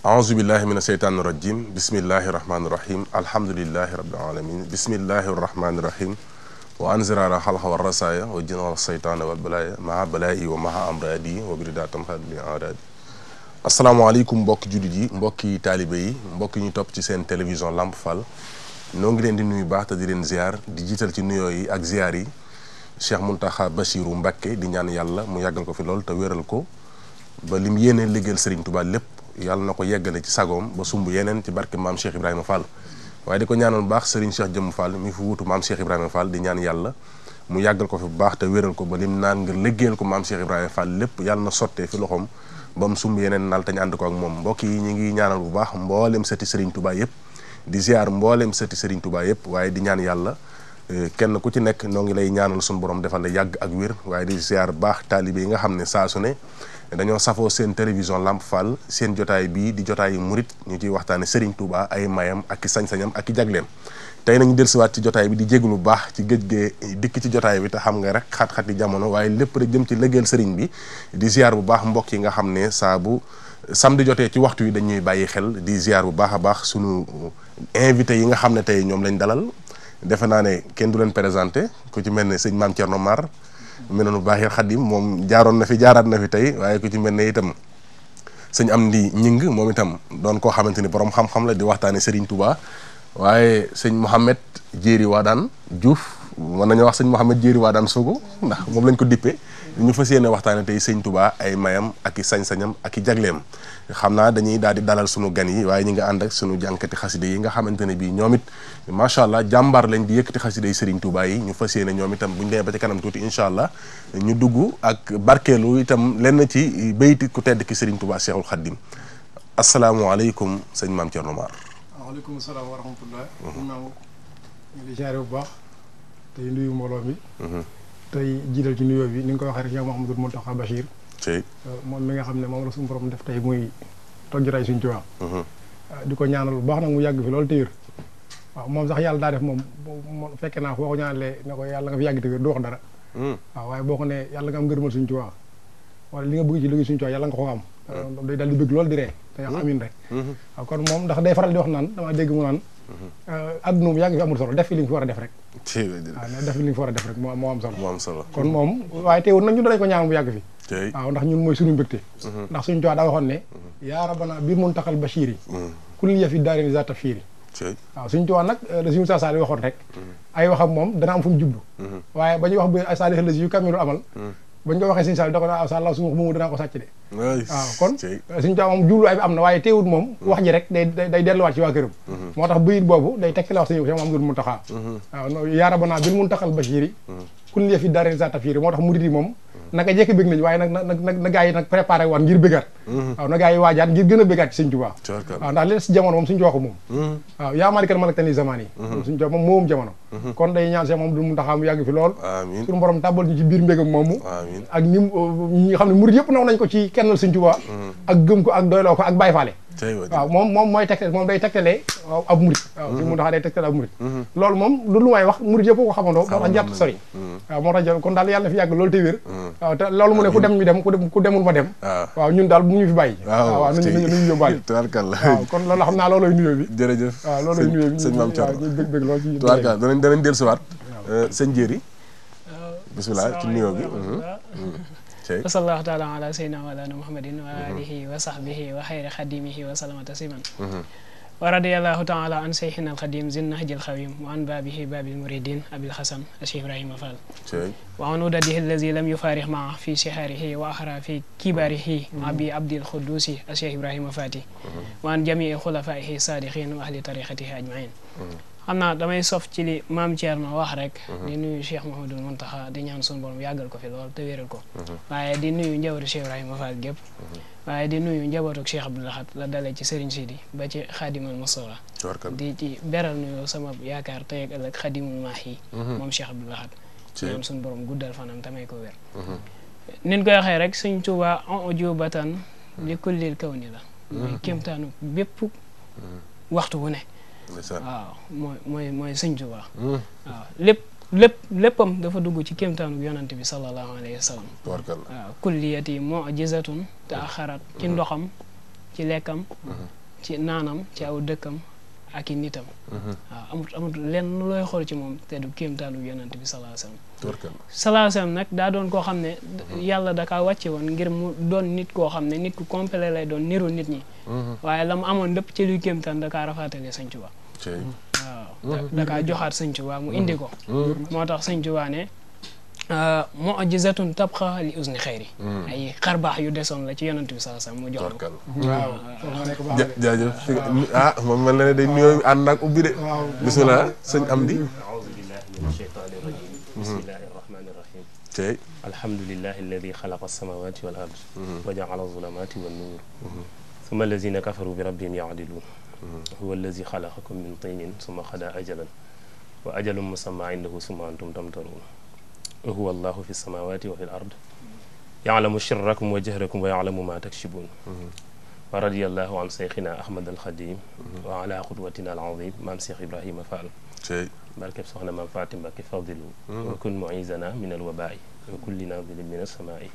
أعوذ بالله من الشيطان الرجيم بسم الله الرحمن الرحيم الحمد لله رب العالمين بسم الله الرحمن الرحيم وأنزل على حلها والرسايا وجن والشيطان والبلايا مع بلائي ومع أمرادي وبرداتهم هذه أعرادي السلام عليكم بوك جديد بوك تاليبي بوك ني توب تي سين تلفزيون لامب فال نونغي نوي باخ تا دي لين زيار دي جيتال تي نويو يي اك زياري شيخ منتخا بشير مبكي دي نيان يالا مو ياغال كو في لول تا ويرال كو با لم يينه لب yàlla na ko yeggale ci sagoom ba sumb yeneen ci barke maam Cheikh Ibrahima Fall waaye di ko ñaanal bu baax Serigne Cheikh Jëmm Fall mi fi wuutu maam Cheikh Ibrahima Fall di ñaan yàlla mu yàggal ko fi bu baax te wéral ko ba lim naan ngir liggéeyal ko maam Cheikh Ibrahima Fall lépp yàlla na sottee fi loxoom ba mu sumb yeneen naal te ànd ko ak moom mbokk yi ñu ngi ñaanal bu baax mbooleem sëti Serigne Touba yëpp di ziar mbooleem sëti Serigne Touba yëpp waaye di ñaan yàlla euh, kenn ku ci nekk noo ngi lay ñaanal suñu borom defal la yàgg ak wér waaye di ziar baax taalibe yi nga xam ne saa su ne dañoo safoo seen télévision Lamp Fall seen jotaay bii di jotaay jotaayu murit ñu ciy waxtaane Serigne Touba ay mayam ak i sañ-sañam ak i jagleem tey nañu dellusiwaat ci jotaay bi di bu baax ci géej gee dikk ci jotaay bi te xam nga rek xat-xat yi jamono waaye lépp rek jëm ci lëggeel Serigne bi di ziar bu baax mbokk yi nga xam ne saa bu di jotee ci waxtu wi dañuy bàyyi xel di ziar bu baax a baax sunu invité yi nga xam ne tey ñoom lañ dalal defe naa ne kenn du leen présenté ku ci mel ne sëñ Mame Thierno Mar mel noonu baaxil xadim moom jaaroon na fi jaaraat na fi tey waaye ku ci mel itam sëñ am di ñing moom itam doon koo xamante ni boroom xam-xam la di waxtaane Serigne Touba waaye sëñ Mouhamed waa Waadaan Diouf mën nañoo wax sëñ Mouhamed Jéeri Waadaan Sogo ndax moom lañ ko dippee ñu fas yéene waxtaane tey sëñ Touba ay mayam ak i sañ-sañam ak i jagleem xam naa dañuy daal di dalal sunu gan yi waaye ñi nga ànd ak sunu jànkati xaside yi nga xamante ne bii ñoom it macha allah jàmbaar lañ di yëkkati xaside yi Serigne Touba yi ñu fas yéene ñoom itam bu ñu ba ci kanam tuuti incha allah ñu dugg ak barkeelu itam lenn ci bayti ku tedd ki Serigne Touba Cheikhul Khadim asalaamualeykum sëñ maam Thierno Mar. waaleykum salaam wa bu baax tey nuyu mbooloo mi. Mm-hmm. tey jiital ci nuyoo bi ni nga ko waxee rek yow euh, moom mi nga xam ne moom la suñu borom def tey muy toog jotaay suñu Tuubaa. Mhm. Euh, di ko ñaanal bu baax na mu yàgg fi loolu te wér. waaw moom sax yàlla daa def moom moom fekke naa ko boo ko ñaanalee ne ko yàlla nga fi yàgg te wér du wax dara. Mhm. waaw waaye boo ko nee yàlla nga am ngërëmal suñu Tuubaa wala li nga bëgg ci liggéey suñu Tuubaa yàlla nga ko am. Mhm. day daal di bëgg loolu di ree. te yàlla amiin rek. kon moom ndax day faral di wax naan dama dégg mu naan adduna euh, moom yàgg fi amul solo def fi fi war a def rek waaw ah, def fi li nga fi a moo moo am solo moo am solo kon moom waaye teewul nag ñun danañ ko ñaan mu yàgg fi waaw ndax ñun mooy suñu mbégte mhm. ndax suñu tuwi daa waxoon ne yaa rabana biir mun taxal bashir yi kulil ya mhm. fi daarin zata fiiri waaw suñu nag euh, la suñu saa saali waxoon rek mhm. ay waxam moom dana am fu mu jublu waaye ba wax bu ay saalix lasi yu kamilul amal bañ ko waxee sëñ Saliou da ko naan sa law su wax moomu ko sàcc de kon sëñ Tuubaa moom am na waaye teewul moom wax ji rek day day delluwaat ci waa këram mhm. moo tax bayit boobu day teg ci la wax sëñ Cheikh Mamadou Mountakha mhm. waaw yaa rabanaa bil muntaxal bashiri mhm. kun li fi darin sa tafiri moo tax murid yi moom naka jekk bég nañ waaye nag na na na yi nag préparé waat ngir bégaat mhm. waaw na gaa yi waajaat ngir gën a bégaat ci sëñ Tuubaa waaw ndax leen si jamono moom suñu waxu moom mhm. waaw yaa maalikan malak tani zaman yi mhm. suñu Tuubaa moom moom jamono kon day ñaan moom Mamadu Muntaxa mu yàgg fi lool suñu borom tàbbal ñu ci biir mbégam moomu ak ñi ñi nga xam ne murid yëpp naw nañ ko ci kenn sëñ Tuubaa ak gëm ko ak doyloo ko ak bàyyi faale waaw moom moom mooy tegtal moom day tegtalee ab murit waaw si mhm. mu daxa day tegtale ab murit mhm. loolu moom lu lu may wax murit yëpp ko xamandoo moo tax njàtt sori mhm. waaw moo tax jot kon daal yàlla fi yàgg loolu te wér waaw te loolu mu ne ku dem ñu dem ku demul ma dem ah. waaw ñun daal bu ñu fi bàyyi waaw waaw nañu nañu yóbbaale tubaarkalla kon loolu xam naa loolooy nuyoo bi jërëjëf waaw loolooy nuyoo bi sëñ Mame Thior bëgg bëgg lool ci tubaarkalla danañ danañ dellusiwaat euh, sëñ Jéeri euh, bismillah ci nuyoo bi وصلى الله تعالى على سيدنا وعلى محمد وعلى آله وصحبه وخير خديمه وسلم تسليما ورضي الله تعالى عن شيخنا القديم زين النهج الخويم وعن بابه باب المريدين أبي الحسن الشيخ إبراهيم فال وعن ودده الذي لم يفارق معه في شهاره وأخرى في كباره أبي عبد القدوس الشيخ إبراهيم فاتي وعن جميع خلفائه الصادقين وأهل طريقته أجمعين am naa damay sof ci li maam Thierno wax rek. Mhm. di nuyu Cheikh Mouhamadul Mountakha di ñaan sunu borom yàggal ko fi lool te wéral ko. Mhm. waaye di nuyu njabootu Cheikh Ibrahima Fall mhm. di nuyu njabootu Cheikh Abdou Lahad la ci Serigne Sidi ba ci Xaadimal Mustafa di ci beral nuyu sama yaakaar tey ak ëllëg Xaadimul Maahi. moom Cheikh Abdou ñaan sunu borom guddal fanam tamay ko wér. nin koy waxee rek Sëñ Tuubaa on jubatan li kullil kaw ni la. muy kéemtaanu bépp waxtu wu ne. waaw mooy mooy mooy sëñ Tuubaa hmm. waaw lépp lépp léppam dafa dugg ci kéemtaanu yonante bi sallallahu alayhi wa sallam waaw kulliyati mojizatun te axarat ci hmm. ndoxam ci lekkam hmm. ci naanam ci aw dëkkam ak nitam waaw amut amut lenn looy xool ci moom te du kéemtaanu yonante bi sallallahu alayhi nag daa doon koo xam ne yàlla da kaa wàcce woon ngir mu doon nit koo xam ne nit ku complet lay doon niru nit ñi waaye la mu amoon lépp ci luy kéemtaan da kaa rafaatale Sëñ Tuubaa waaw mm-hmm. da kaa joxaat sëñ Tuubaa mu indi ko mm-hmm. moo tax sëñ Tuubaa ne mu'jizatun tabqa li usni xayri mm-hmm. ay xarbaax yu desoon la ci yonent bi saa saa mu jox ko waaw jaajëf ah moom mel na ne day nuyoo ànd ak ubbi de bismillah sëñ Amdi aouzu billahi min shaytani rajim bismillahi rahmani rahim tey alhamdulillahi alladi xalaqa samawati wal ard wa jaala zulamaati wan nuur summa allazina kafaru bi rabbihim yaadiluun هو الذي خلقكم من طين ثم خلى أجلا وأجل مسمى عنده ثم أنتم تمترون هو الله في السماوات وفي الأرض يعلم شركم وجهركم ويعلم ما تكسبون ورضي الله عن شيخنا أحمد الخديم وعلى قدوتنا العظيم مام شيخ إبراهيم فعل شيء بارك سخنا Fatim Mbakke fawdilu wa kun muizana min al wabai wa kulli nadilin min alsamai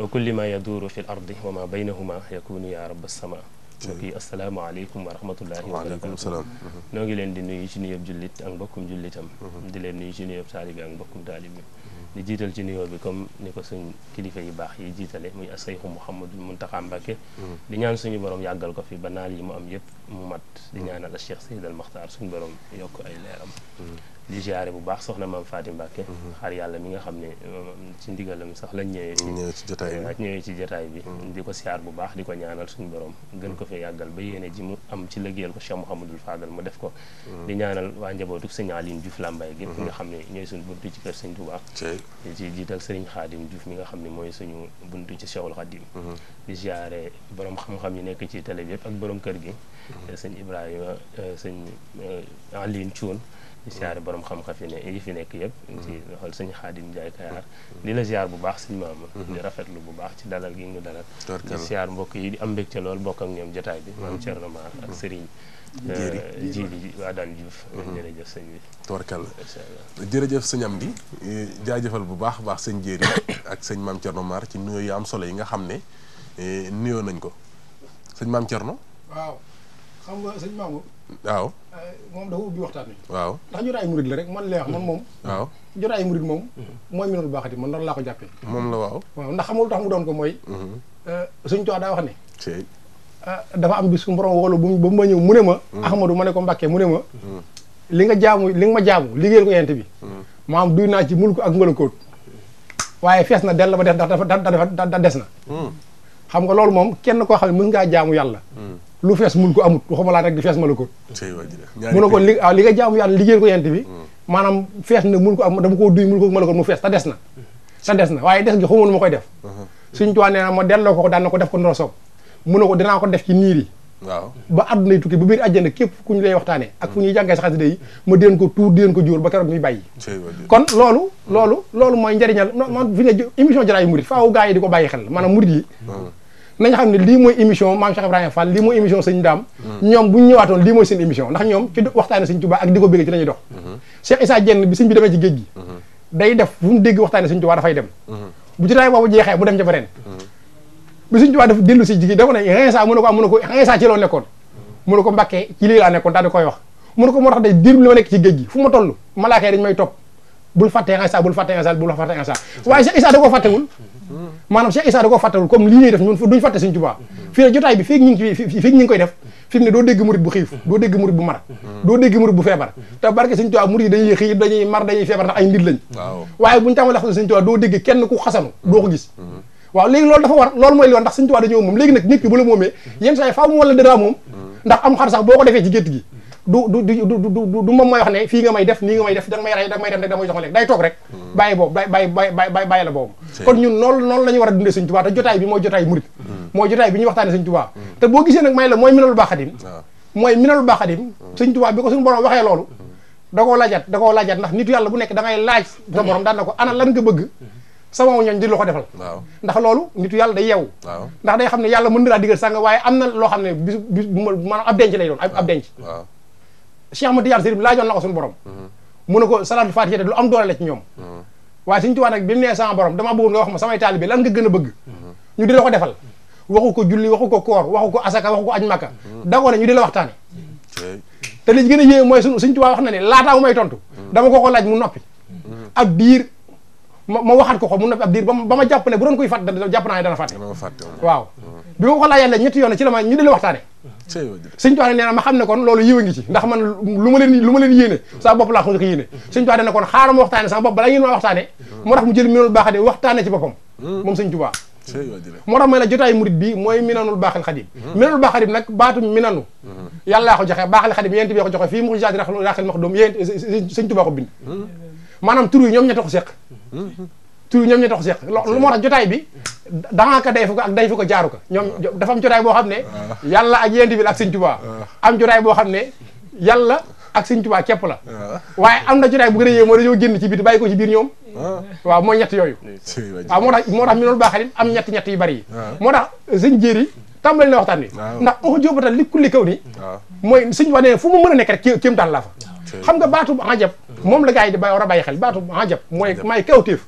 wa kulli ma yaduru fi l ardi wa ma mbokk yi asalaamaaleykum wa rahmatullahi wa barakaatu noo ngi leen di nuyu ci nuyoob jullit ak mbokkum jullitam mhm. di leen nuyu ci nuyoob taalibi ak mbokkum taalibi mhm. di jiital ci nuyoo bi comme ni ko suñ kilifa yu baax yi jiitale muy asayxu Muhammadul Muntaxa Mbàkke mhm. di ñaan suñu borom yàggal ko fi ba naal yi mu am yëpp mu mat di ñaanal a Cheikh Seydal Maxtaar suñu borom yokk ay leeram di ziare bu baax soxna maam Faati Mbàkke mhm. xaar yàlla mi nga xam ne euh, ci ndigalam sax lañ ñëwee ñëwee ci jotaay bi mhm. di ko siyaar bu baax di ko ñaanal suñu borom gën ko fee yàggal ba yéene ji mu am ci liggéeyal ko mu Mouhamadul Fadal mu def ko mhm. di ñaanal waa njabootu sëñ Aline Diouf Lambaye gépp nga xam ne ñooy suñu buntu ci kër sëñ Tuubaa ci jiital sëriñ Xaadim Diouf mi nga xam ne mooy suñu buntu ci Cheikhul Xaadim di ziare borom xam-xam yi nekk ci télé yëpp ak borom kër gi sëñ Ibrahima euh, sëñ euh, Aline Cuun di siyaare borom xam ne yi fi nekk yëpp ci mm-hmm. loxol sëñ Xaadim Njaay Kayaar di la ziar bu baax sëñ Maama mm-hmm. di rafetlu bu baax ci dalal gi ñu dalal di siyaar yi di am mbégte lool bokk ak ñoom jotaay bi maam Cerno mm-hmm. Maar ak sëriñ jiri euh, waa daan Diouf jërëjëf sëñ bi tubarkàlla jërëjëf sëñ Amdi jaajëfal bu baax baax sëñ jéeri ak sëñ maam Cerno Maar ci nuyoo yu am solo yi nga xam ne eh, nuyo nañ ko sëñ maam Cerno xam nga sëñ Mamour. waaw. Euh, moom dafa ubbi waxtaan wi. waaw ndax ay murid la rek man lay wax man moom. waaw ay murid moom. Hmm. mooy mi noonu baaxati man noonu laa ko jàppee. moom la ndax xamul tax doon ko mooy. Hmm. Euh, suñu toog daa wax ne. Euh, dafa am bis borom wóolu bu ba ma ñëw mu ne ma. Hmm. du ma ne ko Mbàkke mu ne ma. li nga jaamu li nga ma jaamu liggéeyal ko yent bi. maam duy naa ci mulku ak ngëlëkoot. waaye fees na dell ba def ndax dafa da defa des na. xam nga loolu moom kenn koo xam ne mën ngaa jaamu yàlla lu fees mun ko amut waxuma rek di fees ma la ko mu ne ko li waaw ah, li nga jaamu yàlla liggéeyal ko yent bi hmm. maanaam fees na mun ko am dama koo duy mun ko ma la ko mu fees te des na te des na waaye des gi xamuma nu ma koy def hmm. suñu tuwaa nee na ma delloo ko ko daan na ko def ko nora soob mu ne ko dinaa ko def ci niir yi waaw ba àdduna yi tukki ba biir àjjana képp ku ñu lay waxtaanee ak fu ñuy hmm. jàngee sa xasida yi ma ko tuur di leen ko jóor ba keroog kon loolu loolu loolu mooy njariñal man fi ne émission jaraay murit faaw gaa yi di ko bàyyi xel maanaam murit yi nañ xam ne lii mooy émission maam Cheikh Ibrahima Fall lii mooy émission sëñ daam hmm. ñoom bu ñu ñëwaatoon lii mooy seen émission ndax ñoom ci waxtaane sëñ Tuubaa ak di ko bëgg ci lañuy dox hmm. Cheikh Issa Diène bi sëñ bi demee hmm. fu mu dem bu jotaay boobu jeexee dem ca beneen bi sëñ Tuubaa daf dellu si jigi dafa ne Iisaa mu ne ko am mu ne ko Iisaa ci loo nekkoon mu ne ko Mbàkke ci lii nekkoon daal koy wax mu ne ko moo tax day diir li ma nekk ci géej gi fu ma toll malaaka yi dañ may topp bul fàtte Iisaa bul fàtte Iisaa bul fàtte maanaam Cheikh Issa da koo fàttalul comme lii ñuy def ñun duñu fàtte Sëñ Tuubaa fii nag jotaay bi fii ñu ngi ci fii ñu ngi koy def fi mu ne doo dégg murit bu xiif doo dégg murit bu mar doo dégg murit bu feebar te barke Sëñ Tuubaa dañuy xiif dañuy mar dañuy feebar ndax ay mbir waaye buñu tàmbalee xam Sëñ doo dégg kenn ku xasanu doo ko gis waaw léegi loolu dafa war loolu mooy li war ndax Sëñ Tuubaa moom léegi nag nit ki bu la yenn saa yi faaw mu wala dara am xar sax boo ko defee ci gétt gi du du du du moom mooy wax ne fii nga may def nii nga may def danga may rey danga may dem rek danga may jox ma lekk day toog rek hmm. bàyyi boobu bàyyi bàyyi bàyyi la boobu kon ñun noonu noonu la ñu war a dundee sëñ Tuubaa te jotaay bi mooy jotaay murit hmm. mooy jotaay bi ñuy waxtaane sëñ Tuubaa hmm. te boo gisee nag may la mooy minalul baaxadim ah. mooy minalul baaxadim sëñ Tuubaa bi ko suñu borom waxee loolu da koo laajat da koo laajat ndax nitu yàlla bu nekk da ngay laaj sa borom daan na ko ana lan nga bëgg sama ñooñ di la ko defal ndax loolu nitu yàlla day yeewu ndax day xam ne yàlla mën na laa digal sànga waaye am na loo xam ne bis bis maanaam ab denc lay doon ab denc Cheikh Ahmadou Tidiane Chérif laajoon na ko suñu borom mhm. mu ne ko salaatul faatiha lu am doole la ci ñoom mhm. waaye suñu tubaab nag bi mu nee sama borom dama bëggoon nga wax ma samay taal lan nga gën a bëgg mhm. ñu di la ko defal waxu ko julli waxu ko koor waxu ko asaka waxu ko aj makka dagoo ne ñu di la waxtaane te li ci gën a yéeme mooy suñ suñ tubaab wax na ne laataa mu may tontu dama ko ko laaj mu noppi ab diir ma ma ko ko mu noppi ab diir ba ma jàpp ne bu doon koy fàtte jàpp naa ne dana fàtte waaw bi ma ko laajee ñetti yoon ci la ma ñu di la waxtaane sëñ Tuubaa nee na ma xam ne kon loolu yiw a ngi man lu ma leen lu ma leen yéene saa bopp laa ko njëkk yéene sëñ Tuubaa nee na kon xaaral ma waxtaane sama bopp balaa ngeen maa waxtaane moo tax mu jël minanul baax de waxtaane ci bi mooy minanul baaxal xadim minanul baaxal xadim nag baatu minanu yàllaa ko joxe baaxal xadim yent bi ko joxe fii mu jaati raxal max doom yent sëñ Tuubaa ko bind maanaam tur yi ñoom ñett ko seq tur ñoom ñu tax seq lu moo tax jotaay bi dangaa ko day fu ko ak day fu ko jaaru ko ñoom ah. dafa ah. ah. am jotaay boo xam ne yàlla ak yent bi ak sëñ Tuubaa am boo xam ne yàlla ak sëñ Tuubaa képp la waaye am na jotaay bu gën a yéem moo dañoo génn ci biti bàyyi ko ci biir ñoom waaw mooy ñett moo tax moo tax mi noonu baaxalit am ñett ñett yu bari yi moo tax sëñ jéeri tàmbali na waxtaan wi ndax oxo jóobatal li kulli kaw ni mooy sëñ wax ne fu mu mën nekk rek kéemtaan laa fa xam nga baatu moom la gars yi di bay war a bàyyi xel baatu ajab mooy may kawtéef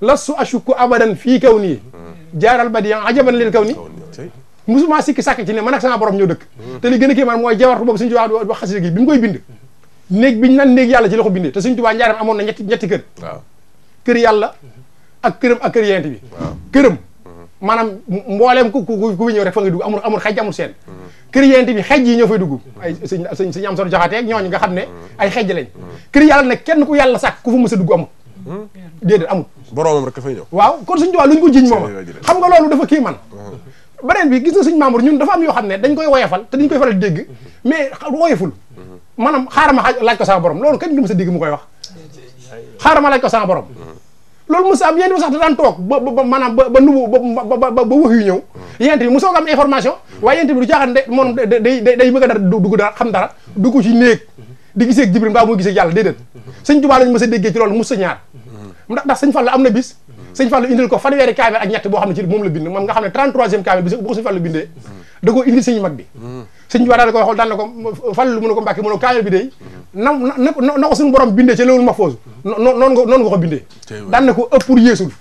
lastu ashuku abadan fii kaw nii mm. jaaral ba diyan ajaban lil kaw nii musuma sikki sàkk ci ne man ak sama borom ñoo dëkk mm. te li gën a kii man mooy jawartu boobu suñu ci wax wax xasida gi bi mu koy bind néeg biñ nan néeg yàlla ci la ko bindee te suñ tubaa njaaram amoon na ñetti ñetti kër kër yàlla ak këram ak kër yent bi këram maanaam mbooleem ku ku ku ñëw rek fa nga dugg amul amul xaj seen chrétien bi xej yi ñoo fay dugg ay sëñ sëñ sëñ am solo joxateeg ñooñu nga xam ne ay xej lañ chrétien yàlla nag kenn ku yàlla sàkk ku fa mës a dugg amul déedéet amul boroomam rek dafay ñëw waaw kon suñ duwaa lu ko jiñ mooma xam nga loolu dafa kii man uh-huh. beneen bi gis na suñ membre ñun dafa am yoo xam ne dañ koy woyefal te dañ koy faral a dégg uh-huh. mais woyeful uh-huh. maanaam xaaral ma laaj ko sama borom loolu kenn du mës a dégg mu koy wax xaaral ma laaj ko sama borom loolu mu am yéen bi sax da daan toog ba ba maanaam ba ba nubu ba ñëw yéen mu soog am information waaye yéen bi du caaxaan de moom day a xam dara dugg ci néeg di gisee ak Jibril mbaa muy gisee ak yàlla déedéet sëñ Tuubaa lañu mës a déggee ci loolu mos sa ñaar ndax ndax sëñ Fallu am na bis sëñ Fallu indil ko fanweeri kaamel ak ñett boo xam ne ci moom la bind moom nga xam ne 33e kaamel bi bu ko sëñ Fallu bindee da koo indil sëñ mag bi sëñ bi daal di koy xool na ko fàllu mu ne ko mbàkke mu ne kaamil bi dey na na na ko suñu borom bindee ci loolu ma foosu noonu nga noonu nga ko bindee daan na ko ëpp pour yeesul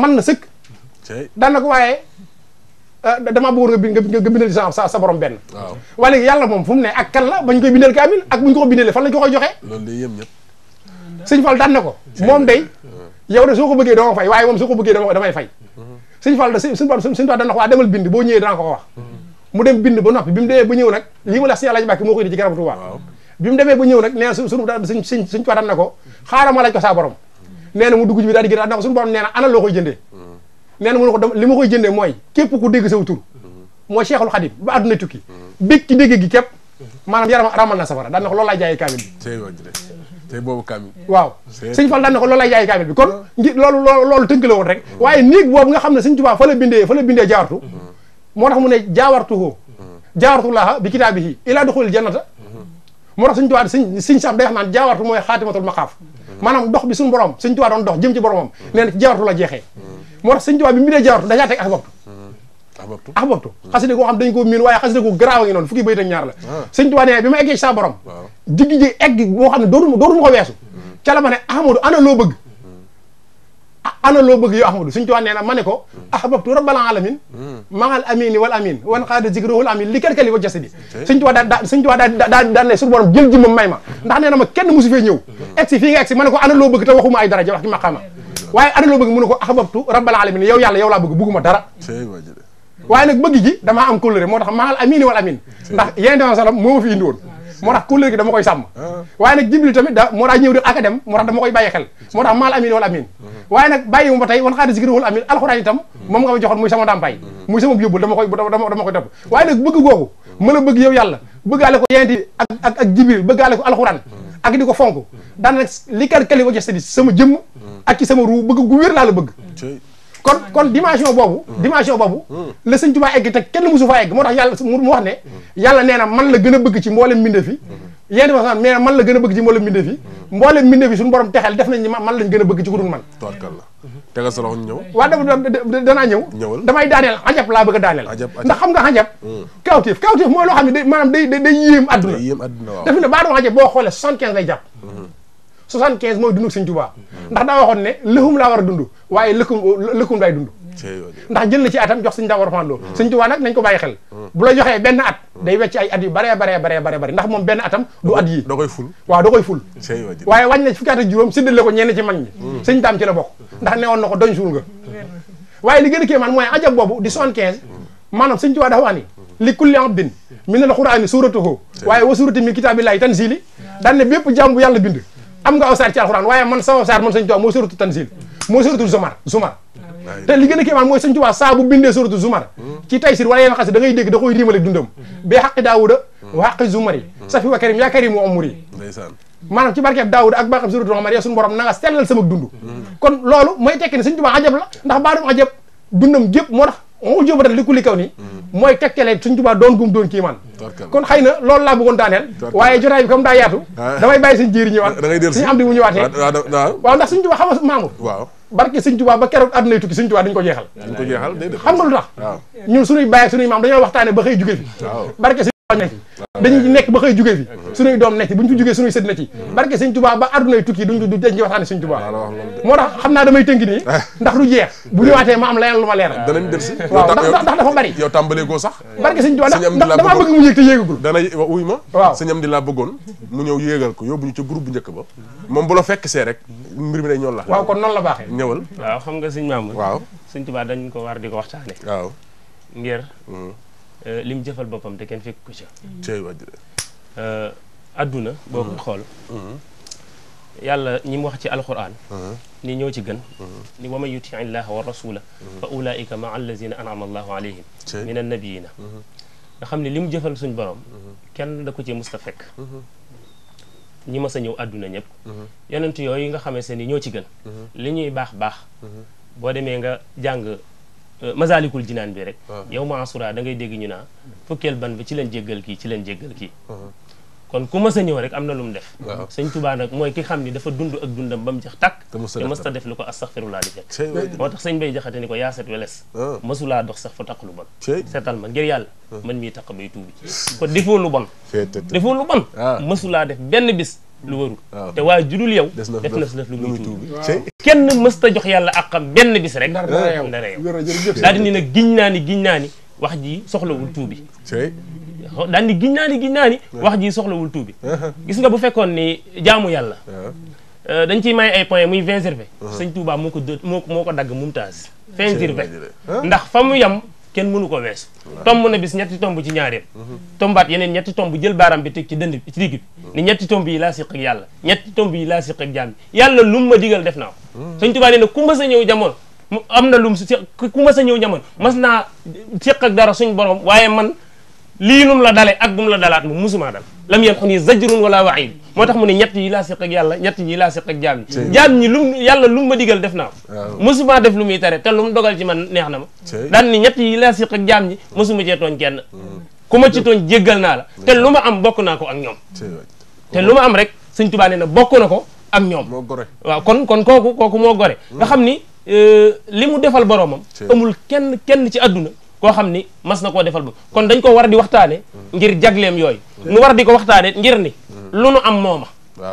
man na sëkk daan na ko waaye ah, damaa bëggoon nga bindal sa borom benn waaye léegi yàlla moom fu ne ak kan la bañ koy bindal kaamil ak buñ ko ko bindalee fan lañ ko koy joxee loolu day yëm ñëpp sëñ Fall daan na ko moom day yow de soo ko bëggee doo ko fay waaye moom soo ko bëggee damay fay mhm. sëñ Fall da sëñ Fall sëñ na ko waa demal bind boo ñëwee danaa ko ko wax mhm. mu dem bind ba noppi bi mu demee ba ñëw nag lii ma la sëñ Alaaji Mbàkke moo koy di ci garabu Tuubaa bi mu demee nee na su suñu daal suñ ko xaaral ma laaj ko mu dugg ji bi daal di gën ko suñu borom nee na ana loo koy jëndee mm. nee na mu ne ko li ma koy jëndee mooy képp ku dégg saw tur mm. mooy Cheikhul Khadim ba àdduna tukki mm. bég ci dégg gi képp maanaam na safara daan na ko loolu kaamil bi tey boobu kaamil waaw sëñ Fall ko loolu laay jaayee kaamil bi kon ngi loolu loolu waaye néeg boobu nga xam ne sëñ Tuubaa fa la bindee fa la bindee jaartu moo tax mu ne jaawartuhu jaawartulaaha bi kitaabihi ilaa duxulil jannata moo tax suñ tuwaa suñ suñ sax day wax naan jaawartu mooy xaatimatul maqaaf maanaam dox bi suñu borom suñ tuwaa doon dox jëm ci boromam nee na ci jaawartu la jeexee moo tax suñ tuwaa bi mu dee jaawartu dajaa teg ahbabtu ahbabtu xam dañ ko miin waaye xasida gu garaaw ngi noonu fukki bayit ak ñaar la ah. suñ tuwaa nee bi ma eggee saa borom jiggi ji egg boo xam ne dooruma dooruma ko weesu mm. ca la ma ne ahmadou ana loo bëgg Ah, ana loo bëgg yow Ahmadu suñu tuwaan nee na ma ne ko ahbabtu rabbal alamin maal amini wal amin wan xaada zikruhul amin li kerkeli wa jasadi suñu tuwaa daa daa suñu tuwaa daa daa daan ne suñu borom ma ndax na ma kenn mosu fee ñëw mm-hmm. egsi fii ko ana loo bëgg te waxuma wax ci maqaama mm-hmm. waaye ana loo bëgg mu ne ko ahbabtu rabbal alamin yow yàlla yow laa bëgg bëgguma dara waaye nag bëgg gi damaa am kóllëre moo tax maal amini wal amin ndax yeneen sallam moo ma fi indi woon moo tax couleur gi dama koy sàmm waaye nag jibril tamit da moo tax ñëw di akadem moo tax dama koy bàyyi xel moo tax maal amin wala amin waaye nag bàyyi mu ba tey wan xaari zikri wala amin alxuraan itam moom nga ma joxoon muy sama ndàmpaay muy sama yóbbul dama koy dama koy topp waaye nag bëgg googu mën a bëgg yow yàlla bëggaale ko yenti ak ak ak jibril bëggaale ko alxuraan ak di ko fonk daana nag li kar kali ko sama jëmm ak sama ruu bëgg gu wér laa la bëgg kon kon dimension boobu hmm. dimension boobu hmm. la sëñ Tuubaa egg te kenn musu fa egg moo tax yàlla mu wax hmm. na man gën a bëgg ci mboolem mbindéef yi yéen di wax mais man la gën a bëgg ci mboolem mbindéef yi mboolem mbindéef yi suñu borom texel def nañ man lañ gën a bëgg ci ku dul man tabarkalla da danaa ñëw ñëwal damay daaneel xanjab laa bëgg a daaneel ndax xam nga xanjab kawteef kawteef mooy loo xam ne day day day adduna dafi ne baa dama xanjab boo xoolee soixante-quinze lay jàpp 75 mooy dund ak sëñ Tuubaa ndax daa waxoon ne lëxum war a dund waaye lëkkum lëkkum laay dund ndax jël na ci atam jox sëñ Daawar Fandoo mm. sëñ Tuubaa nag nañ ko bàyyi xel mm. bu la joxee benn at mm. day wecc ay at yu baree baree baree baree bëri ndax moom benn atam du at yi da koy ful waaye wàññi na fukki at ak juróom séddale ko ñenn ci mag ñi sëñ daam ci na ko doñ suul nga waaye li gën a kéemaan mooy dafa wax li kulli abdin min al qur'ani suratuhu waaye wa surati min kitaabillahi tanzili daan ne bépp jàmm bu yàlla bind am nga aw saar ci alxuraan waaye man sa saar man sëñ Tuubaa mooy suratu tanzil mooy suratu zumar zumar te li gën a kéemaan mooy sëñ Tuubaa saa bu bindee suratu zumar ci taysir wala yeneen xase da ngay dégg da koy riimale dundam bee xaqi daawuda wa xaqi zumari safi wa karim yaa karim wa amuri maanaam ci barkeeb daawuda ak barkeeb suratu zumar yaa suñu borom na nga sellal sama dund mm. kon loolu mooy tekki ne sëñ ajab la ndax baarum ajab dundam gépp on ujobatal li kuli kaw ni hmm. mooy tegtale suñ tubaa doon gum doon kii kon xëy na laa bëggoon daaneel waaye jotaay bi comme daa yaatu ah. damay bàyyi suñ jiiri ñëwaat da am di mu ñëwaatee waaw ndax suñ tubaa xam maamu barke suñ tubaa ba keroog àdduna tukki suñ tubaa duñ ko jeexal xam nga lu tax ñun suñuy bàyyi suñuy maam dañoo waxtaane ba xëy jóge fi barke dañuy nek ba juga jóge fi suñuy doom nekk juga ñu fi jógee suñuy sët na ci hmm. barke sëñ Tuubaa ba adunay tukki duñ du dañ ci waxtaane sëñ Tuubaa moo tax xam naa damay tënk nii ah. ndax du jeex bu eh. ñëwaatee ma am leneen lu ma leeral danañ dem si waaw ndax dafa bari yow tàmbalee goo sax eh. barke sëñ Tuubaa ndax bëgg mu yéeg te yéegagul dana ma am di labu bëggoon mu ñëw yéegal ko yóbbu ñu ca groupe bu njëkk ba moom bu la fekk see rek mbir mi day ñoon la waaw kon noonu la waaw xam nga waaw dañ ko war di ko waxtaane waaw ngir hmm. Euh, li mu jëfal boppam te kenn fekk ko ca. Mm-hmm. Euh, adduna boo ko mm-hmm. xool. Mm-hmm. yàlla ñi mu wax ci alquran ni ñoo ci gën ni wa man yuti illaha wa rasula fa ulaika ma allazina anama allahu alayhim min annabiyina nga xam ne li jëfal suñ borom kenn da ko ci musta fekk ñi mas a ñëw adduna ñëpp yonent yooyu nga xamante ni ñoo ci gën li ñuy baax baax boo demee nga jàng Euh, masaalikul jinaan bi rek ah. yow ma asura da dégg ñu naa fukkeel ban bi ci leen jéggal kii ci leen jéggal kii ah. kon ku mës a rek am na lu mu def sëñ Tuubaa nag mooy ki xam ni dafa dund ak dundam ba mu jeex tàkk te mës ta def lu ko astaxfirullaa di fekk moo tax sëñ Bay Jaxate ni ko yaa set weles ah. mësulaa dox sax fa taq lu bon seetal ma ngir yàlla man mii taq bay tuubi kon defoo lu bon defoo lu bon mësulaa def benn bis lu warul ah, te waaye judul yow def na si def lu muy tuubi kenn mësta jox yàlla a benn bis rek dara yow daal di ni nag giñ naa ni giñ naa ni wax ji soxlawul tuubi daal di giñ naa ni giñ naa ni wax ji soxlawul tuubi uh-huh. gis nga bu fekkoon ni jaamu yàlla uh-huh. euh, dañ ciy may ay point muy vingt uh-huh. sëñ Touba moo ko moo ko dagg mumtaas vingt ndax fa yam kenn mënu ko wees tomb na bis ñetti tomb ci ñaareel mhm. tombaat yeneen ñetti tomb jël baaram bi teg ci dënd bi ci digg bi mhm. ni ñetti tomb yi laa siq ak yàlla ñetti tomb yi laa siq ak jaam bi yàlla lu mu ma digal def naa ko mhm. sëñ Tuubaa nee na ku mas a ñëw jamono am na lu mu ku mas ñëw jamono mas naa siq ak dara suñ borom waaye man lii num la dale ak bu la dalaat mu musuma dal lam yem xun yi zajrun wala waid moo tax mu ne ñett yi laa siq ak yàlla ñett yi laa siq ak jaam ñi jaam ñi lum yàlla lu ma digal def naa ko musuma def lu muy tere te lu mu dogal ci man neex na ma daan ni ñett yi laa siq ak jaam ñi musuma cee tooñ kenn mm. ku ma ci tooñ jéggal naa la mm. ten lu ma am bokk naa ko ak ñoom te lu ma am rek sëñ Tuubaa na bokk na ko ak ñoom moo gore waaw kon kon kooku kooku moo gore mm. nga xam ni euh, li mu defal boroomam amul kenn kenn ci àdduna koo xam ni mas na koo defal ba kon dañ ko war di waxtaane ngir jagleem yooyu nu war di ko waxtaane ngir ni lu nu am mooma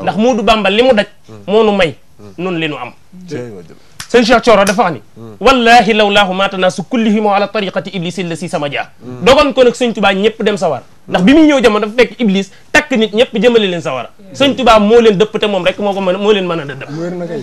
ndax Moodu Bàmba li mu daj moo nu may nun li nu am sëñ Cheikh Thioro dafa wax ni wallahi law laahu maatanaa su kullihimo ala tariqati iblisi la si sama jaa mm. dogon ko nag sëñ Tubaa ñëpp dem sawar ndax bi muy ñëw jamono dafa fekk iblis takk nit ñëpp jëmale leen sawara sëñ Tuubaa moo leen dëpp te moom rek moo ko mën moo leen mën a dëpp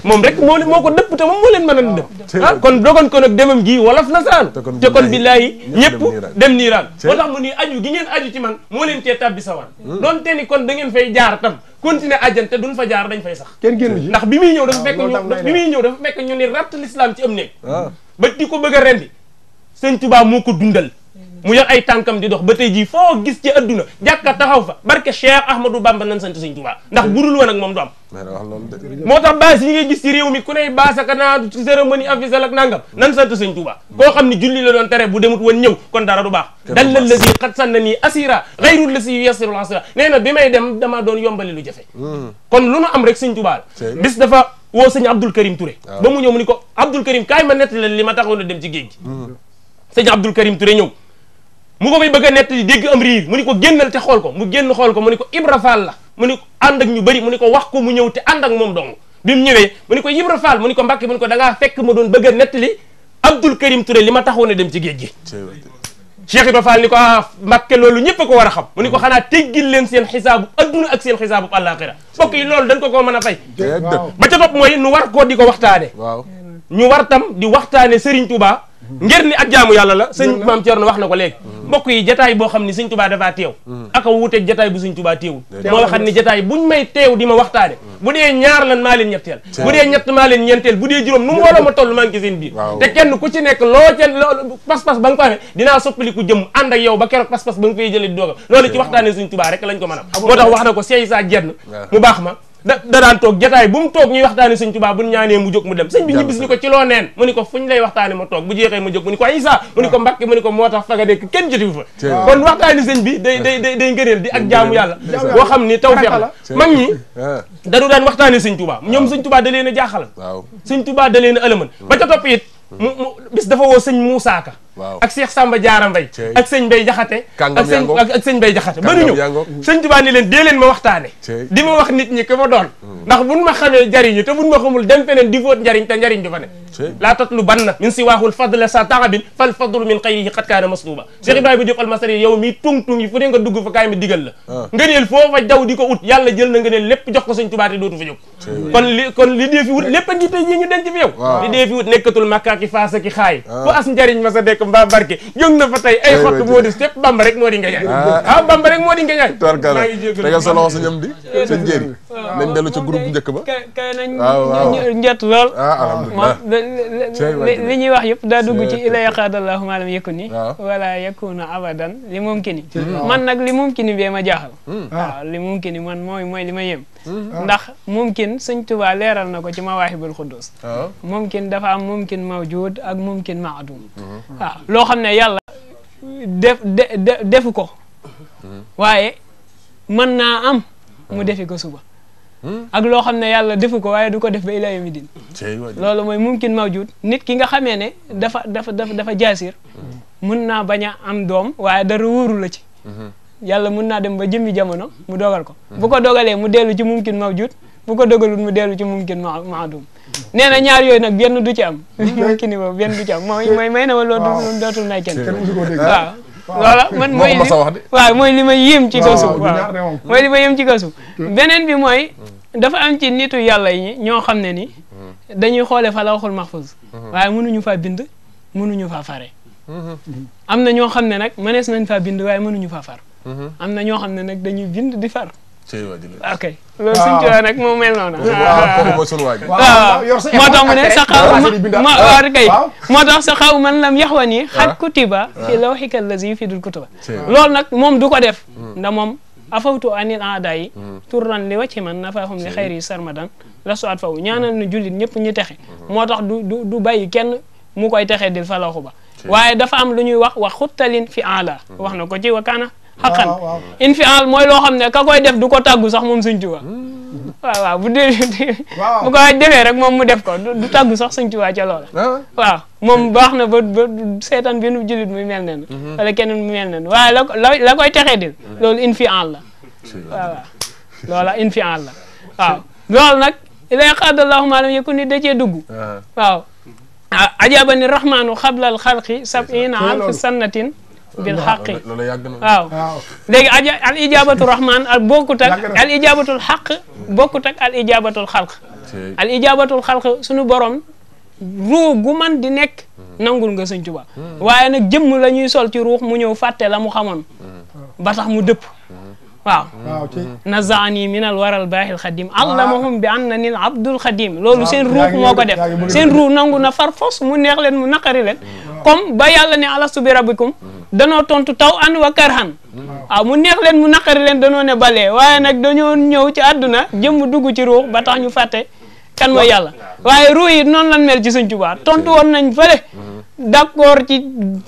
moom rek moo moo ko dëpp te moom moo leen a dëpp ah kon dogon ko nag demam gii wolof nasaraan te kon billaahi ñëpp dem niiraan moo tax mu ni aju gi ngeen aju ci man moo leen tee tàbbi sawara hmm. doonte ni kon da fay jaar tam continuer àjjante duñ fa jaar dañ fay sax kenn génn ndax bi muy ñëw dafa fekk ah, ñu bi muy ñëw dafa fekk ñu ni ratt l'islam ci am néeg ah. ba di ko bëgg a rendi sëñ Tuubaa moo ko dundal mu yor ay tànkam di dox ba tey jii foo gis ci adduna jàkka taxaw fa barke Cheikh Ahmadou Bamba nan sant sëñ Tuubaa ndax budul woon ak moom du am moo tax baas yi ngay gis ci réew mi ku ney baas ak naa cérémonie officielle ak nangam nan sant sëñ Tuubaa koo xam ne julli la doon tere bu demut woon ñëw kon dara du baax dal la lasi xat sanna nii asira xayrul lasi yu yasirul asira nee na bi may dem dama doon yombali lu jafe hmm. kon lu nu am rek sëñ Tuubaa la bis dafa woo sëñ Abdul Karim Touré ba mu ñëw mu ni ko Abdul Karim kaay ma nettali li ma taxoon dem ci géej gi hmm. sëñ Abdul Karim Touré ñëw mu ko koy bëgg a nett am riir mu ni ko génnal te xool ko mu génn xool ko mu ni ko Ibra Fall la mu ni ko ànd bari mu ni ko wax ko mu ñëw te ànd ak moom dong bi mu ñëwee ko Ibra Fall mu ni ko Mbàkke mu ko da fekk ma doon bëgg a nettali Abdul Karim Touré li ma taxoon a dem ci géej gi Cheikh Ibra Fall ni ko ah Mbàkke loolu ñëpp ko war a xam mu ni ko xanaa teggil leen seen xisaabu adduna ak seen xisaabu àllaaxira bokk yi loolu dañ ko ko mën a fay ba ca topp mooy nu war koo di ko waxtaane ñu war tam di waxtaane Serigne Touba ngir ni ak jaamu yàlla la mm. sëñ mm. maam Thierno wax na ko léegi mbokk yi jataay boo xam ne sëñ tubaa dafaa teew mm. aka wuuteeg jataay bu sëñ tubaa teewul moo waxat ni jataay buñ may teew di ma waxtaane bu dee ñaar lan maa leen ñetteel bu dee leen ñeenteel bu dee juróom ngi seen biir te ku ci nekk loo ca pas-pas ba nga ko amee dinaa soppaliku jëm ànd a moo tax wax na ko seey saa jenn mu baax ma da daan toog jataay bu mu toog ñuy waxtaani sëñ Tuubaa bu ñu ñaanee mu jóg mu dem sëñ bi ñibbis ni ko ci loo neen mu ni ko fuñ lay waxtaani ma toog bu jeexee ma jóg mu ni ko Isa mu ni ko ah. Mbàkke mu ni ko moo tax fa nga dekk kenn jotiwu kon waxtaani sëñ bi day day day day ngëneel di ak jaamu yàlla boo xam ni tawfeex la mag ñi ah. dañu daan waxtaani sëñ Tuubaa ah. ñoom sëñ Tuubaa da leen a jaaxal sëñ Tuubaa da leen a ëlëman ba ca topp it mu bis dafa woo sëñ Muusaa waaw ak Cheikh Samba Diarra Mbaye ak sëñ Mbaye Jaxate ak sëñ ak sëñ ba ñu sëñ Tuubaa ni leen dee leen ma waxtaane di ma wax nit ñi ki ma doon hmm. ndax buñ ma xamee jariñu te buñ ma xamul dem feneen di fóot njariñ te njariñ du fa ne laa tatlu banna min si waaxul fadle sa taxabin fal fadlu min xayrihi xat kaana masluba Cheikh Ibrahima Diop almasari yow mi tung fu ne la ah. ngëneel foofa daw di ko jox ko sëñ Tuubaa te dootu fa jóg kon li kon wut lépp a ngi tey yi ñu yow li dee wut nekkatul makkaaki faasa ki xaay ah. fu as njariñ ma sa dekk mbaa barke jóg na fa tey ay xott moo di sépp bamba rek moo di ngañaay ah. ah bamba rek moo di ngañaay solo sa ñam di seen jéeri ah, nañ dellu ca groupe bu njëkk ba kay nañ ah, njot lool li ñuy wax yëpp daa dugg ci ila yaqaadallahu ma lam yakun ni wala yakunu abadan li mumkin man nag li mumkin bee ma jaaxal hmm. waaw li mumkin man mooy mooy li ma yem hmm. Hmm. ndax mumkin sëñ Tuubaa leeral na ko ci mawaahibul xuddus mumkin dafa am mumkin mawjud ak mumkin maadum waaw loo xam ne yàlla def defu ko waaye mën naa am mu defi ko suba ak loo xam ne yàlla defu ko waaye du ko def ba ila yawmi din loolu mooy mumkin mawjud nit ki nga xamee ne dafa dafa dafa jaasir mun naa bañ a am doom waaye dara wóoru la ci yàlla mun naa dem ba jëmmi jamono mu dogal ko bu ko dogalee mu dellu ci mumkin mawjud bu ko dogalul mu dellu ci mumkin maadum nee na ñaar yooyu nag benn du ci am mumkin ni boobu ci am mooy mooy may na ma loolu dootul nay kenn waaw loola man mooy li waaw mooy li ma yéem ci kaw li ma yéem ci kaw hmm. beneen bi mooy hmm. dafa am ci nitu yàlla yi ñoo xam ne ni hmm. dañuy xoole fa lawxul mahfuz waaye mënuñu faa bind mënuñu faa fare am na ñoo xam ne nag mënees nañ faa bind waaye mënuñu faa far am na ñoo xam ne nag dañuy bind di far Ah, ok loolu suñ ci nag moo mel noonu. waaw waaw ah, moo tax mu ne ma waaw kay moo man lam yaxwan yi ah. xat ba fi lawxika lazi fi dul kutuba lool nag moom du ko def hmm. nda moom afawtu anil aada yi hmm. turran li wacci man nafaahum li xayri sarmadan la suat faw ñaanal nu julit ñëpp ñu texe hmm. moo tax du du du bàyyi kenn mu koy texe dil falaxu ba waaye dafa am lu ñuy wax wax xuttalin fi ala wax na ko ci wakaana xaqan infial mooy loo xam ne ka koy def du ko tàggu sax moom sëñ Tuubaa hmm. waaw waaw bu dee bu rek moom mu def ko du tàggu sax sëñ Tuubaa ca loola ah. waaw moom baax na ba ba seetaan benn jullit muy mel nen hmm. wala la la koy texee dil hmm. lool infial la waaw waaw loola infial la waaw loolu nag ilaa qadallahu ma lam yakun ah. ni da cee dugg waaw ajabani rahmaanu xablal xalqi sab'ina alf sannatin bil xaqi waaw léegi aja al ijabatu rahman ak bokkut ak al ijabatul xaq bokkut ak al ijabatul xalq al ijabatul xalq suñu borom ruux gu man di nekk hmm. nangul nga sëñ hmm. waaye nag jëmm lañuy sol ci ruux mu ñëw fàtte la mu xamoon hmm. ba mu dëpp waaw nazaani min al waral baaxil xadim allamahum bi anna nil abdul xadim loolu seen ruux moo ko def seen ruux nangu na far fos mu neex leen mu naqari leen comme ba yàlla ne alastu bi rabbikum danoo tontu taw an wa karhan waaw ah, mu neex leen mu naqari leen danoo ne balee waaye nag dañoo ñëw ci àdduna jëmm dugg ci ruux ba tax ñu fàtte kan mooy yàlla waaye ruux yi noonu lan mel ci sëñ Tuubaa tontu woon nañ fële mhm. d'accord ci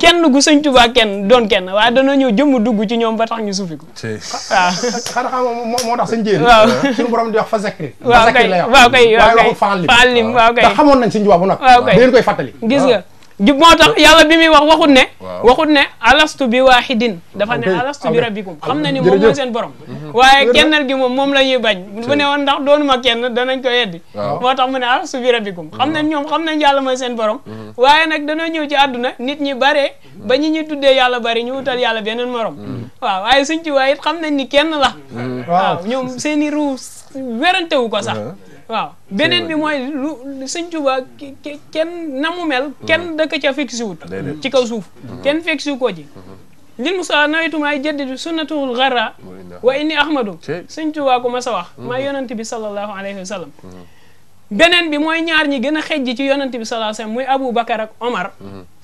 kenn gu sëñ Tuubaa kenn doon kenn waaye danoo ñëw jëmm dugg ci ñoom batax tax ñu suufiku waaw ah. xanaa xam moo tax sëñ Jéen waaw suñu borom di wax fa zakri waaw kay waaw kay waaw kay faal lim waaw kay xamoon nañ sëñ Tuubaa bu nag waaw kay koy fàttali gis nga jub moo tax yàlla bi muy wax waxut ne waxut ne alastu bi waahidin dafa ne alastu bi rabbikum xam na ni moom mooy seen borom mhm. waaye kennal gi moom moom la ñuy bañ bu ne woon ndax doonuma kenn danañ ko yeddi moo tax mu ne alastu bi rabbikum xam nañ mhm. ñoom xam nañ yàlla mooy seen borom mhm. waaye nag danoo ñëw ci àdduna nit ñi bare ba ñi ñu tuddee yàlla bari ñu wutal yàlla beneen morom waaw waaye suñ ci waay it xam nañ ni kenn la waaw ñoom seen i ruus wérantewu ko sax waaw beneen bi mooy lu sëñ kenn na mu mel kenn mm-hmm. dëkk ca fekk si wut ci kaw suuf mm-hmm. kenn fekk si ko ci li mm-hmm. lil Musaa nawaytumaa jaddidu sunnatul xarra wa inni ahmadu sëñ Tuba ko ma sa wax maa yonante bi sallallahu alayhi wa sallam beneen bi mooy ñaar ñi gën a xejj ci yonante bi sallallahu alayhi wa muy Abu Bakar ak Omar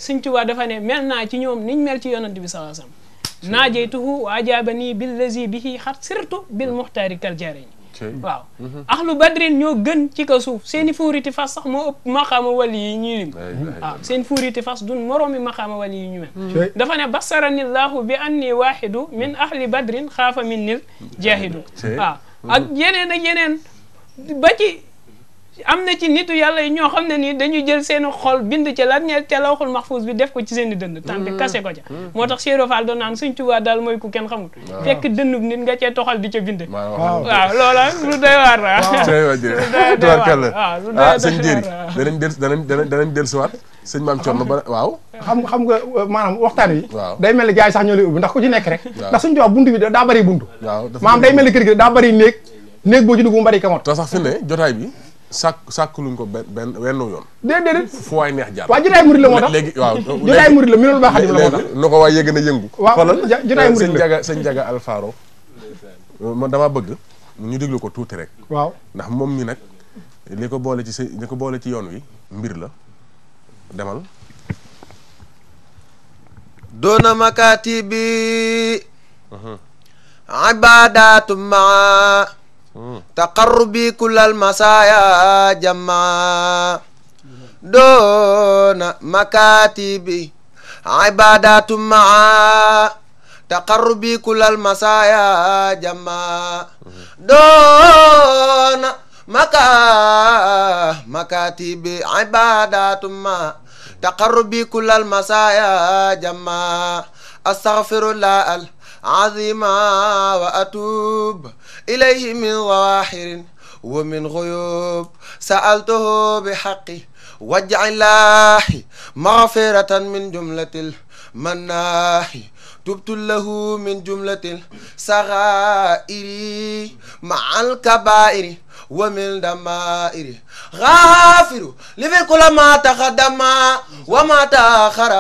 sëñ Tuba dafa ne mel naa ci ñoom niñ mel ci yonante bi sallallahu alayhi wa sallam naajeytuhu wa ajaabanii billazi bihi xat surtout bil muxtaari kal jaariñ waaw ahlu badrin ñoo gën ci kaw suuf seen i fuuriti fas sax moo ëpp maqaama wali yi ñuy lim seen fuuriti fas dun moroomi a wali yi ñu mel dafa ne basarani llahu bi anni waahidu min ahli badrin xaafa min nil jaahidu waaw ak yeneen ak yeneen ba am na ci nitu yàlla yi ñoo xam ne nii dañuy jël seeni xol bind ca la ñeel ca lawxul maxfuus bi def ko ci seen i dënd mm. tànte kase ko ca mm. Mm. moo tax Cheikh Fall doon naan suñ mooy ku kenn xamul fekk dënnub nit nga cee toxal di ca bind waaw loola lu doy waar la tubaarkàlla waaw ah, sëñ Jéeri danañ del danañ danañ danañ del siwaat sëñ maam Thierno ba waaw xam xam nga euh, maanaam waxtaan wi day mel ni gars yi sax ñoo lay ubbi ndax ku ci nekk rek ndax suñ Tuubaa buntu bi daa bari buntu maanaam day mel ni kër gi daa bari néeg néeg boo ci dugg bari kamot te sax fi ne jotaay bi sàkk sàkk sàkkuluñ ko benn benn yoon. déedéet fu waay neex jaar. waaw jotaay murid la moo tax léegi waaw. jotaay murid la mi loolu baax xadim ko waay yëg na yëngu. waaw jotaay murid la sëñ ko tuuti rek. waaw ndax moom mi nag li ko boole ci sa ko boole ci yoon wi mbir la demal. doona makaati bi. Uh-huh. ibaadaatu maa. تقربي كل المسايا جمعا دون مكاتبي عبادات معا تقربي كل المسايا جمعا دون مكا مكاتبي عبادات معا تقربي كل المسايا جمعا أستغفر الله عظيما وأتوب إليه من ظواهر ومن غيوب سألته بحقي واجعل الله مغفرة من جملة المناحي تبت له من جملة الصغائر مع الكبائر ومن دمائر غافر لفي كل ما تقدم وما تأخر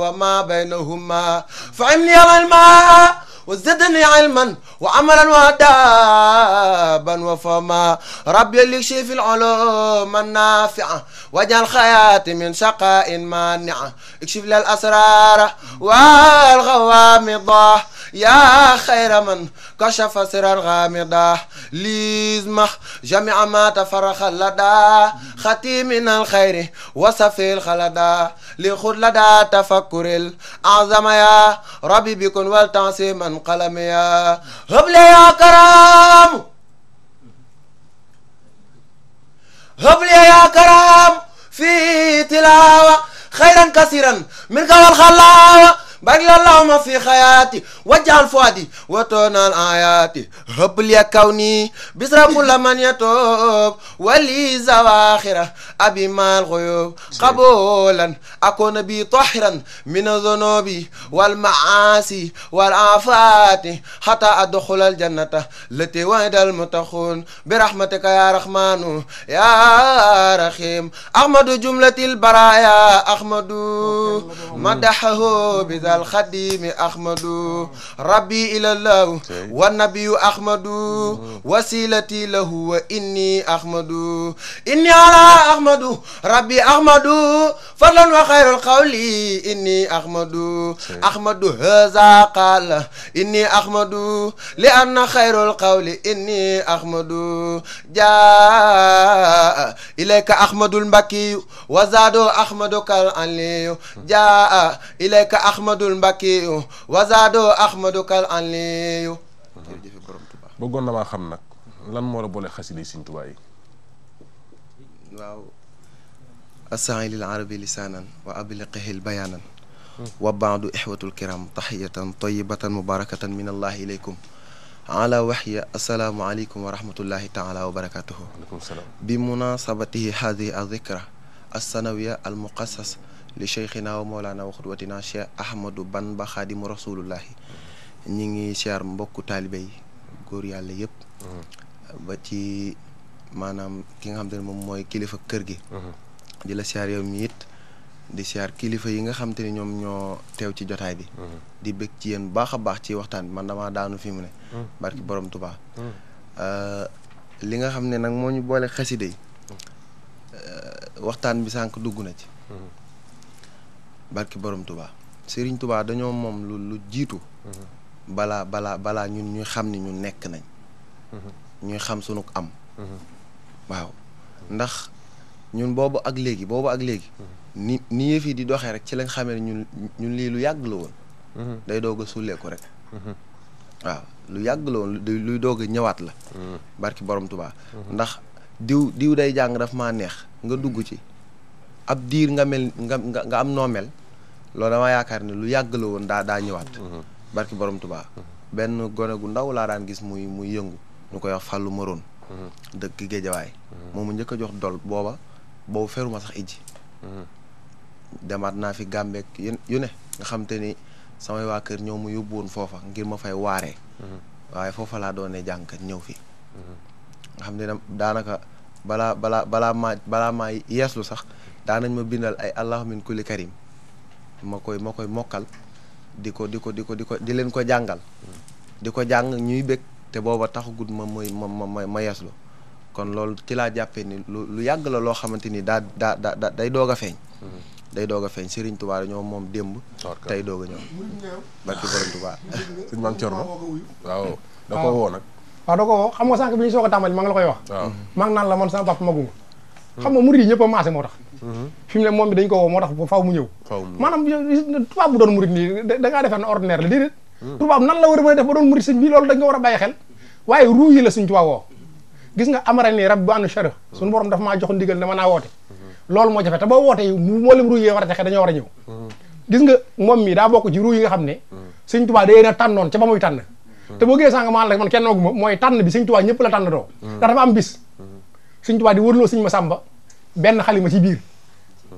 وما بينهما فعملي على الماء وزدني علما وعملا وادابا وفما ربي اللي شيف العلوم النافعة واجعل حياتي من شقاء مانعة اكشف لي الأسرار والغوامضة يا خير من كشف سر الغامضة ليزمح جميع ما تفرخ لدى ختي من الخير وصفي الخلدى لخد لدى تفكر الأعظم يا ربي بكن من قلم يا هب لي يا كرم هب لي يا كرام في تلاوة خيرا كثيرا من قبل خلاوة بغل اللهم في خياتي واجعل فؤادي وتنال آياتي رب لي كوني بسر كل من يتوب ولي زواخره أبي مال غيوب قبولا أكون بي من الذنوب والمعاصي والآفات حتى أدخل الجنة التي وعد المتخون برحمتك يا رحمن يا رحيم أحمد جملة البرايا أحمد مدحه بذلك gal xadimi ahmadu rabbi ilallahu wa nabiyu ahmadu wasilati lahu wa inni ahmadu inni ala ahmadu rabbi ahmadu fadlan wa xayrul qawli inni ahmadu ahmadu haza qala inni ahmadu li anna xayrul qawli inni ahmadu jaa ilayka ahmadul mbakiyu wa zaado ahmadu kal aliyu jaa ilayka ahmadu Ahmadu Mbakke wazaado Ahmadu Kal Anliyu. jërëjëf borom Tuubaa. bëggoon na maa xam nag lan moo la boole xasida Sëriñ Tuubaa yi. waaw. assaani lil arabi lisaanan wa abliqihil bayaanan. wa baadu ixwatul kiram taxiyatan tayibatan mubarakatan min allahi ilaykum ala waxya assalaamu aleykum wa rahmatullahi taala wa barakatuhu bi munasabatihi hadihi aldikra alsanawiya almuqassas li cheikhina wa moolaana wa xudwatina cheikh ahmadou Bamba xaadimu rasulullahi ñi ngi siyaar mbokku taalibe góor yàlla yëpp mm-hmm. ba ci maanaam ki nga xam te moom mooy kilifa kër gi mm-hmm. di la siyaar yow mi it di siyaar kilifa yi nga xam ne ñoom ñoo teew ci jotaay bi mm-hmm. di bëgg ci yéen baax a baax ci waxtaan bi man damaa daanu fi mu ne barki borom tubaa euh, li nga xam ne nag moo ñu boole xaside yi euh, waxtaan bi sànq dugg na ci barki boroom tubaa sëriñ tubaa dañoo moom lu lu jiitu. Mm-hmm. balaa balaa balaa ñun ñu xam ni ñu nekk nañ. Mm-hmm. ñuy xam sunu am. Mm-hmm. waaw ndax ñun boobu ak léegi boobu ak léegi. ni ni yëf yi di doxee rek ci lañ xamee ñun ñun lii lu yàgg la woon. day doog a sulleeku rek. waaw lu yàgg la woon luy doog ñëwaat la. barki borom Touba. ndax diw diw day jàng daf maa neex nga dugg ci. ab diir nga mel nga nga am noo mel loolu dama yaakaar ne lu yàgg la woon daa daa ñëwaat. Mhm. barki boroom tubaa mhm. benn gone gu ndaw laa daan gis muy muy yëngu ñu koy wax Fallou Maroon. Mhm. dëkk Géejawaay. moomu njëkk a jox dol booba boobu feruma sax ijji. demaat naa fi gàmbeek yu ne nga xam ni samay waa kër ñëw mu yóbbu woon foofa ngir ma fay waaree. waaye foofa laa doonee jàngkat ñëw fi. nga xam ne daanaka balaa balaa balaa maa balaa maa yeeslu sax. daanañ ma bindal ay allahu min kulli karim ma koy ma mokkal di ko di ko di ko di ko di leen ko jàngal di ko jàng ñuy bég te booba taxagut ma muy ma ma ma yaslu kon loolu ci laa jàppee ni lu lu yàgg la loo xamante ni daa daa daa day doog a feeñ mm-hmm. day doog a feeñ ñoom moom démb tey doog a ñëw barki borom Touba suñ maam Thierno waaw da ko woo nag waaw da ko woo xam nga sànq bi ñu soog a tàmbali maa la koy wax maa naan la man sama papa maguma mm-hmm. xam nga mu yi ñëpp a maase moo tax fi mu ne moom bi dañ ko woo moo tax faaw mu ñëw maanaam tubaab bu doon murit nii da ngaa defee ne ordinaire la déedéet hmm. tubaab nan la war a mën a def ba doon murit sëñ bi loolu dañ ko war a bàyyi xel waaye ruu yi la suñ tubaab woo gis nga amara nii rab bu ànd chara suñu borom dafa maa jox ndigal dama naa woote hmm. loolu moo jafe te boo wootee mu moo lim ruu yi war a jaxe dañoo war a ñëw hmm. gis nga moom mi daa bokk ci ruu yi nga xam ne sëñ tubaab day na tànnoon ca ba muy tànn te boo gisee sànq maan la man kenn nooguma mooy tànn bi sëñ tubaab ñëpp la tànn doo ndax dafa am bis sëñ tubaab di wërloo sëñ ma sàmba benn xalima ci biir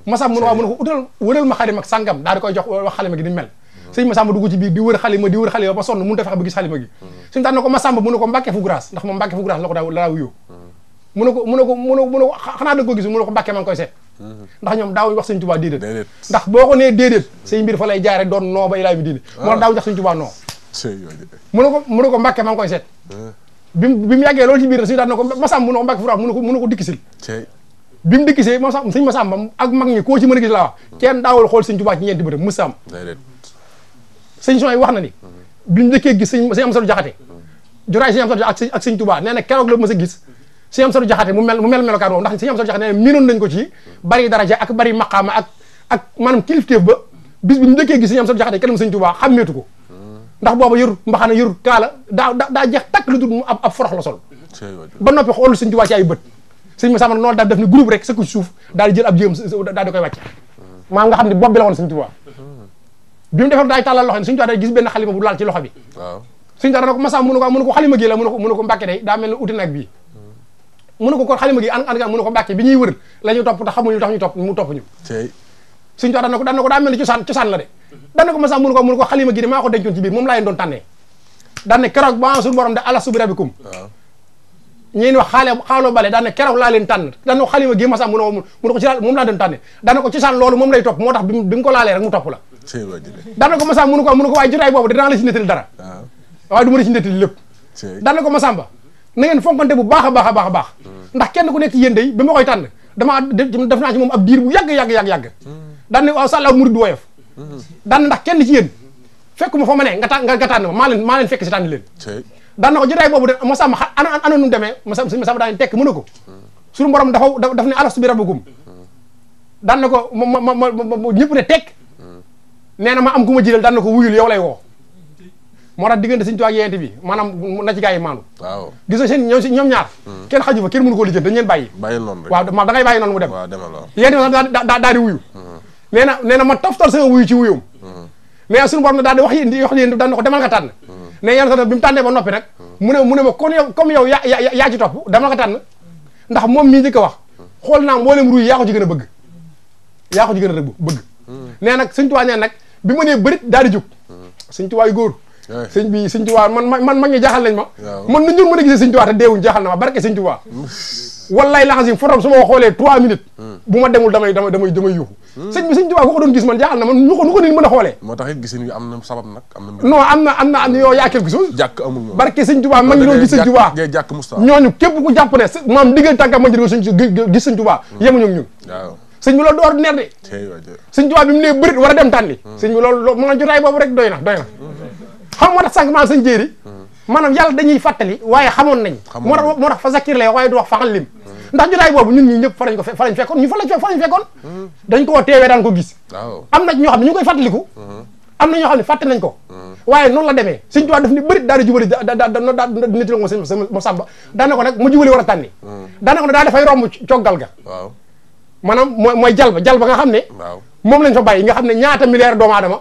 masam mun waaw mun ko utal wëral ma xalima ak sàngam daal di koy jox wax xalima gi ni mel sëñ Masamba dugg ci biir di wër xalima di wër xalima ba sonn mënut a fexe ba gis xalima gi suñu daan na ko Masamba mu ne ko Mbàkke fu grâce ndax moom Mbàkke fu grâce la ko daa la daa wuyoo mu ne ko mu ne ko mu ne ko xanaa da nga ko gis mu ne ko Mbàkke maa ngi koy seet ndax ñoom daawuñu wax sëñ Tuubaa déedéet ndax boo ko nee déedéet say mbir fa lay jaare doon noo ba ilaa bi diine moo daawuñu wax sëñ Tuubaa non mu ne ko mu ne ko Mbàkke maa ngi koy seet bi mu yàggee loolu ci biir suñu daan na ko Masamba mu ne ko Mbàkke fu grâce mu ne ko mu ne ko dikkisil bi mu di gisee ma sax sëñ Masamba ak mag ñi koo ci mën a gis laa wax kenn daawul xool sëñ Tuubaa ci ñeenti bëtam mu sàmm sëñ Soy wax na ni bi mu njëkkee gis sëñ sëñ Amsatu Jaxate jotaay sëñ Amsatu ak sëñ ak sëñ Tuubaa nee na keroog la a gis sëñ Amsatu mu mel mu mel melokaan boobu ndax sëñ Amsatu Jaxate nee na ko ci bari ak bari maqaama ak ak maanaam kilifteef ba bi mu njëkkee gis sëñ Amsatu Jaxate kenn sëñ Tuubaa xàmmeetu ko ndax booba yorut mbaxana yorut kaala daa daa jeex takk lu dul ab ab la sol ba noppi xoolu sëñ Tuubaa ci ay bët sëñ mané non da def ni groupe rek sëkku souf daal di jël ab jëm da di koy wàcc maam nga xamni bobbi la won sëñ touba bi mu defar daay tàllal loxo ni sëñ day gis ben khalima bu lal ci loxe bi waaw sëñ Tuubaa dana ko mu ne ko mu ne ko xalima gi la mu ne ko mu ne ko Mbàkke day da melni ne nak bi bii mu ne ko khalima gi an an mu ne ko Mbàkke bi ñi wër lañu top tax xamu ñu tax ñu top mu topp ñu sëñ Tuubaa dana ko dana da melni ci san ci san la de dana ko Masamba mu ne ko mu ne ko xalima gi de mako ko ci biir mom la leen don tané daan ne keroog ba sun borom de ala subi rabikum ñeen wax xaale xaalo bale daan ne keroog laa leen tànn daan ne ko xalima gi masam mu ne mu ne ko ci moom laa doon tànn daan ne ko ci saan loolu moom lay topp moo tax bi mu ko topp la daan ne ko masam mu ne ko mu ne ko waaye jotaay boobu dinaa la ci nettali dara waaye du ma la ci nettali lépp daan ne ko bu baax a baax a baax a baax hmm. ndax kenn ku nekk yéen day bi ma koy tànn damaa def naa ci moom ab diir bu yàgg yàgg yàgg yàgg hmm. daan ne waaw sàllaaw murid du woyof hmm. dan ne ndax kenn ci yéen fekk ma fa ma ne nga tànn nga tànn ma maa leen maa fekk si tànn leen daan na ko jotaay boobu de Masamba xa ana ana nu mu demee Masamba suñu Masamba daan na ko suñu borom dafa daf ne alas bi rabagum daan ko ma ma ma ñëpp tekk nee na ma am ku ma jëlal daan na ko wuyul yow lay woo moo tax diggante suñu tuwaag bi maanaam na ci gars yi maanu waaw gis nga seen ñoom si hmm. fa kenn mënu koo lijjanti dañu leen waaw maam da ngay bàyyi noonu mu dem yeente bi sax daa daa di wuyu hmm. nee na nee na ma toftal sama wuyu ci wuyum mais hmm. suñu borom na daal wax yi wax yéen daan na ko demal nga tànn ne yalla sax bimu tané ba nopi rek mu ne mu ne ma comme yow ya, ya, ya ci top dama ko tan ndax mom mi njëkk ko wax xol na mbolem ruy ya ko ci gëna bëgg ya ko ci gëna a bëgg hmm. nee nak sëñ tuwaa nee nag bi ma bërit daal di juk sëñ tuwaa yu góor sëñ bi sëñ Tuubaa man man mag ñi jaaxal nañ ma man nu ñun mën a gisee sëñ Tuubaa te na ma barke sëñ Tuubaa wallaay fotom su ma ko xoolee trois minutes hmm. bu ma demul damay damay damay damay yuuxu hmm. sëñ bi sëñ Tuubaa ku ko doon gis man jaaxal na man ñu ko ñu ko nit mën a xoolee moo tax na sabab nag am na non am na am na am na yow yaa quelque chose jàkk amul barke sëñ Tuubaa mag ñi doon gis gis sëñ Tuubaa hmm. yemuñu ak ñun waaw sëñ bi de sëñ Tuubaa bi mu nee bërit dem tànni sëñ bi loolu jotaay boobu rek doy na doy xam moo tax sànq maam sañ jéeri hmm. maanaam yàlla dañuy fàttali waaye xamoon nañ moo tax moo tax fa zakir lay waaye du wax faxal lim hmm. ndax jotaay boobu ñun ñi ñëpp fa hmm. am xam ne ñu koy fàttaliku na ñoo xam ne fàtte nañ ko waaye noonu la demee suñ tubaab daf ni bëri daal di jubali daa nitilo ma sëñ ma sàmba daana ko nag mu a tànni daana ko ne daa dafay romb nga xam ne moom lañ fa bàyyi nga xam ne ñaata milliards doomu aadama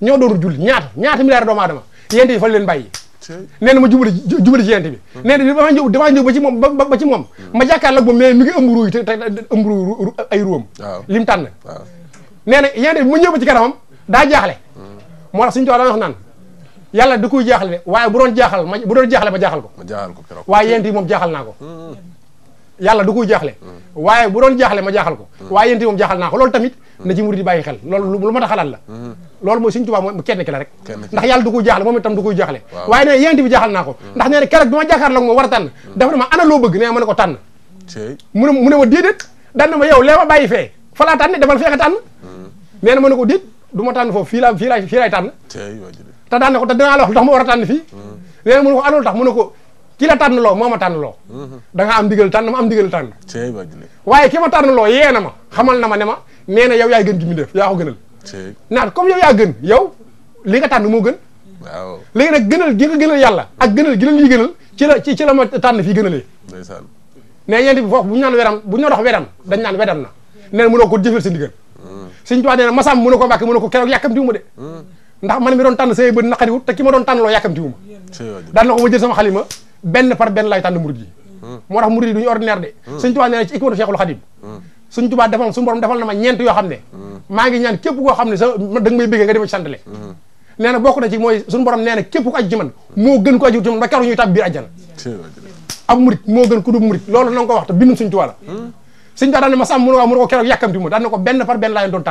ñoo doonu julli ñaata ñaata milliards doomu adama yent yi fa leen bàyyi nee na ma jubali jubali ci yent bi nee na mm. damaa ñëw damaa ñëw ba ci moom ba ci moom mm. ma jàkkaarloog moom mais mi ngi ëmb ruuy te ëmb ruuy ay ruwam li mu tànn nee na yent bi mu ñëw ba ci kanamam daa jaaxle mm. moo tax suñu too daan wax naan yàlla da koy jaaxle waaye bu doon jaaxal ma bu doon jaaxle ma jaaxal ko waaye yent yi moom jaaxal naa ko yàlla du koy jaaxle mm. waaye bu doon jaaxle ma jaaxal ko mm. waaye yénte moom naa ko lool tamit na ci mm. murid yi bàyyi xel loolu lu ma ta xalaat la loolu mooy Sëriñ Tuubaa mooy kenn ki la rek ndax yàlla du koy jaaxle moom itam du koy jaaxle waaye nee yénte bi jaaxal naa ko ndax nee na keroog bi ma jàkkaar la moom war a dafa ne ma ana ko tànn mu ne mu ne ma déedéet daan na ma yow lee ma bàyyi fee fa laa tànn demal fee nga tànn nee ma ne ko déet du ma tànn foofu fii laa fii laa fii laay tànn te daan na ko te dinaa la wax lu tax ma war a tànn fii nee na mu ne ko ki la tànn loo moo ma tànn loo mm-hmm. da nga am ndigal tànn ma am ndigal tànn waaye ki ma tànn loo yee na ma xamal na ma ne ma nee na yow yaay gën gi def yaa ko gënal comme yow yaa gën yow li nga tànn moo gën waaw léegi nag gënal gi nga gënal yàlla ak gënal gi la ñuy gënal ci la ci ci la ma tànn fii gënalee nee ñeenti bi foofu bu ñu naan weram bu ñu dox weram dañ naan weram na nee na mënoo ko jëfal si ndigal mm. suñu tubaab nee na masam mënoo ko mbàkke mënoo ko keroog yàkkamti wu mm. ma de ndax man mi doon tànn say bët naqariwut te ki ma doon tànn loo yàkkamti wu ma daan na ko ma jël sama xalima benn par benn laay tànn murid yi hmm. moo tax murid yi du ñu ordinaire de hmm. sëñ tubaa nee na ci ikmatu hmm. na ma ñeent yoo xam ne maa ngi ñaan képp koo xam ne sa da nga may bëggee nga dima ci santale nee na na ci mooy suñu borom nee na képp ku aju ci man moo gën ko aju ci man ba keroog ñuy tàbb biir àjjana ab murid moo gën ku du murid loolu na ko wax te bindum sëñ tubaa la sëñ tubaa daan ne ma sàmm mu ne waaw mu ne ko keroog daan ne ko benn par benn laa leen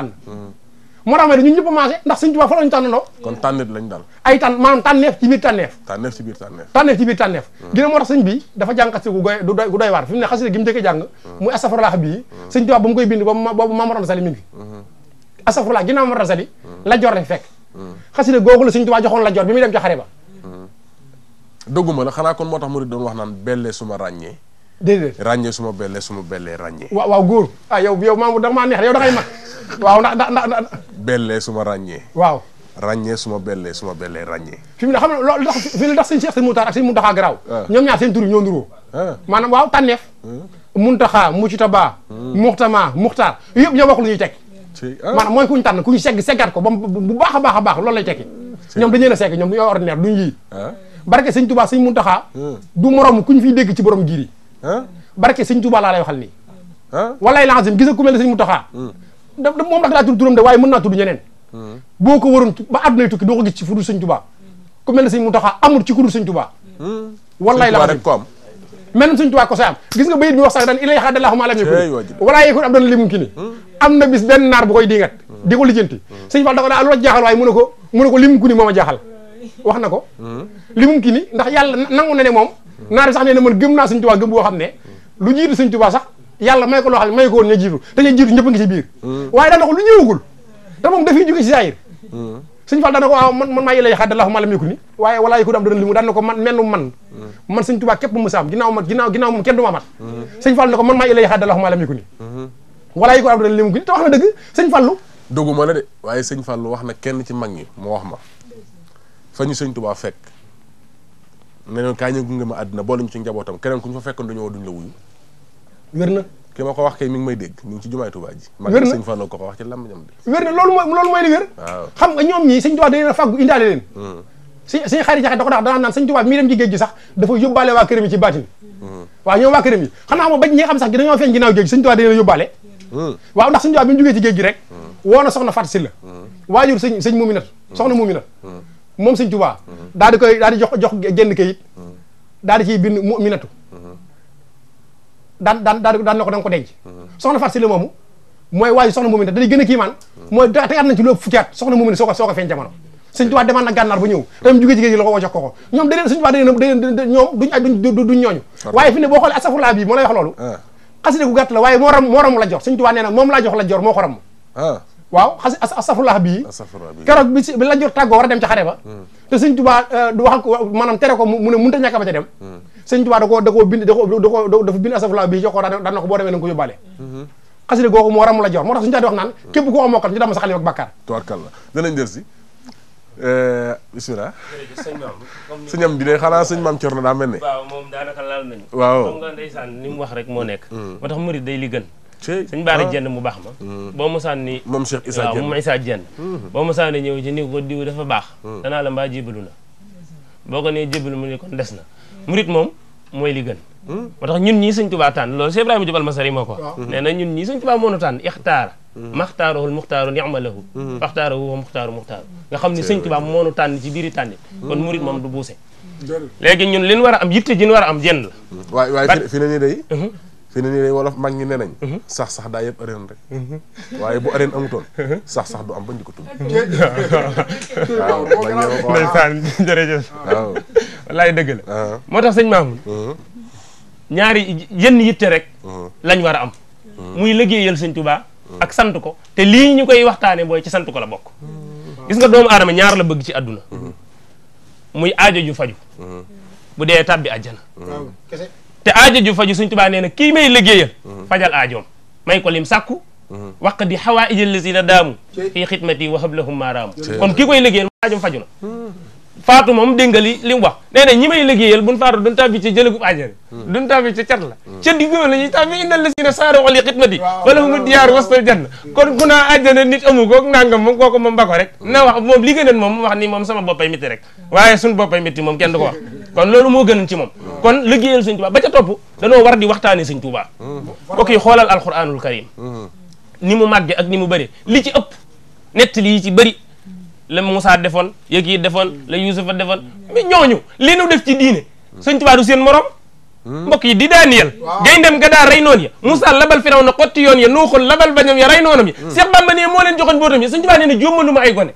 moo tax ma ne ñun ñëpp maase ndax Sëñ Tuubaa fa lañu tànnandoo kon tànneef lañ daal ay tànn maanaam tànneef ci biir tànneef tànneef ci biir ci biir tànneef gina hmm. moo tax sëñ bi dafa jàng xasida gu doy waar fi mu ne xasida gi mu njëkk jàng hmm. muy astaghfirullah bii hmm. Sëñ Tuubaa ba mu koy bind boobu boobu Mamadou Sali mi ngi fi astaghfirullah ginnaaw Mamadou la jor la fekk xasida googu la Sëñ Tuubaa joxoon la jor bi muy dem ci xare ba dëgguma la xanaa kon moo tax murid doon wax naan bellee suma ràññee déedéet ràññee su ma bellee su ma bellee ràññee. waaw waaw góor ah yow yow maamu da nga maa neex yow da ngay mag waaw ndax ndax ndax. bellee su ma ràññee. waaw ràññee su ma bellee su ma bellee ràññee. fi mu ne xam nga loolu ndax fi mu ne ndax sëñ Cheikh sëñ Moutar ak sëñ Mountakha Garaaw. Ah. ñoom ñaar seen tur ñoo nuroo. Ah. maanaam waaw tànneef. Hmm. Mountakha Mucitaba. Muxtama hmm. Muxtaar yëpp ñoo wax lu ñuy teg. Ah. maanaam mooy ku ñu tànn ku ñu segg seggaat ko ba bu baax a baax a baax loolu lay tekki ñoom dañu leen a segg ñoom ñoo ordinaire duñ yii barke sëñ Tuubaa sëñ Mountakha hmm. du morom kuñ fiy dégg ci borom giir yi ah barke sëñ Tuubaa laa lay waxal nii ah walaay laazim gis nga ku mel ne sëñ Muntaxa hmm. da moom rek laa tudd turam de waaye mën na tudd ñeneen hmm. boo ko waroon ba àddunay tukki doo ko gis ci fudul sëñ Tuubaa ku mel ne sëñ Muntaxa amul ci kudul sëñ Tuubaa hmm. walaay laazim mel sëñ Tuubaa ko say am gis nga bayit bi wax sax daan ilay xaa dalaaxuma lam yekun walaa yekun am doona li mun ki ni am na bis benn naar bu koy dingat di ko lijjanti sëñ Fall da ko daa ah, lu jaaxal waaye mu ne ko mu ne ko li ku ni moom a jaaxal wax na ko li mun ki ni ndax yàlla nangu na moom naar bi sax nee na man gëm naa sëñ Tuubaa gëm boo xam ne lu jiitu sëñ Tuubaa sax yàlla may ko loo xam ne may ko woon ña jiitu te ña jiitu ñëpp a ngi ci biir mm. waaye daana ko lu ñëwagul te moom dafay jóge ci zaahir mm. sëñ Fall daana ko man man maa yëlay xadd laahu malam yëku ni waaye walaa yëku am dana li mu ko man mennu mm. man man sëñ Tuubaa képp mu saam ginnaaw ma ginnaaw ginnaaw kenn du ma mat sëñ Fall ne ko man maa yëlay xadd ni walaa yëku ko dana li mu ko ni te wax na dëgg sëñ Fallu doguma la de waaye sëñ Fallu wax na kenn ci mag ñi moo wax ma fa ñu sëñ Tuubaa fekk ne leen kaay ñu ma àddina boole ñu ci njabootam keneen ku ñu fa fekkoon dañoo woo duñ la wuyu. wér na ki ma ko wax kay mi ngi may dégg mi ngi ci jumaay Tuubaa ji. wér na mag sëñ Fallou ko ko na loolu mooy loolu mooy li a waaw xam nga ñoom ñii sëñ Tuubaa a hmm. da ko daax danaan naan sëñ Tuubaa mi dem ci géej gi sax dafa yóbbaale waa këram yi ci baatin. Hmm. waaw ñoom waa këram yi xanaa xam nga bañ ñi xam sax dañoo feeñ ginnaaw géej gi sëñ Tuubaa dañu leen yóbbaale. Hmm. waaw ndax sëñ Tuubaa bi mu jógee ci géej gi rek. woo na soxna Fatou Sylla waajur sëñ sëñ Muminat moom sëñ Tuubaa daal di koy daal di jox jox genn kayit daal di ciy bind mu'minatu daan daan daan daan na ko da nga mooy waaji soxna mu'minatu day gën a kiimaan mooy te at nañ ci lu fukki at soxna mu'minatu soo ko soo ko feeñ jamono sëñ Tuubaa demaan na gànnaar ba ñëw tam jugee jigéen yi la ko jox ko ko ñoom daleen sëñ Tuubaa daleen daleen ñoom duñ aj duñ duñ ñooñu waaye fi ne boo xoolee asafurlaa bii moo lay wax loolu ah. xasida gu gàtt la waaye moo ram moo ram la jox sëñ Tuubaa nee na moom laa jox la jor waaw xas asafurlah bii keroog bi si bi lajjor tàggoo war a dem ca xare ba hmm. te sëñ tubaa euh, du waxal ko tere ko mu ne mënut a ñàkk ba ca dem hmm. sëñ tubaa da dafa bind asafurlah bii jox ko daan na boo demee na nga ko yóbbaale hmm. xasida googu moo ramu la jor moo tax suñu taa di wax naan képp ku ko mokkal ñu dama sa xale ak bàkkaar tubaarkalla danañ del si euh, bismillah sëñ am bi de xanaa sëñ maam Cerno daa mel ne waaw moom daanaka laal nañu ni mu wax rek moo nekk moo tax murid day li sëñ Baara Jenn ah. mu baax ma hmm. boo mosaan ni moom Cheikh Issa Jenn moom Issa Jenn hmm. boo mosaan ni ñëw ci ni ko diw dafa baax hmm. danaa la mbaa jébalu na boo ko nee jébalu mu ne kon des na murit moom mooy li gën moo tax ñun ñii sëñ Tubaa tànn loolu Cheikh Ibrahima Jubal Masari moo ko nee na ñun ñii sëñ Tubaa moo nu tànn ixtaara maxtaarahul muxtaaru ni'malahu faxtaarahu wa muxtaaru muxtaaru nga xam ne sëñ Tubaa moo nu tànn ci biiri tànn kon murit moom du buuse léegi ñun li ñu war am yitte ji ñu war a am jenn fi ne lay wolof mag ñi ne nañ mhm. sax sax da yeb areen rek mhm. waye bu areen amuton mhm. sax sax du am bañ diko ko tudd waaw ndeysaan jere waaw wallaay dëgg la ah. moo tax sëñ Mamoun ñaari yenn yitte rek lañ wara am muy liggéeyal sëñ Touba ak sant ko te li ñu koy waxtane booy ci sant ko la bok gis nga doomu aadama ñaar la bëgg ci aduna muy aajo ju faju bu dé tabbi aljana te aajo ju faju Sëñ Tuubaa nee na kii may liggéeyal fajal aajoom may ko lim sàkku waq di xawaa ijal lazina daamu fii xidmati wa hablahum maaraamu kon kii koy liggéeyal aajom faju na fatou mom dégg nga li li wax neena na ñi may liggéeyal buñ faatu duñ tabbi ci jëlagub àjjana hmm. duñ tabbi ci cat la hmm. ca diggoo la innal lazina saru li khitmati wala mu diyaar janna kon guna naa nit amu ko nangam moom koko moom ba rek na wax mom li gënoon wax ni mom sama bopay miti rek waye suñ bopay miti mom kenn duko wax kon lolu mo gënal ci mom kon liggéeyal sëñ touba ba ca top dañu war di waxtaane sëñ Tuubaa hmm. ok xolal alquranul karim ni mu magge ak ni mu bëri li ci ëpp net li ci bëri la Moussa defoon yëg yi defoon mm. la Yuusufa defoon mm. mais ñooñu li nu def ci diine mm. sëñ Tuubaa du seen morom mbokk yi di Daniel gayndem ga daal rey noonu ya Moussa labal firaw na yoon ya nuuxul labal bañam ya rey noonam ya Seex ne moo leen joxoon bootam ya sëñ Tuubaa nee na jommalu ma ay gone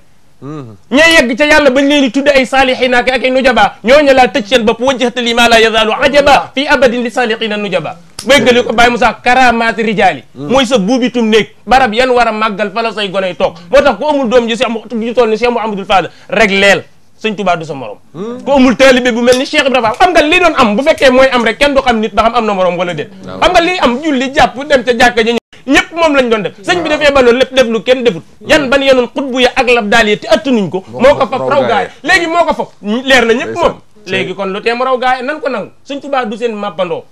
ña yegg ca yàlla bañ leen di ay saalixiina ak ay nujabaa ñooñu laa tëj seen bopp wajjahtali maa yazaalu ajaba fii abadin li saalixiina nujaba wéggali ko bàyyi mu sax karaamaati rijaali mooy sa buubitum néeg barab yan war a màggal fa la gone yi toog moo tax ku amul doom ji ji toll ni Cheikh rek leel sëñ Tuubaa du morom hmm? ku amul taalibe bu mel ni Cheikh Ibrahima xam nga li doon am bu fekkee mooy am rek kenn du xam nit ba am na morom wala déet xam nga li am julli jàpp dem ca jàkka ja ñëpp moom lañ doon def sëñ bi dafee baloon lépp def lu kenn defut hmm. yan ban yenoon xutbu ya ak lab daal yi te attanuñ moo ko fab raw gaay léegi moo ko fab leer léegi kon lu tee mu raw gaa yi nan ko nangu suñ tubaa du seen mappandoo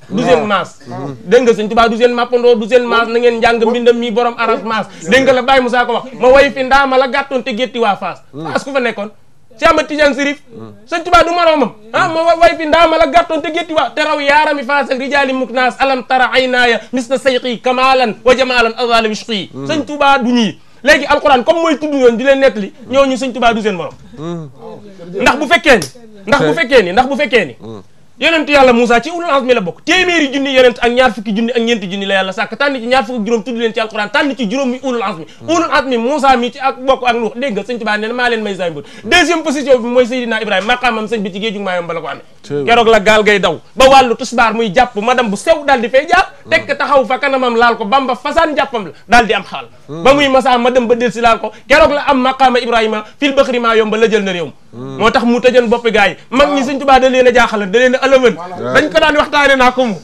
maas dégg nga suñ tubaa du seen mappandoo du seen maas na ngeen njàng mbindam mi borom arab maas dégg nga la Baye Moussa ko wax ma way fi ndaama la gàttoon te gétti waa faas hmm. faas ku fa nekkoon Seama Tijaan Sirif hmm. sëñ Tuubaa du moroomam ah ma wa way fi ndaama la gàttoon te gétti waa te raw yaarami faasal rijaali muknaas alam tara aynaaya mis na sayqi kamaalan wa jamaalan azala wishqi hmm. sëñ Tuubaa du ñii léegi alquran comme mooy tudd yoon di leen nettali ñooñu sëñ Tuubaa du seen morom ndax bu fekkee ndax bu fekkee ni ndax bu fekkee ni hmm. yonent yàlla Moussa ci ulul azmi la bokk téeméeri junni yonent ak ñaar fukki junni ak ñeenti junni la yàlla sàkk tànn ci ñaar fukki juróom tudd leen ci alquran tànn ci juróom mi ulul azmi hmm. ulul mi ci ak bokk ak Nuux dégg nga sëñ Tuubaa nee na maa leen may saay deuxième position bi mooy Seydina Ibrahima hmm. laal ko bamba fasaan jàppam la daal am xaal hmm. ba muy masaa madam ba del si laal ko keroog la am maqaama Ibrahima fil baxri maa yom la jël na réewum a la mën dañ ko daan waxtaane naa ko mu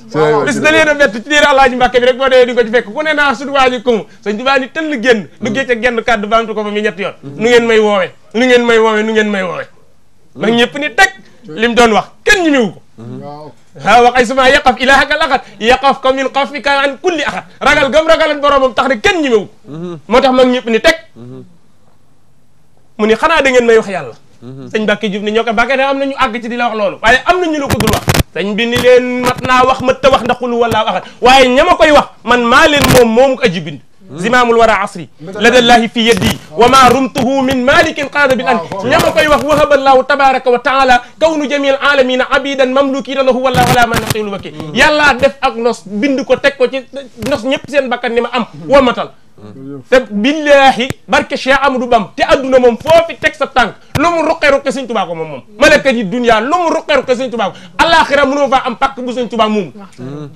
bis da leen a bett ci diir alaaji mbàkke bi rek boo dee di ko ci fekk ku ne sut waaji ko mu sëñ ni tëll génn mm. duggee ca genn kàddu baamtu ko fa mi ñetti yoon mm. may woowe nu ngeen may woowe nu ngeen may mm. lim doon wax kenn ñi miwu ko waaw wax ay suma yaqaf ilaahakal axat yaqaf ka min xafika an kulli axat ragal gam ragalan boromam tax ne kenn ñi mewu mm-hmm. moo tax mag ñëpp ni teg mm-hmm. mu ni xanaa da ngeen may wax yàlla sañ Mbacke Diouf ni ñoo ko Mbacke da am nañu ñu àgg ci di la wax loolu waaye am na ñu la ko dul wax sëñ bi ni leen mat naa wax mat ta wax ndaxul wala waaye ñama koy wax man maa leen moom moomu ko aji bind hmm. zimaamul wara asri ladallahi fi yeddi wa ma rumtuhu min malikin qaada bil an ñama koy wax wahaba allahu tabaraka wa taala kawnu jamil alamina abidan mamlukina lahu wala wala man nasilu wakki hmm. yàllaa def ak nos bind ko teg ko ci nos ñëpp seen bakkan ni ma am hmm. wamatal te billaahi barke Cheikh Amadou Bam te adduna moom foofi teg sa tànk lu mu ruqe ruqe sëñ Tuubaa ko moom moom malaaka yi dunya lu mu ruqe ruqe sëñ Tuubaa ko alaxira mënoo faa am pàkk bu sëñ Tuubaa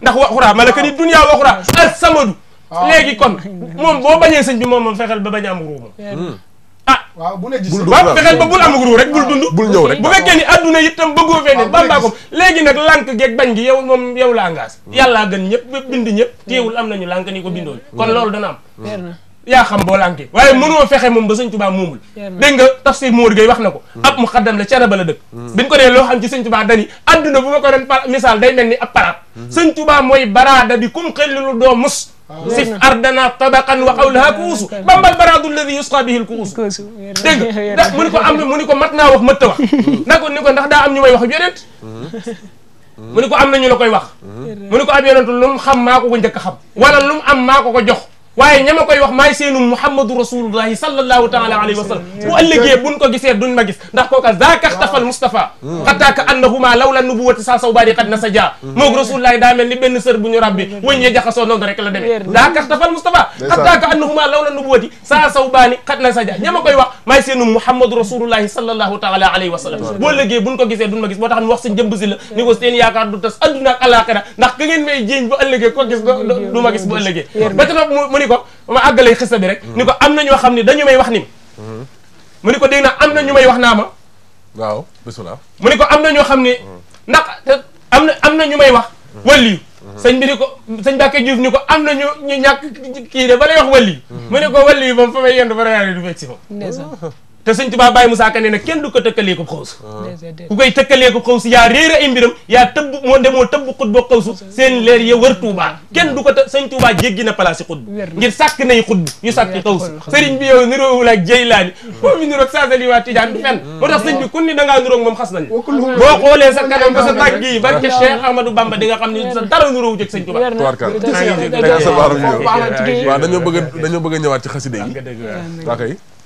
ndax waxuraa malaaka yi dunya waxuraa al samadu ah. léegi kon moom boo bañee sëñ bi moom moom fexeel ba bañ am ruu ah waaw bu ne gis waaw fexeel ba bul amaguru rek bul dund bul ñëw rek bu fekkee ni adduna itam bëggoo fee ne bambaa ko léegi nag lànk geeg bañ gi yow moom yow la angaas hmm. yàllaa gën ñëpp bind ñëpp hmm. téewul am nañu lànk ni ko bindoon hmm. kon loolu dana am yaa xam boo lànkee waaye mm. mënoo fexe moom ba sëñ Tuubaa moomul dégg nga tafsir Mour Gueye wax na ko mm. ab mu xaddam la caraba a dëkk mm. biñ ko dee loo xam ci sëñ Tuubaa dani adduna bu ma ko doon misaal day mel ni ab paraat mm-hmm. sëñ Tuubaa mooy baraada bi kum xellilu doo mus ah, sif ardana tabaqan wa xawlaha kuusu mm-hmm. bambal baraadu alladi yusqa bihi l kuusu dégg nga ndax mu ni ko am mu ni ko mat naa wax mëtt wax mm-hmm. na ko ko ndax daa am ñu may wax mu ni ko am nañu la koy wax mu ni ko ab yonent lu mu xam maa ko ko njëkk xam wala lu am maa ko ko jox waye ñama koy wax may seenu muhammadur rasulullah sallallahu taala alayhi wa sallam bu ëllëgee buñ ko gisee duñ ma gis ndax koka zaaka xtafal mustafa ka annahuma lawla nubuwati sa saw baadi qad nasaja mok rasulullah da melni ben mel ni sër bu rabbi wëñ ya jaxasoo noonu rek la démé zaaka xtafal mustafa ka annahuma lawla nubuwati sa saw baani qad nasaja ñama koy wax may seenu muhammadur rasulullah sallallahu taala alayhi wa sallam bu ëllëgee buñ ko gisee duñ ma gis motax ñu wax seen jëm si ni ko seen yaakaar du tass aduna ak alakhirah ndax ka ngeen may jëñ bu ëllëgee ko gis du ma gis bu ba ëllëgee ni ko ma àggalee xista bi rek mm. ni ko am na ñoo xam ne dañu may wax ni mm-hmm. mu ni ko dégg na am na ñu may wax naa ma waaw bisimilah mu ni ko am na ñoo xam ne mm. ndax am na am na ñu may wax mm. waliyu mm-hmm. sañ bi ni ko sëñ Bakke Diouf ni ko am na ñu ñu ñàkk kii de ba lay wax waliyu mm-hmm. mu ni ko waliyu moom fa may yendu ba reyaane du fekk si fa te sëñ Tuubaa Baye Moussa Ka na kenn du ko tëkkalee ko xawsu ah. ku koy tëkkalee ko xawsu yaa réer ay mbiram yaa tëbb moo demoo tëbb xawsu seen leer ya wër Tuubaa kenn du ko të sëñ Tuubaa na place xut ngir sàkk nay xut yu sàkk xawsu sëriñ bi yow niroowul ak Jeylaani foo mi niroog saasali waa Tijaan du fenn mm. moo tax sëñ xoolee sa kanam ba sa yi barke Cheikh Ahmadou Bamba di nga xam ne sa dara niroowu jëg sëñ Tuubaa waaw dañoo bëgg dañoo bëgg a ñëwaat ci xasida yi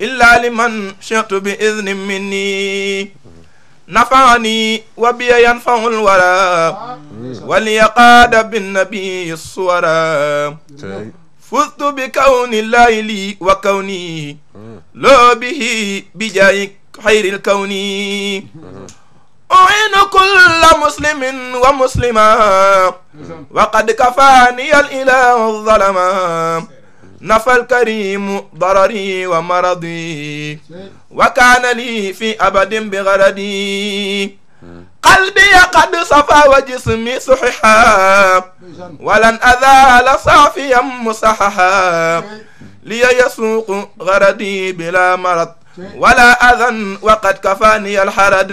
إلا لمن شئت بإذن مني نفعني وبي ينفع الورى وليقاد بالنبي الصورى فزت بكون الله لي وكوني لو به بجاي خير الكون أعين كل مسلم ومسلمة وقد كفاني الإله الظلمة نفى الكريم ضرري ومرضي وكان لي في أبد بغردي قلبي قد صفى وجسمي صححا ولن أزال صافيا مصححا لي يسوق غردي بلا مرض ولا أذن وقد كفاني الحرد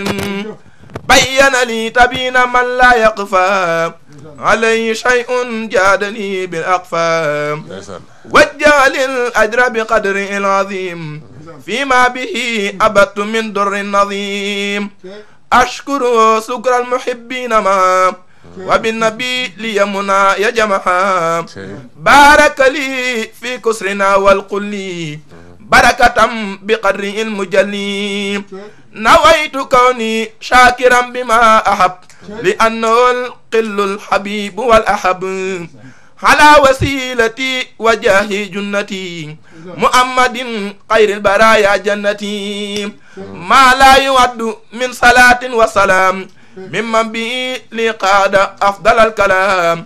بين لي تبين من لا يقفى علي شيء جادني بالأقفام نعم. وجعل الأجر بقدر العظيم فيما به أبت من در النظيم أشكر سكر المحبين ما وبالنبي ليمنا يا جماعة نعم. بارك لي في كسرنا والقلي بركة بقدر المجلي نويت كوني شاكرا بما أحب لأنه القل الحبيب والأحب على وسيلتي وجاه جنتي محمد خير البرايا جنتي ما لا يعد من صلاة وسلام ممن به لقاد أفضل الكلام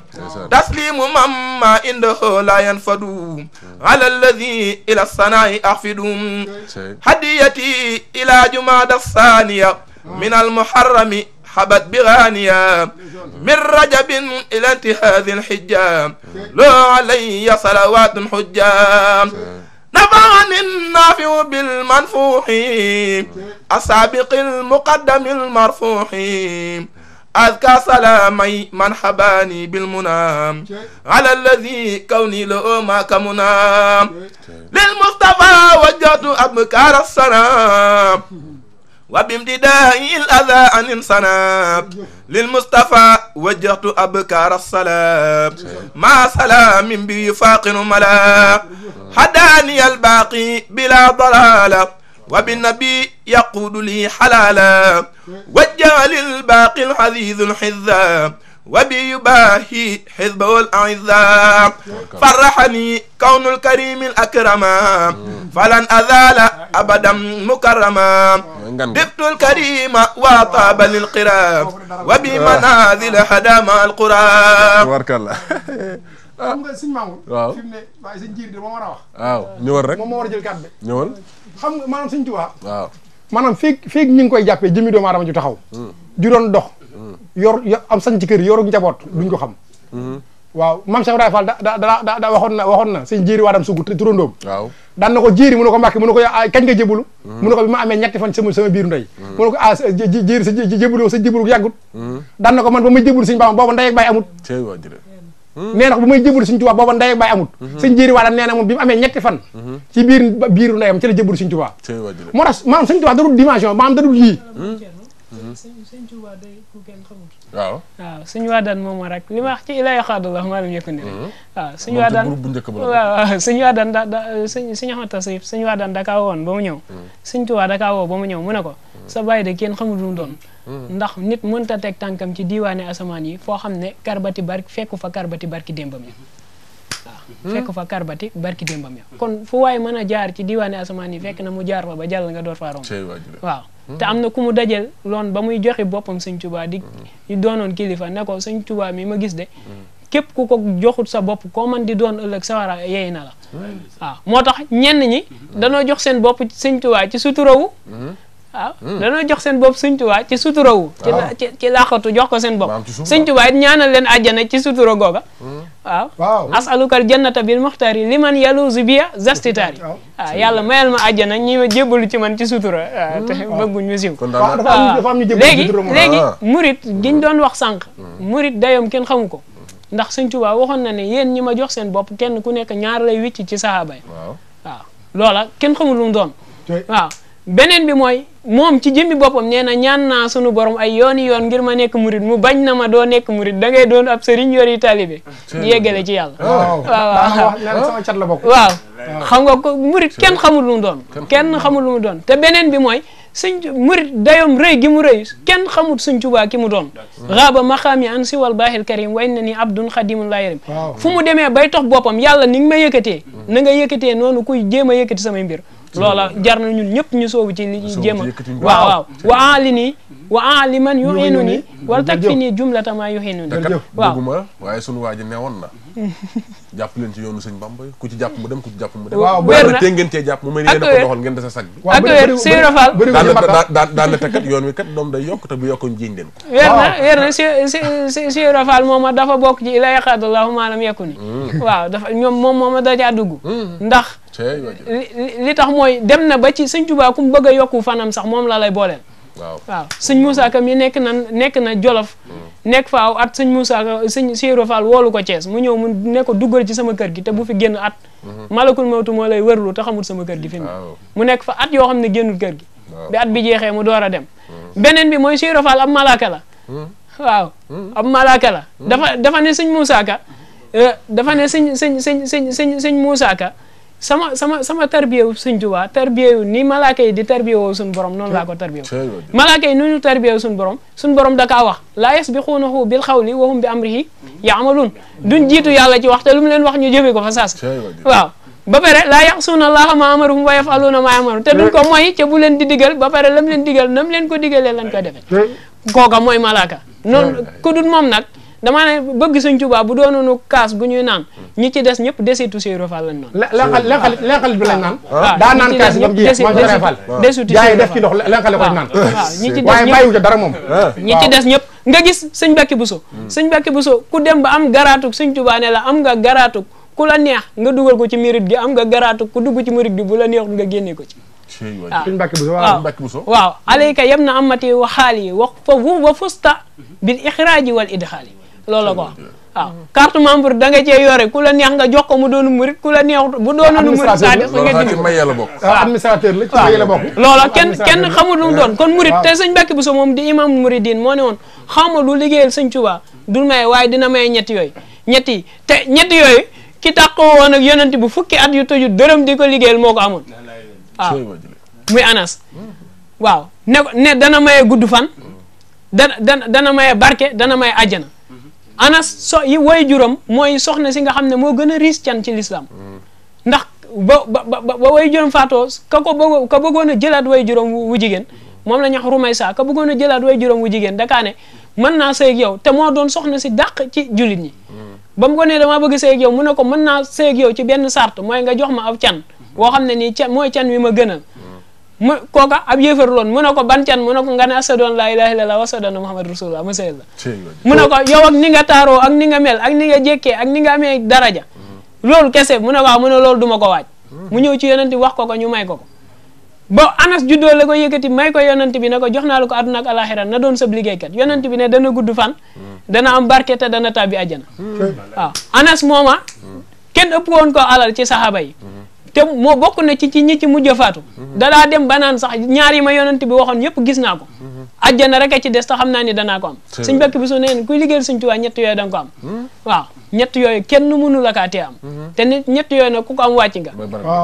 تسليم مما عنده لا ينفد على الذي إلى الصناع أخفد هديتي إلى جماد الثانية من المحرم حبت بغانيا من رجب إلى انتهاء ذي الحجام لو علي صلوات حجام نفعني النافع بالمنفوح السابق المقدم المرفوح أذكى سلامي من حباني بالمنام على الذي كوني لأمك كمنام للمصطفى وجهت أبكار السلام وبامتداء الأذى عن انصناب للمصطفى وجهت أبكار الصلاة مع سلام بفاق ملا هداني الباقي بلا ضلالة وبالنبي يقود لي حلالا وجه للباقي الحديث الحذاب وبي يباهي حزبه الأعزاء فرحني كون الكريم الأكرم فلن أزال أبدا مكرما دبت الكريم وطاب للقراب وبمنازل حدام القرى تبارك الله xam nga sëñ Mamour waaw fi mu ne waaye sëñ jiir de moom war a wax waaw ñëwal rek moom moo war a jël kàddu bi ñëwal xam nga maanaam sëñ Tuubaa waaw maanaam feeg feeg ñi ngi koy jàppee jëmi doomu aadama ju taxaw hmm. ju doon dox yor am sañ ci kër yorug njaboot duñ ko xam mhm. waaw mam Cheikh Ibrahima Fall da da da waxoon na waxoon na sëñ jéeri waadam sug turandoom waaw daan na ko jéeri mu ne ko mbàkke mu ne ko kañ nga jébulu mhm. mu ne ko bi ma amee ñetti fan sama sama biiru ndey mhm. mu ne ko ah jéeri sa jébulu sa jébulu yàggut daan na ko man ba may jébulu sëñ baam booba ndey ak baay amut nee na ko bu may jëbul suñ bi mu amee ñetti fan ci la jëbul suñ tubaab moo tax maanaam suñ tubaab darul dimension maanaam yii Mm-hmm. sëñ Tuuba day ku kenn xamul waaw waaw suñu moom ma rek li ma wax ci ilaa yoxaadullah maalam yëkku ne mm-hmm. waaw suñu waadaan waaw suñu waadaan da da suñ suñu xamata sayib suñu waadaan dakaa woon ba mu ñëw mm-hmm. sëñ Tuuba dakaa woo ba mu ñëw mu ne ko sa bàyyi de kenn xamul doon ndax nit mënta teg tànkam ci diiwaane asamaan yi foo xam ne karbati barki fekku fa karbati barki démbam fekk fa karbati barki démbam ya kon fu waaye mën a jaar ci diiwaane asamaan yi fekk na mu jaar fa ba jàll nga door faa romb waaw te am na ku mu dajel loon ba muy joxe boppam sëñ Tuubaa di ñu mm. doonoon kilifa nekkoo ko sëñ Tuubaa mi ma gis de mm. képp ku ko joxut sa bopp ko man di doon ëllëg sawara yey na la mm. waaw moo tax ñenn ñi danoo jox seen bopp sëñ Tuubaa ci suturawu waaw danoo jox seen bopp sëñ Tuubaa ci suturawu ci ah. laaxatu jox ko seen bopp sëñ Tuubaa it ñaanal leen àjjana ci sutura googa waaw waaw asalukal jannata bil muxtaari li man biya zastitaari waaw ah, yàlla mayal ma àjjana ñi ma jébbalu ci man ci sutura ah, hmm. te bëgguñ ah, ñu siw léegi léegi murit giñ doon wax sànq hmm. murit dayoom kenn xamu ko ndax sëñ Tuubaa waxoon na ne yéen ñi ma jox seen bopp kenn ku nekk ñaar lay wicc ci sahaaba waaw loola kenn xamul lu doon waaw beneen bi mooy moom ci jëmmi boppam nee na ñaan naa sunu borom ay yooni yoon ngir ma nekk murit mu bañ na ma doo nekk murit da ngay doon ab sëriñ yori taalibe di yeggale ci yàlla waaw waaw la bokk waaw xam nga ko murit kenn xamul lu doon kenn xamul lu doon te beneen bi mooy sëñ murit dayoom rëy gi mu rëy kenn xamul suñ tubaa ki mu doon raaba maqaami an siwal baaxil karim way na ni abdun xadimul laa yarim fu mu demee bay tox boppam yàlla ni nga ma yëkkatee mm. na nga yëkkatee noonu kuy jéem a yëkkati samay mbir loola jar na ñun ñëpp ñu soobu ci li ñu jéem a waaw waaw wa aali nii wa aali man yu xinu nii wala tag fi nii jumlatama yu xinu nii waaw waaye sunu waa ji neewoon na jàpp leen ci yoonu sëñ Bamba ku ci jàpp mu dem ku ci jàpp mu dem waaw te ngeen cee jàpp mu mel ni yéen a ko doxal ngeen desa sag bi ak wér suy rafal daanaka kat yoon wi kat doom day yokk te bu yokkoon jiñ leen ko wér na wér na suy rafal mooma dafa bokk ci ila yaqadallahu maalam yekku ni mm. moom moom ma moom mooma dajaa dugg mm. ndax li tax mooy dem na ba ci sëñ Tuubaa ku mu bëgg a yokku fanam sax moom la lay booleel. waaw waaw sëñ Moussa Ka mi nekk na nekk na Jolof. Mm. nekk faaw at sëñ Moussa sëñ Siro woolu ko Thiès mu ñëw mu ne ko ci sama kër gi te bu fi génn at. Mm-hmm. malakul mawtu lay wërlu te sama kër gi. fi mu nekk fa at yoo xam ne génnul kër gi. bi at bi door a dem. Mm-hmm. beneen bi mooy Siro ab malaaka la. Mm-hmm. waaw ab malaaka la. ne sëñ Moussa Ka euh, ne sëñ sëñ sëñ sëñ sëñ sëñ Moussa sama sama sama tarbiyewu suñ jubaa tarbiyewu ni malaaka yi di tarbiyewoo suñ borom noonu laa ko tarbiyewu malaaka yi nu ñu tarbiyewu suñ borom suñ borom dakaa wax laa yasbiquunahu bil xawli wa hum bi amrihi yaamaluun duñ jiitu yàlla ci wax te lu mu leen wax ñu jëfee ko fa saas waaw ba pare laa yaqsuuna allaha ma amaruhum wa yafaluuna ma amaruhum ta duñ ko mooy ca bu leen di digal ba pare lam leen digal nam leen ko digalee lan ko defee kooka mooy malaaka noonu ku dul moom nag damaa ne bëgg sëñ Tuubaa bu doonoonu kaas bu ñuy naan hmm. ñi ci des ñëpp desitu Seydou Fall lañ naan lenqal lenqal bi lañ naan ah. daa naan kaas ba mu jeex mooy Seydou Fall desitu yaa ngi def ci ndox lenqal koy naan waaye ah, bàyyiwu ca dara moom ñi ci des ñëpp ah. nga gis sëñ Mbàkke Buso hmm. sëñ Mbàkke Buso ku dem ba am garaatug sëñ Tuubaa ne la am nga garaatug ku la neex nga dugal ko ci mérite gi am nga garaatug ku dugg ci mérite gi bu la neexul nga génne ko ci waaw waaw alayka yam na amati waxaal yi wax fa wu wa fusta bil ixraaji wal idxaali lolo ko ah, carte membre da nga ci yoré kula neex nga jox ko mu doon mourid kula neex bu doonu mourid sa def nga dindi ah, administrateur la ci ah, may la bokk loola ken xamul lu doon kon mourid te sëñ Mbàkke Buso mom di imam muridin mo ne woon xawma lu liggéeyal seigne touba du may way dina may ñetti yoy ñetti te ñetti yoy ki takko won ak yonenti bu fukki at yu tëju deureum di ko liggéeyal moko amul muy anas waaw ne dana may gudd fan dana dana may barke dana may aljana anas so yi way juram mooy soxna si nga xam ne moo gën a riis can ci lislaam ndax ba ba ba way juram faatoo ka ko bëgg ka bëggoon a jëlaat way juram wu jigéen moom la ñax sa ka bëggoon a jëlaat way juram wu jigéen dakaa ne mën naa sëy ak yow te moo doon soxna si dàq ci jullit ñi ba mu ko nee damaa bëgg sëy ak mu ne ko mën naa sëy ak ci benn sart mooy nga jox ma aw can woo xam ne ni can mooy can wi ma gënal mu kooka ab yéefar loon mu ne ko ban mu ne ko nga ne asadoon laa ilaaha illallah wa asadoon muhammad rasulullah mu seyal la mu ne ko yow ak ni nga taaroo ak ni nga mel ak ni nga jékkee ak ni nga amee daraja mm-hmm. loolu kese mu ne waaw mu ne loolu duma ko waaj mm-hmm. mu ñëw ci yonent bi wax ko ko ñu may ko ko ba anas juddoo la ko yëkkati may ko yonent bi ne ko jox naa la ko àdduna ak alaxira na doon sab liggéeykat yonent bi ne dana gudd fan mm-hmm. dana am barke te dana tàbbi àjjana waaw anas mooma kenn ëpp woon ko alal ci saxaaba yi te moo bokk na ci ci ñi ci mujj faatu mhm. danaa dem banaan sax ñaar yi ma yonent bi waxoon yëpp gis naa ko ajjana mhm. rek a ci des te xam naa ni danaa ko am suñ bekk bi su neen kuy liggéey suñ tuwaa ñett yooyu danga ko am hmm? waaw ñett yooyu kenn mënu la kaa tee am hmm? te nit ñett yooyu nag ku ko am wàcc nga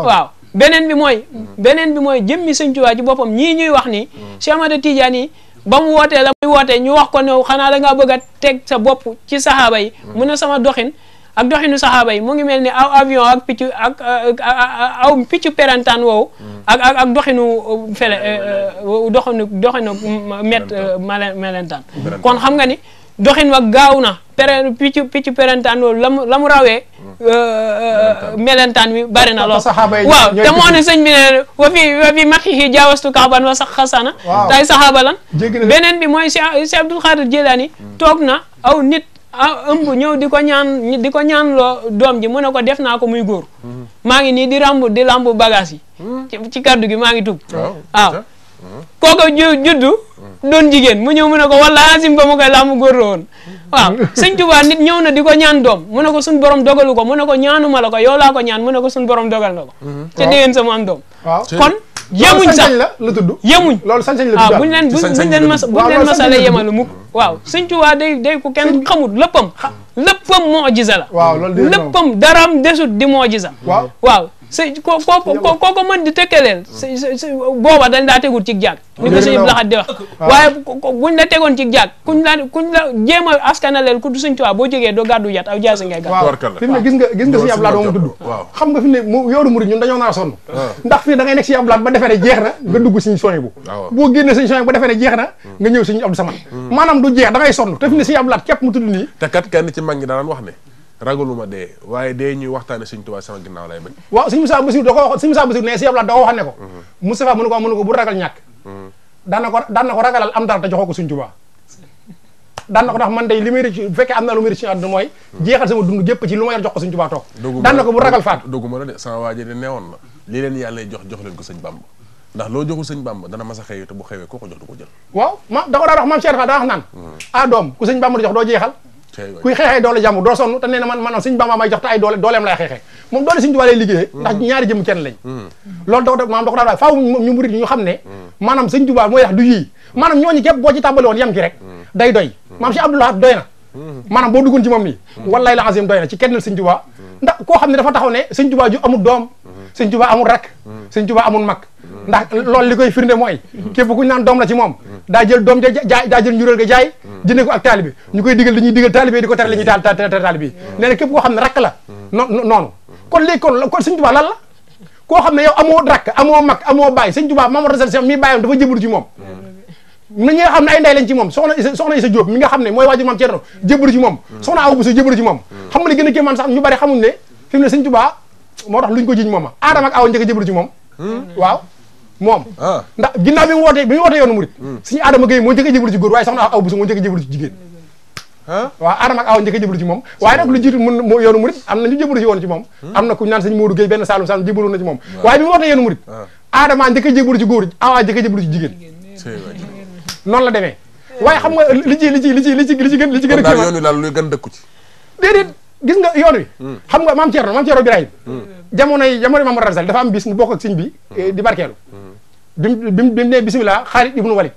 waaw beneen bi mooy hmm. beneen bi mooy jëmmi suñ tuwaa ci boppam ñii ñuy wax ni Cheikh Ahmada Tidiane yi ba mu wootee la muy wootee ñu wax ko ne xanaa da ngaa bëgg a teg sa bopp ci saxaaba yi mu ne sama doxin ak doxinu saxaaba yi mu ngi mel ni aw avion ak picc ak aw picc perantaan woowu ak ak ak doxinu uh, fele uh, uh, doxinu met melentaan kon xam nga ni doxin wa gaaw na pere picc picc perantaan woowu la mu la mu rawee hmm. melentaan bi bari na lool waaw te moo ne sëñ bi ne wa fi wa fi jaawastu kaaban wa sax xasana tay saxaaba lan beneen bi mooy si Abdul Xaadir Jilaani hmm. toog na aw nit ah ëmb ñëw di ko ñaan di ko ñaan loo doom ji mu ne ko def naa ko muy góor mhm. maa ngi nii di ramb di lamb bagage yi mhm. ci kaddu gi maa ngi tub waaw ah. mhm. kooku juddu doon jigéen mu ñëw mu ne ko wala asim ba mu koy lamb góor la woon waaw sëñ Tuubaa ñëw na di ko ñaan doom mu ne ko suñ borom dogalu ko mu ne ko ma la ko yow laa ko ñaan mu ne ko suñ borom dogal na ko ca déwén sa mu am doom kon yemuñ sax la tudd yemuñ loolu sañ-sañ la ah, tudd waaw buñ leen buñ leen mas buñ leen masala yemalu mukk waaw sëñ Tuubaa day day ku kenn xamul léppam léppam moo jisa la waaw loolu léppam daraam desut di moo jisa waaw waaw sëñ ko ko ko ko mën di tëkkee leen mm. booba dañ daa tegul ci jàkk mm. ni ko sëñ Abdou Lahad di wax ah. waaye buñ la tegoon ci jàkk kuñ la kuñ la jéem a askanaleel ku du sëñ Tuubaa boo jógee doo gàddu yat aw jaasi ngay gàddu fi ne gis nga gis nga sëñ Abdou Lahad moom dudd xam nga fi mu ne yoonu murid ñun dañoo a sonn ah. ndax ne da ngay nekk jeex na nga dugg sëñ soñ bu ah, boo génnee sëñ soñ bu defee ne jeex na mm. nga ñëw sëñ Abdou Samad maanaam du jeex da ngay te fi ne sëñ Abdou Lahad képp mu tudd nii te kat kenn ci mag ñi wax ne ragaluma de waye de ñuy waxtane seigne touba sama ginnaw lay bañ waaw seigne Moussa Bassirou da ko wax seigne Moussa Bassirou ne si yàlla da ko waxane ne ko Moustapha mhm. mënu ko mënu ko bu ragal ñak mhm. dan na ko daan ko ragalal am dara te joxoko seigne touba dan daan na ko ndax man day limi may rëcc bu am naa lu may ci addu moy mhm. jeexal sama dund gépp ci lu ma yor jox ko seigne touba tok dan na ko bu ragal faatu doguma la de sama waji de neewon la li leen yalla jox jox leen ko seigne bamba ndax lo joxu seigne bamba dana ma sa xeyu te bu xewé koo ko jox du ko jël waaw ma da ko da wax man Cheikh Fall daa wax nan adom ah, ku seigne bamba jox do jeexal kuy xeexee doole jàmm doo sonn te nee na man maanaam may jox te ay doole dooleem lay xeexee moom doole suñ tubaab lay liggéeyee mm. ndax ñaari jëm kenn lañ mm. loolu da mm. maanaam da ko daan ne maanaam suñ tubaab mooy tax du yii maanaam boo ci tàmbali woon yem ki rek day doy si abdoulahat doy na maanaam boo duggoon ci moom nii wallaay la azim doy na ci kennal suñ tubaab ndax koo xam ne dafa taxaw ne suñ tubaab ju amul doom suñ tubaab amul rak suñ tubaab amul mag ndax loolu li koy firnde mooy képp ku naan doom la ci moom daa jël doom ja jaay daa jël njuréel ga jaay jëndee ko ak taalibe ñu koy digal dañuy digal taalibe di ko tere la ñuy taal taalibe yi mm. nee na képp koo ne rakk la non noonu mm. kon léegi kon kon sëñ Tuubaa la koo xam ne yow amoo rakk amoo mag amoo bàyyi sëñ Tuubaa Mamadou Rasuul Seex mi bàyyam dafa jëblu ci moom na mm. ñi nga xam ne ay ndey lañ ci moom mi nga xam ne mooy waajur maam Ceerno jëblu ci moom soxna Awa Buso jëblu moom xam nga li a kéemaan sax ñu bari xamuñ ne fi mu ne sëñ Tuubaa moo tax luñ ko jiñ moom a aadama ak ci moom waaw moom ah. ndax ginnaaw bi mu yoonu murit hmm. suñu Adama Gueye moo njëkk a jébbalu ci góor waaye soxna aw busu moo njëkk a jébbalu ci jigéen Adama aw njëkk a jébbalu ci moom waaye nag lu jiitu yoonu murit na ñu jébbalu ci woon ci moom hmm. am na ku naan sëñ Modou Gueye benn na ci moom waaye ah. Adama njëkk a jébbalu ci góor awa njëkk a jébbalu ci jigéen la demee waaye xam nga li ci ci li ci li ci li ci a yoonu daal luy gis nga yoon wi hmm. xam nga maam Thierno maam Thierno Birahim hmm. jamonoy jamono Mamadou dafa am bis mu bokk ak bi hmm. eh, di barkeelu bi mu bi mu nee bisimilah Xaalid ibnu Walid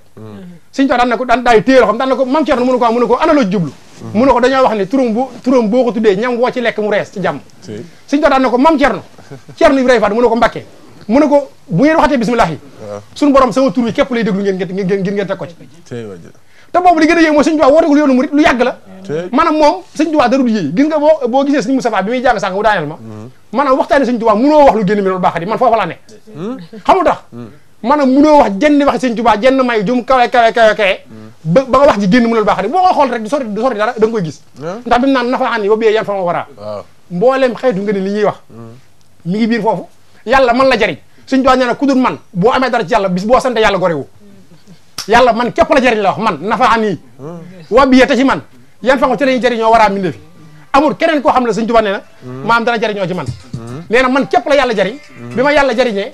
sëñ tax ko daan daayu téye loxoom daan na ko maam Thierno ko mënu jublu mënu ko dañoo wax ne turam bu turam boo ko tuddee ñam ci lekk mu rees ci jàmm sëñ tax daan na ko maam Thierno Thierno Ibrahima Fall mënu ko Mbàkke mënu ko bu ngeen waxatee bisimilah yi ah. tur wi képp lay déglu ngeen ngeen ngeen teg ko ci ta boobu li gën a yéem mooy moom sëñ Tuubaa darul yéey gis nga boo boo gisee sëñ Moustapha bi muy jàng sànq bu daaneel ma mm-hmm. maanaam waxtaani sëñ Tuubaa munoo wax lu génn mi loolu baaxat mm-hmm. mm-hmm. wax jenn wax sëñ Tuubaa jenn may jum kawe kawe kawe kawe boo koy xool rek du sori du sori dara da nga koy gis ndax bi mu naan nafa an yi ba biyee yan fa ma waraa mbooleem xeetu nga ne li ñuy wax mi ngi biir foofu yalla man la jariñ sëñ Tuubaa nee na ku man boo amee dara ci yàlla bis boo sante yàlla gorewu yàlla man képp la jëriñ la wax man nafaan yi hmm. wa bi te ci man yan fa nga ci lañuy jëriñoo waraa mbindee fi amul keneen koo xam ne Sëñ Tuubaa nee na hmm. maam dana jëriñoo ci man hmm. nee na man képp la yàlla jëriñ bi ma yàlla jëriñee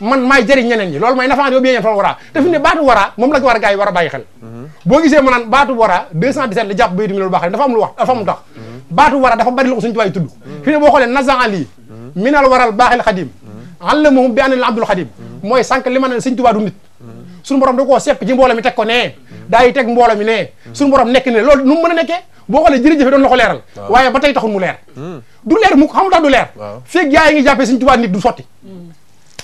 man maay jëriñ ñeneen ñi loolu mooy nafaan yo bi yan fa waraa te fi ne baatu waraa moom la ko war a gars yi war a bàyyi xel boo gisee mu naan baatu waraa 217 la jàpp baytu mi loolu baax dafa am lu wax dafa am lu tax baatu wara dafa bari mooy sànq li ma ne Sëñ Tuubaa du nit suñu borom da koo sepp ci mbooloo mi teg ko nee daa yi teg mbooloo mi nee suñu borom nekk ne loolu nu mu mën a nekkee boo xoolee jërëjëfe doon la ko leeral waaye ba tey taxul mu leer hmm. du leer mu xam tax du leer feeg yaa yi ngi jàppee sëñ Tuubaa nit du sotti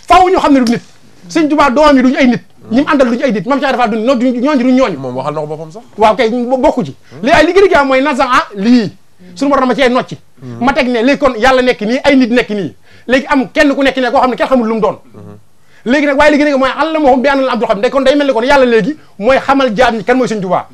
faaw ñu xam ne du nit sëñ Tuubaa doom yi duñu ay nit ñi mu àndal duñu ay nit mam ca dafa duñ no duñ ñooñu duñ ñooñu moom waxal na ko boppam sax waaw kay bokku ci hmm. li ay li gën a gaaw mooy nasan ah lii hmm. suñu borom ma nocci ma teg ne lekkoon kon nekk nii ay nit nekk nii léegi am kenn ku nekk ne koo xam ne xamul lu mu doon léegi nag waaye léegi nag mooy àlla moo xam bi àndal abdul xam ne kon day mel ni kon yàlla léegi mooy xamal jaam ñi kan mooy sëñ tubaa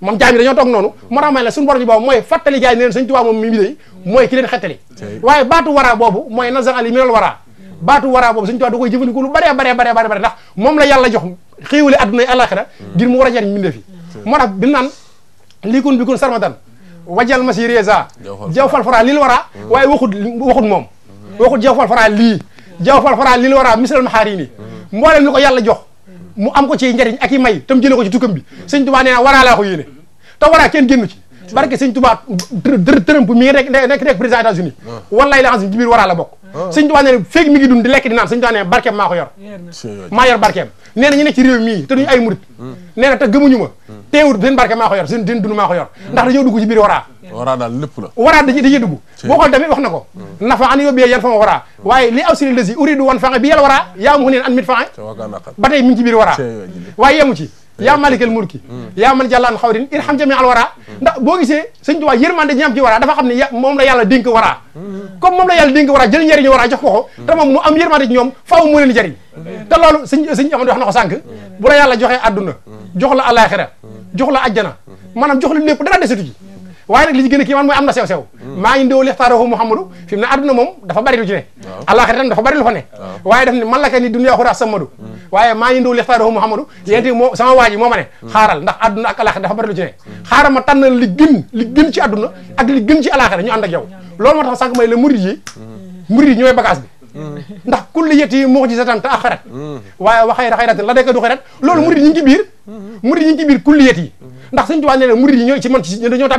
moom dañoo toog noonu moo tax may la suñu borom bi boobu mooy fàttali jaay ne leen sëñ tubaa moom mi mooy ki leen xettali waaye baatu waraa boobu mooy nazar ali minal waraa baatu waraa boobu sëñ tubaa da koy jëfandikoo lu bare bare bare bare ndax moom la yàlla jox xéewale adduna yi alaxira ngir mu war a jariñ mbindeef yi moo tax bi naan liikun bi kun sarmatan wajal masi reza jaw fal fara lii la waraa waaye waxut waxut moom mm-hmm. waxut jaw fal fara lii jaw fal xaraa li la war a misal ma xaar yi nii mboolem li ko yàlla jox mu am ko ci njariñ ak i may tam jële ko ci tukkam bi sëñ tubaa nee naa waraa ko yéene te waraa kenn génnu ci barke sëñ Tuubaa Trump mi ngi rek nekk nekk président États-Unis ah. wallaay la xam ci biir waraa la bokk ah. sëñ Tuubaa nee na feeg mi ngi di lekk di naan sëñ Tuubaa nee na barkeem maa ko yor maa yor barkeem nee na ñu nekk ci réew mii te duñu ay murit hmm. nee na te gëmuñu ma hmm. teewul seen barke maa ko yor seen dund maa ko yor hmm. ndax dañoo dugg ci biir waraa waraa daal lépp la waraa dañuy dañuy wan fange bi waraa yaa mu neen an mit fange ba tey mi ngi waraa waaye yemu ci yaa malikal mulki yaa man jàllaan xawrin irham jami al wara ndax boo gisee sëñ Tuubaa yërmande ñi am ci wara dafa xam ne moom la yàlla dénk wara comme moom la yàlla dénk wara jël njëriñu wara jox ko ko te moom mu am yërmande ci ñoom faaw mu leen jëriñ loolu sëñ sëñ Amadu wax na ko sànq bu la yàlla joxee àdduna jox la àllaaxira jox la ajjana maanaam jox la lépp dara desatu ji waaye nag li ci gën a kii man mooy am na sew-sew maa ngi ndéw lixtaarahu Muhammadu fi mu ne adduna moom dafa bari lu ci ne àllaaxira dafa bari lu fa waaye daf ne man la ka ni dunya xuraa samadu waaye maa ngi ndéw lixtaarahu Muhammadu yéen moo sama waa ji moo ma ne xaaral ndax adduna ak àllaaxira dafa bari lu ci ne ma tànnal li gën li gën ci adduna ak li gën ci àllaaxira ñu ànd ak yow loolu moo tax sànq may la murid yi murid yi ñooy bagage bi ndax kulli yet yi moo ci satan te ak xarat mm. waaye la dayka du xarat loolu murid yi ñu ngi ci biir mm. murid yi ndax sëñ Tuubaa nee na yi ñoo ci man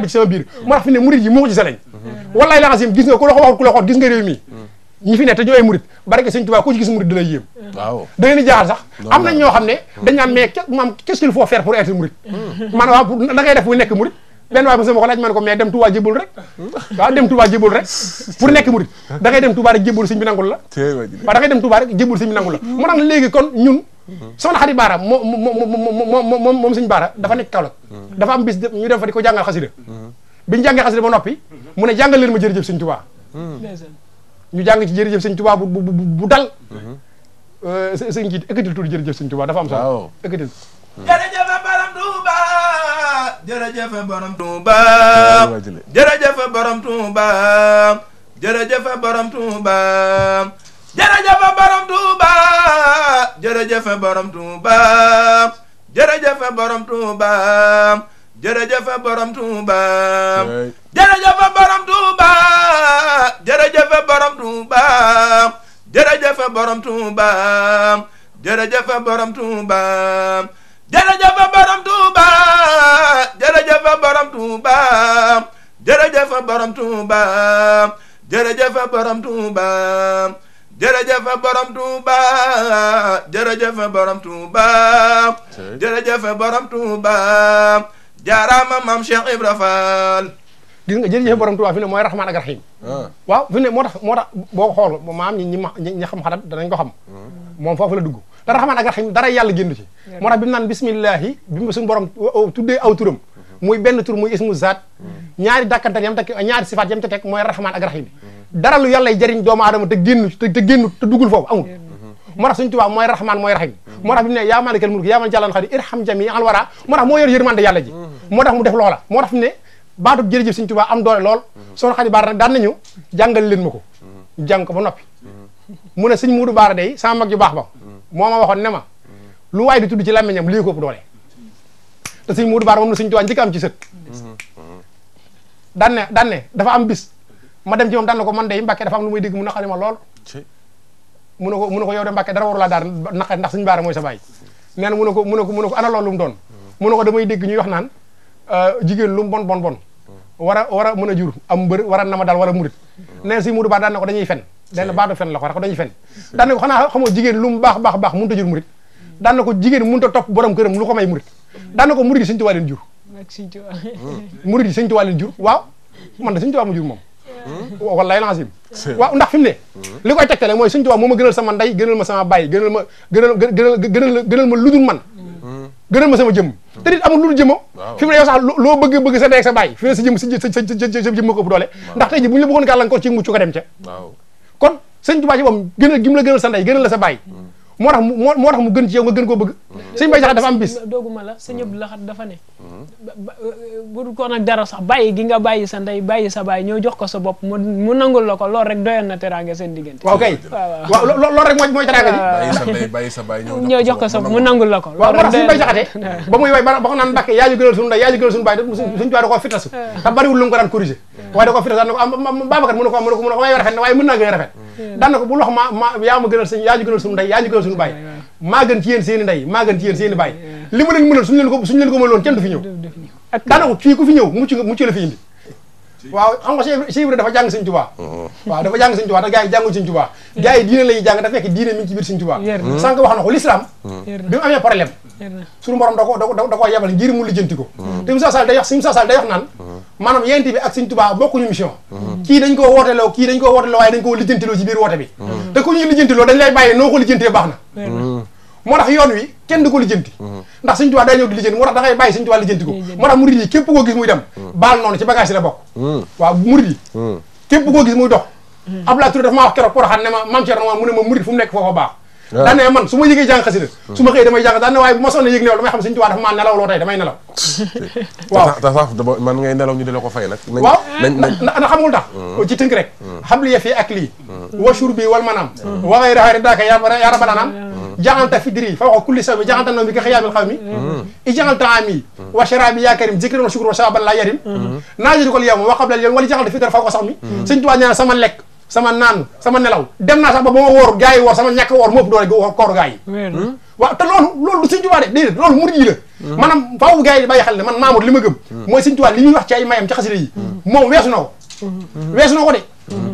sama biir moo tax fi ne murid yi moo ko gisee lañ wallaay la xasim gis nga ko gis nga réew mi ñi fi ne te ñooy murid barke sëñ Tuubaa ku ci gis murid da lay yéem waaw sax am nañ ñoo xam ne dañ naan mais maam qu'est-ce qu'il faut faire pour être murid hmm. maanaam waaw da ngay def bu nekk dem Touba jébul rek waaw dem Touba jébul rek dem Touba rek jébul sëñ nangul la waaw da dem Touba rek jébul sëñ soxna xari mo mo mo mo sëñ baara dafa nekk Kaolack dafa am bis ñu dem fa di ko jàngal xasida bi ñu jàngee xasida ba noppi mu ne jàngal leen ma jërëjëf sëñ Tuubaa ñu jàng ci jërëjëf sëñ Tuubaa bu bu dal euh, sëñ jiit ëkkatil tuuti jërëjëf sëñ Tuubaa dafa am solo ëkkatil jërëjëf borom Tuuba jërëjëf borom Tuuba jërëjëf borom Tuuba jërëjëf borom Tuuba jërëjëf borom Touba jërëjëf borom Touba jërëjëf borom Touba jërëjëf borom Touba jërëjëf borom Touba jërëjëf borom Touba jërëjëf borom Touba jërëjëf borom Touba jërëjëf borom Touba jërëjëf borom Touba jërëjëf borom Touba jërëjëf borom Touba jërëjëf borom Touba jërëjëf borom Touba jërëjëf borom Touba jaaraama maam Cheikh Ibra Fall gis nga jërëjëf borom Touba fi ne mooy rahmaan ak rahim ah. waaw fi ne moo tax moo tax boo xool maam ñi ñi ñi xam xadat danañ ko xam ah. moom foofu la dugg te rahmaan ak rahim dara yàlla génn ci moo tax bi mu naan bismillahi bi mu suñu borom tuddee aw turam mm-hmm. muy benn tur muy ismu zaat mm-hmm. ñaari dàkkantal yam teg ñaari sifaat yam ca teg mooy rahmaan ak dara lu yàllay jariñ doomu adama te génn te génn te duggul foofu amul moo tax suñu tubaab mooy rahman mooy rahim mm-hmm. moo tax bi mu ne yaa malikal mulk yaa man jàllan xari irham jami al wara moo tax moo yor yërmande mm-hmm. moo tax mu def loola moo tax fi mu ne baatu jërëjëf suñu tubaab am doole lool mm-hmm. soxna Xadi Baara nag daan nañu jàngal leen ma ko jàng ko ba noppi mu ne suñ muudu baara day sama mag ju baax ba moo ma waxoon ne ma lu waay di tudd ci làmmiñam lii ko ëpp doole te suñ muudu baara moom na suñu am ci sët daan ne daan dafa am bis madam dem ci moom daan na man day mbacke dafa am lu muy dégg mu naqari ma nak mu ne mu ne yow dem mbacke dara waru laa daal naqari ndax suñu baara moy sa bay nee na mu ne ana lu mu damay deg ñuy wax naan euh, lu bon bon bon wara wara jur am mbër wara nama dal wara murid, murit si mudu ba dal nako dañuy fen ba do fen la ko rek dañuy fen dal nako xana xanaa xamoo jigéen lu mu bax baax baax mënut a jur murid dal nako ko jigéen mënut borom këram lu ko may murid dal nako murid seigne touba len jur nak seigne touba hmm. murid seigne touba len jur waaw man seigne touba mu jur mom wallaay lancim waaw ndax fi mu ne li koy tegtale mooy suñu tubaab moo ma gënal sama ndey gënal ma sama baay gënal ma gënal gënal gënal gënal ma ludul man mm. gënal ma sama jëmm te nit amul ludul jëmmoo fi ne yow loo bëgg bëgg sa ndey ak sa baay fi mu ne sa jëmm sa sa sa sa jëmm ko ëpp doole ndax tey ji bu ñu la bëggoon gàllankoor ci mucc ko dem ca kon sëñ Tuubaa ci moom gënal la gënal sa ndey gënal la sa baay mm. moo tax moo tax mu gën ci yow nga gën koo bëgg mm. sëñ Bay Jaxate dafa am la sëñ Abdu Lahat dafa ne bu ko nag dara sax bàyyi gi nga bàyyi sa ndey bàyyi sa baay ñoo jox ko sa bopp mu mu nangul la ko rek doyoon na teraanga seen diggante. waaw kay rek mooy mooy ko sa mu nangul la ko. loolu rek doyoon na waaw ba naan Mbàkke yaa ñu gënal ndey yaa ñu gënal baay maa gën ci yéen seen i ndey maa gën ci yéen seen mo baay li mu leen mënal suñu leen ko fi ñëw daanaka fii ku fi ñëw mucc nga mucc waaw xam nga Cheikh Ibrahima dafa jàng Sëñ Tuubaa mm-hmm. waaw dafa jàng Sëñ Tuubaa te gars yi jànguñ Sëñ Tuubaa mm-hmm. gars yi diine la ñuy fekk diine mi ci biir Sëñ Tuubaa sànq wax na ko l'islam mm-hmm. bi amee problème suñu borom da ko da ko mu lijjanti ko te Moussa Sall day wax Moussa Sall day wax naan maanaam yent bi ak Sëñ Tuubaa kii dañ koo wooteloo kii dañ koo wooteloo waaye dañ koo lijjantiloo ci biir woote bi te ku ñuy lijjantiloo dañ lay bàyyi noo ko lijjantee baax na moo tax yoon wi kenn du ko lijjanti mhm. ndax Sëñ Tuubaa daa ñëw di lijjanti moo tax da ngay bàyyi Sëñ Tuubaa lijjanti ko moo tax murid yi képp koo gis muy dem mhm. baal noonu ci bagage yi la bokk mhm. waaw murid yi képp koo gis muy dox Abdoulaye Touré dafa maa wax keroog Porokhane ne ma Mame Thierno mu ne ma murid fu mu nekk foofa baax daan ne man su ma yëgee jàng xasida su ma xëyee damay jàng daan ne waaye bu ma sonn yëg nelaw damay xam Sëñ Tuubaa dafa maa nelaw loo tey damay nelaw waaw te sax man nelaw ñu di la ko fay nag waaw na xamul tax hmm. ci tënk rek hmm. xam li yëf yi ak lii hmm. wa shurbi wal manam wa xayri xayri daaka yaa rabbananam jaxanta fidri fa waxa kulli saw bi jaxanta noom bi ka xiyaamil xaw mi i jaxanta ami wa sharabi yaa karim zikri wa shukru wa saban la yarim naajidi ko l yow wa qablal sama lekk sama naan sama nelaw dem naa sax ba moo ma woor gaa yi woor sama ñàkk woor moo ëpp doole woor koor gaa yi hmm? waaw te loolu loolu du Sëñ Tuubaa de déedéet loolu murid la hmm. maanaam faaw gaa yi bàyyi xel ne man Mamour li ma gëm hmm. mooy Sëñ Tuubaa li ñuy wax ci ay mayam ci xasida yi moom weesu na ko weesu na ko de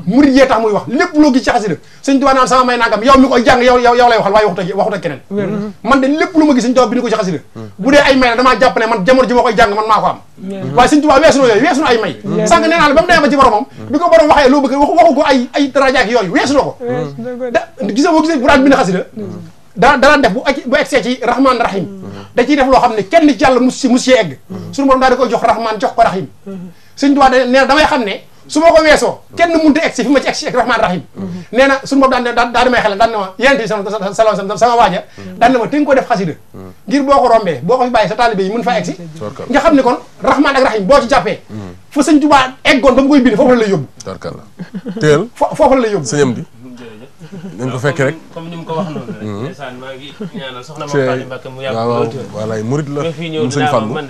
murid yee tax muy wax lépp loo gis ci xasida sëñ naan sama may nangam yow mi koy jàng yow lay waxal waaye waxut keneen mm-hmm. man de lépp lu ma gis sëñ Tuubaa bi ni ko ci xasida mm-hmm. bu dee ay may la damaa jàpp man ma koy jàng man ay may sànq nee naa la ba da gisa boo daa mm-hmm. daan def bu bu egsee da ciy def loo xam ne kenn ci yàlla mus si mus egg suñu borom daal di koy jox rahman jox ko rahim sëñ Tuubaa damay xam ne su ma ko weesoo kenn mënut a egg si fi ma ci egg si ak rahmaan rahim nee na suñu bopp daan ne daan damay xelal daan ma sama sama sama na ma te nga ko def xasida ngir boo ko rombee boo ko fi bàyyi sa taalibe yi mën faa egg nga xam ne kon rahmaan ak rahim boo ci jàppee hmm. fa sëñ Tuubaa eggoon ba koy bind foofu la lay yóbbu tarkalla teel foofu la lay yóbbu sëñam di hmm, nañ ko fekk rek comme ni mu ko wax noonu rek hmm. ndeysaan maa ngi ñaanal soxna ma Fatou Mbacké mu yàgg waaw wallaay murid la fii ñëw dinaa man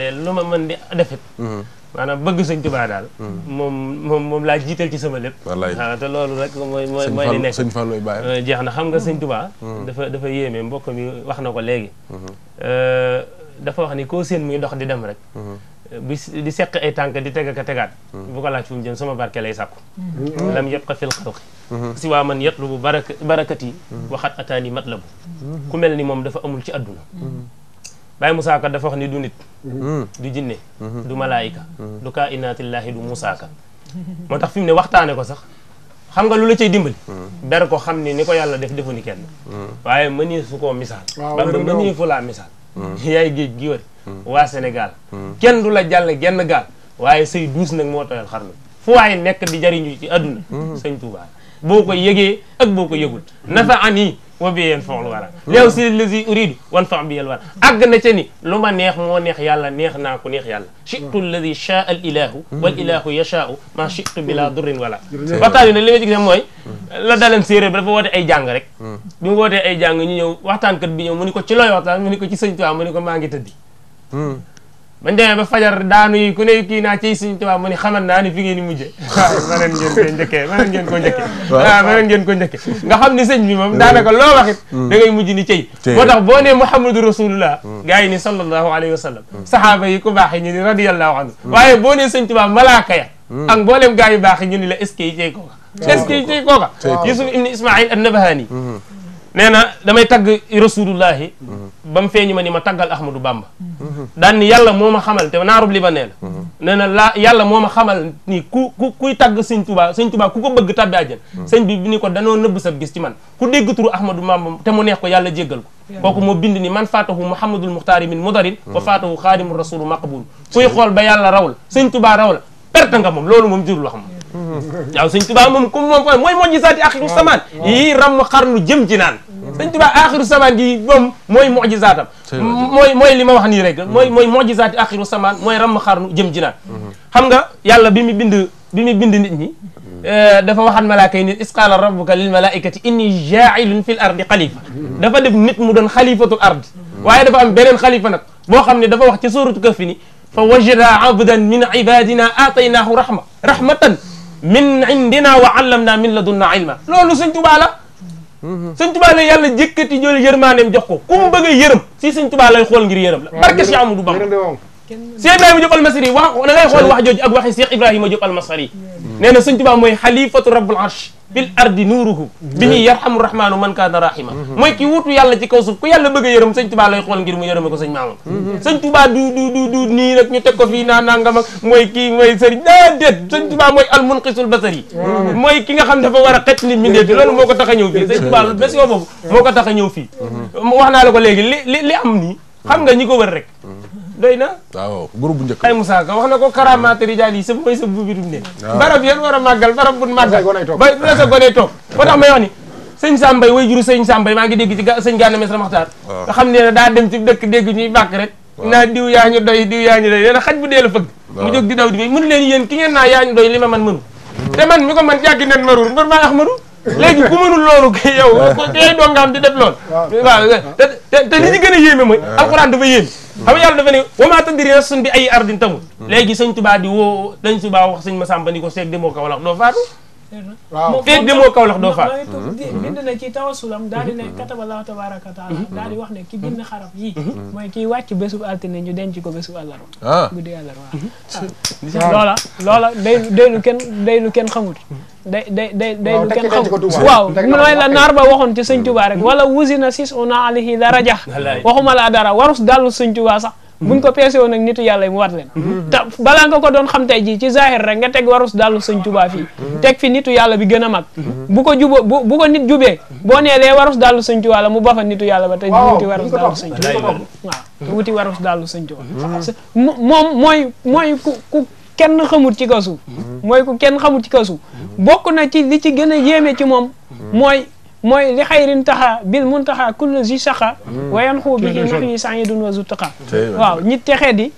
de maanaam bëgg sëñ Tuubaa daal. Hmm. moom moom moom laa jiital ci sama lépp. wallaay ah, te loolu rek mooy mooy mooy li nekk sëñ Fallou Baye euh, jeex na xam nga sëñ hmm. Tuubaa. Hmm. dafa dafa yéeme mbokk mi wax na ko léegi. Euh, dafa wax ni koo seen muy ndox di dem rek. bi di seq ay tànk di teg ak tegaat. bu ko laaj fu mu jëm sama barke lay sàkku. lam yabqa fil xalqi. si waa man yatlubu baraka barakat yi. waxat ataani matlabu. ku mel ni moom dafa amul ci àdduna. Baye Moussa Ka dafa wax ni du nit. Mm-hmm. du jinne mm-hmm. du malaayika. Mm-hmm. du kaa inaatillaahi du Moussa Ka. moo tax fi mu ne waxtaane ko sax xam nga lu la cay dimbali. ber ko xam ni ni ko yàlla def defu ni kenn. waaye mënee su koo misaal. waaw ba mënee fu laa misaal. yaay géej gi wër. waa Sénégal. kenn du la jàll genn gaal. waaye say duus nag moo tooyal xarnu fu waaye nekk di jariñu ci àdduna. sëñ Touba. boo ko yëgee ak boo ko yëgul nafa ani wa bi yeen foxlu wara léew si lesi uridu wan fax bi yel na ca ni lu ma neex moo neex yàlla neex naa ko neex yàlla chitu hmm. ladi chaa al ilahu hmm. wal ilahu yachaau ma chitu bila hmm. durrin wala waxtaan wi nag li ci gis mooy la daleen séeréer bi dafa ay jàng rek bi mu wootee ay jàng ñu ñëw waxtaankat bi ñëw mu ni ko ci looy waxtaan mu ni ko ci sëñ Tuubaa mu ni ko maa ngi tëddi bañ demee ba fajar daanu yi ku ne kii naa ciy Sëriñ Tuubaa mu ni xamal naa ni fi ngeen di mujjee waaw mëneen ngeen ko njëkkee mëneen ngeen ngeen ko njëkkee nga xam ni sëñ bi moom daanaka loo waxit mm. da ngay mujj ni cey moo tax boo nee Muhammadu Rasulullah mm. gars yi ni sallallahu alayhi wa sallam mm. sahaaba yi ku baax yi ñu ni radiyallahu anhu waaye boo nee Sëriñ Tuubaa malaaka ya ak mboolem gars yu baax ñu ni la est-ce que yi cey kooka est-ce que yi cey kooka nee na damay tagg rasulullahi ba mu feeñu ma ni ma taggal ahmadou bamba daan ni yàlla moo ma xamal te naarub libanee la nee na laa yàlla ma xamal ni ku ku kuy tagg sëñ tubaa sëñ tubaa ku ko bëgg tabbi àjjan sëñ bi bi ni ko danoo nëbb sa gis ci man ku dégg turu ahmadou bamba te mu neex ko yàlla jéggal ko kooku moo bind ni man faatahu muhammadul muxtaari min mudarin wa faatahu xaadimul rasulu maqbul kuy xool ba yàlla raw la sëñ tubaa raw la perte nga moom loolu moom jurul wax waaw sëñ tubaa moom comme moom ko mooy mojisaati axiru samaan yii ram xarnu jëm ci naan sëñ tubaa axiru samaan gi moom mooy mojisaatam mooy mooy li ma wax nii rek mooy mooy mojisaati axiru samaan mooy ram xarnu jëm ci naan xam nga yàlla bi mu bind bi mu bind nit ñi dafa waxaat malaaka yi nit isqaala rabbuka lil malaikati inni jaailun fil ardi xalifa dafa def nit mu doon xalifatul ard waaye dafa am beneen xalifa nag boo xam ne dafa wax ci suuratu kahfi ni fa wajada abdan min ibadina aataynaahu rahma rahmatan من عندنا وعلمنا من لدنا علما لولو سيغ توبا لا سيغ توبا لا يالا جيكتي جول يرمانم جوخو كوم بغا ييرم سي سيغ توبا لا خول غير ييرم بارك سي امو دو با سي ماي جوب المصري واخ لا خول واخ جوج اك واخ شيخ ابراهيم جوب المصري نينا سيغ توبا موي خليفه رب العرش bil ardi nuuruhu bihi yarhamu rahmaanu man kaana rahima mooy ki wutu yàlla ci kaw suuf ku yàlla bëgg a yërëm sëñ tubaa lay xool ngir mu yërëme ko sëñ maamam sëñ tubaa du du du du nii nag teg ko fii naa nangam ak mooy kii mooy sëriñ daa déet sëñ tubaa mooy al munqisul mooy ki nga xam dafa war a xet li mbindeef loolu moo ko tax a ñëw fii sëñ tubaa mission moo ko tax a ñëw fii wax naa la ko léegi li li li am nii xam nga ñi ko wër rek doy na. waaw groupe bu njëkk ay Moussa Ka wax na ko karaamaate rijaal yi sa mooy sa bu bitum ne ah. barab yan war a màggal barab bu màggal ba bu la sa gonee toog boo tax may wax ni Sambay way juru sëñ Sambay maa gi dégg ci sëñ Gana Messere Maxtaar ah. xam ne daa dem ci dëkk dégg ñuy bàkk ah. naa diw yaa doy diw yaa doy nee xaj bu dee la fëgg mu jóg di daw di bay mënu leen yéen ki naa yaa doy li ma man mënu hmm. te man mi ko man jàggi nen marur mbër maa wax marur léegi ku mënul loolu kay yow kay doon nga am di def loolu waaw te te li ci gën a yéeme mooy ah. alxuraan dafa yéeme xam nga yàlla dafa ne wa maa tadri nafsun bi ay ardin tamut hmm. léegi di woo dañ Tuubaa wax sëñ Masamba ni ko seeg demoo Kawlax doo faatu waaw feeg demoo Kawlax doo faatu bind na ci tawasulam daal di ne kataballahu tabaraka wa taala daal di wax ne ki bind xarab yii hmm. Hmm. mooy kiy wàcc bésub altine ñu denc ko bésub àllarba la ah. àllarba waaw ah. loola loola day day lu kenn day lu kenn xamut day day day day lu kenn xam waaw mooy la naar ba waxoon ci sëñ Tuubaa rek hmm. wala wusi na sis una alihi daraja waxuma laa dara warus dallu sëñ Tuubaa sax hmm. buñ ko peese woon ak nitu yàlla yi mu war leen hmm. te balaa nga ko doon xam tey jii ci zahir rek nga teg warus dallu sëñ Tuubaa fii teg fi nitu yàlla bi gën a mag bu ko juboo bu bu ko nit jubee boo nee lee warus dallu sëñ Tuubaa la mu bafa nitu yàlla ba tey wuti warus dallu sëñ Tuubaa waaw wuti warus dallu sëñ Tuubaa moom mooy mooy ku ku kenn xamul ci kaw mm-hmm. mooy ku kenn xamul ci kaw suuf mm-hmm. bokk na ci li ci gën a yéeme ci moom mm-hmm. mooy mooy li xayrin taxa bil mun taxa kullu zi saxa wayan xuu bi i nax yi dun wa zu taxa waaw ñi texee di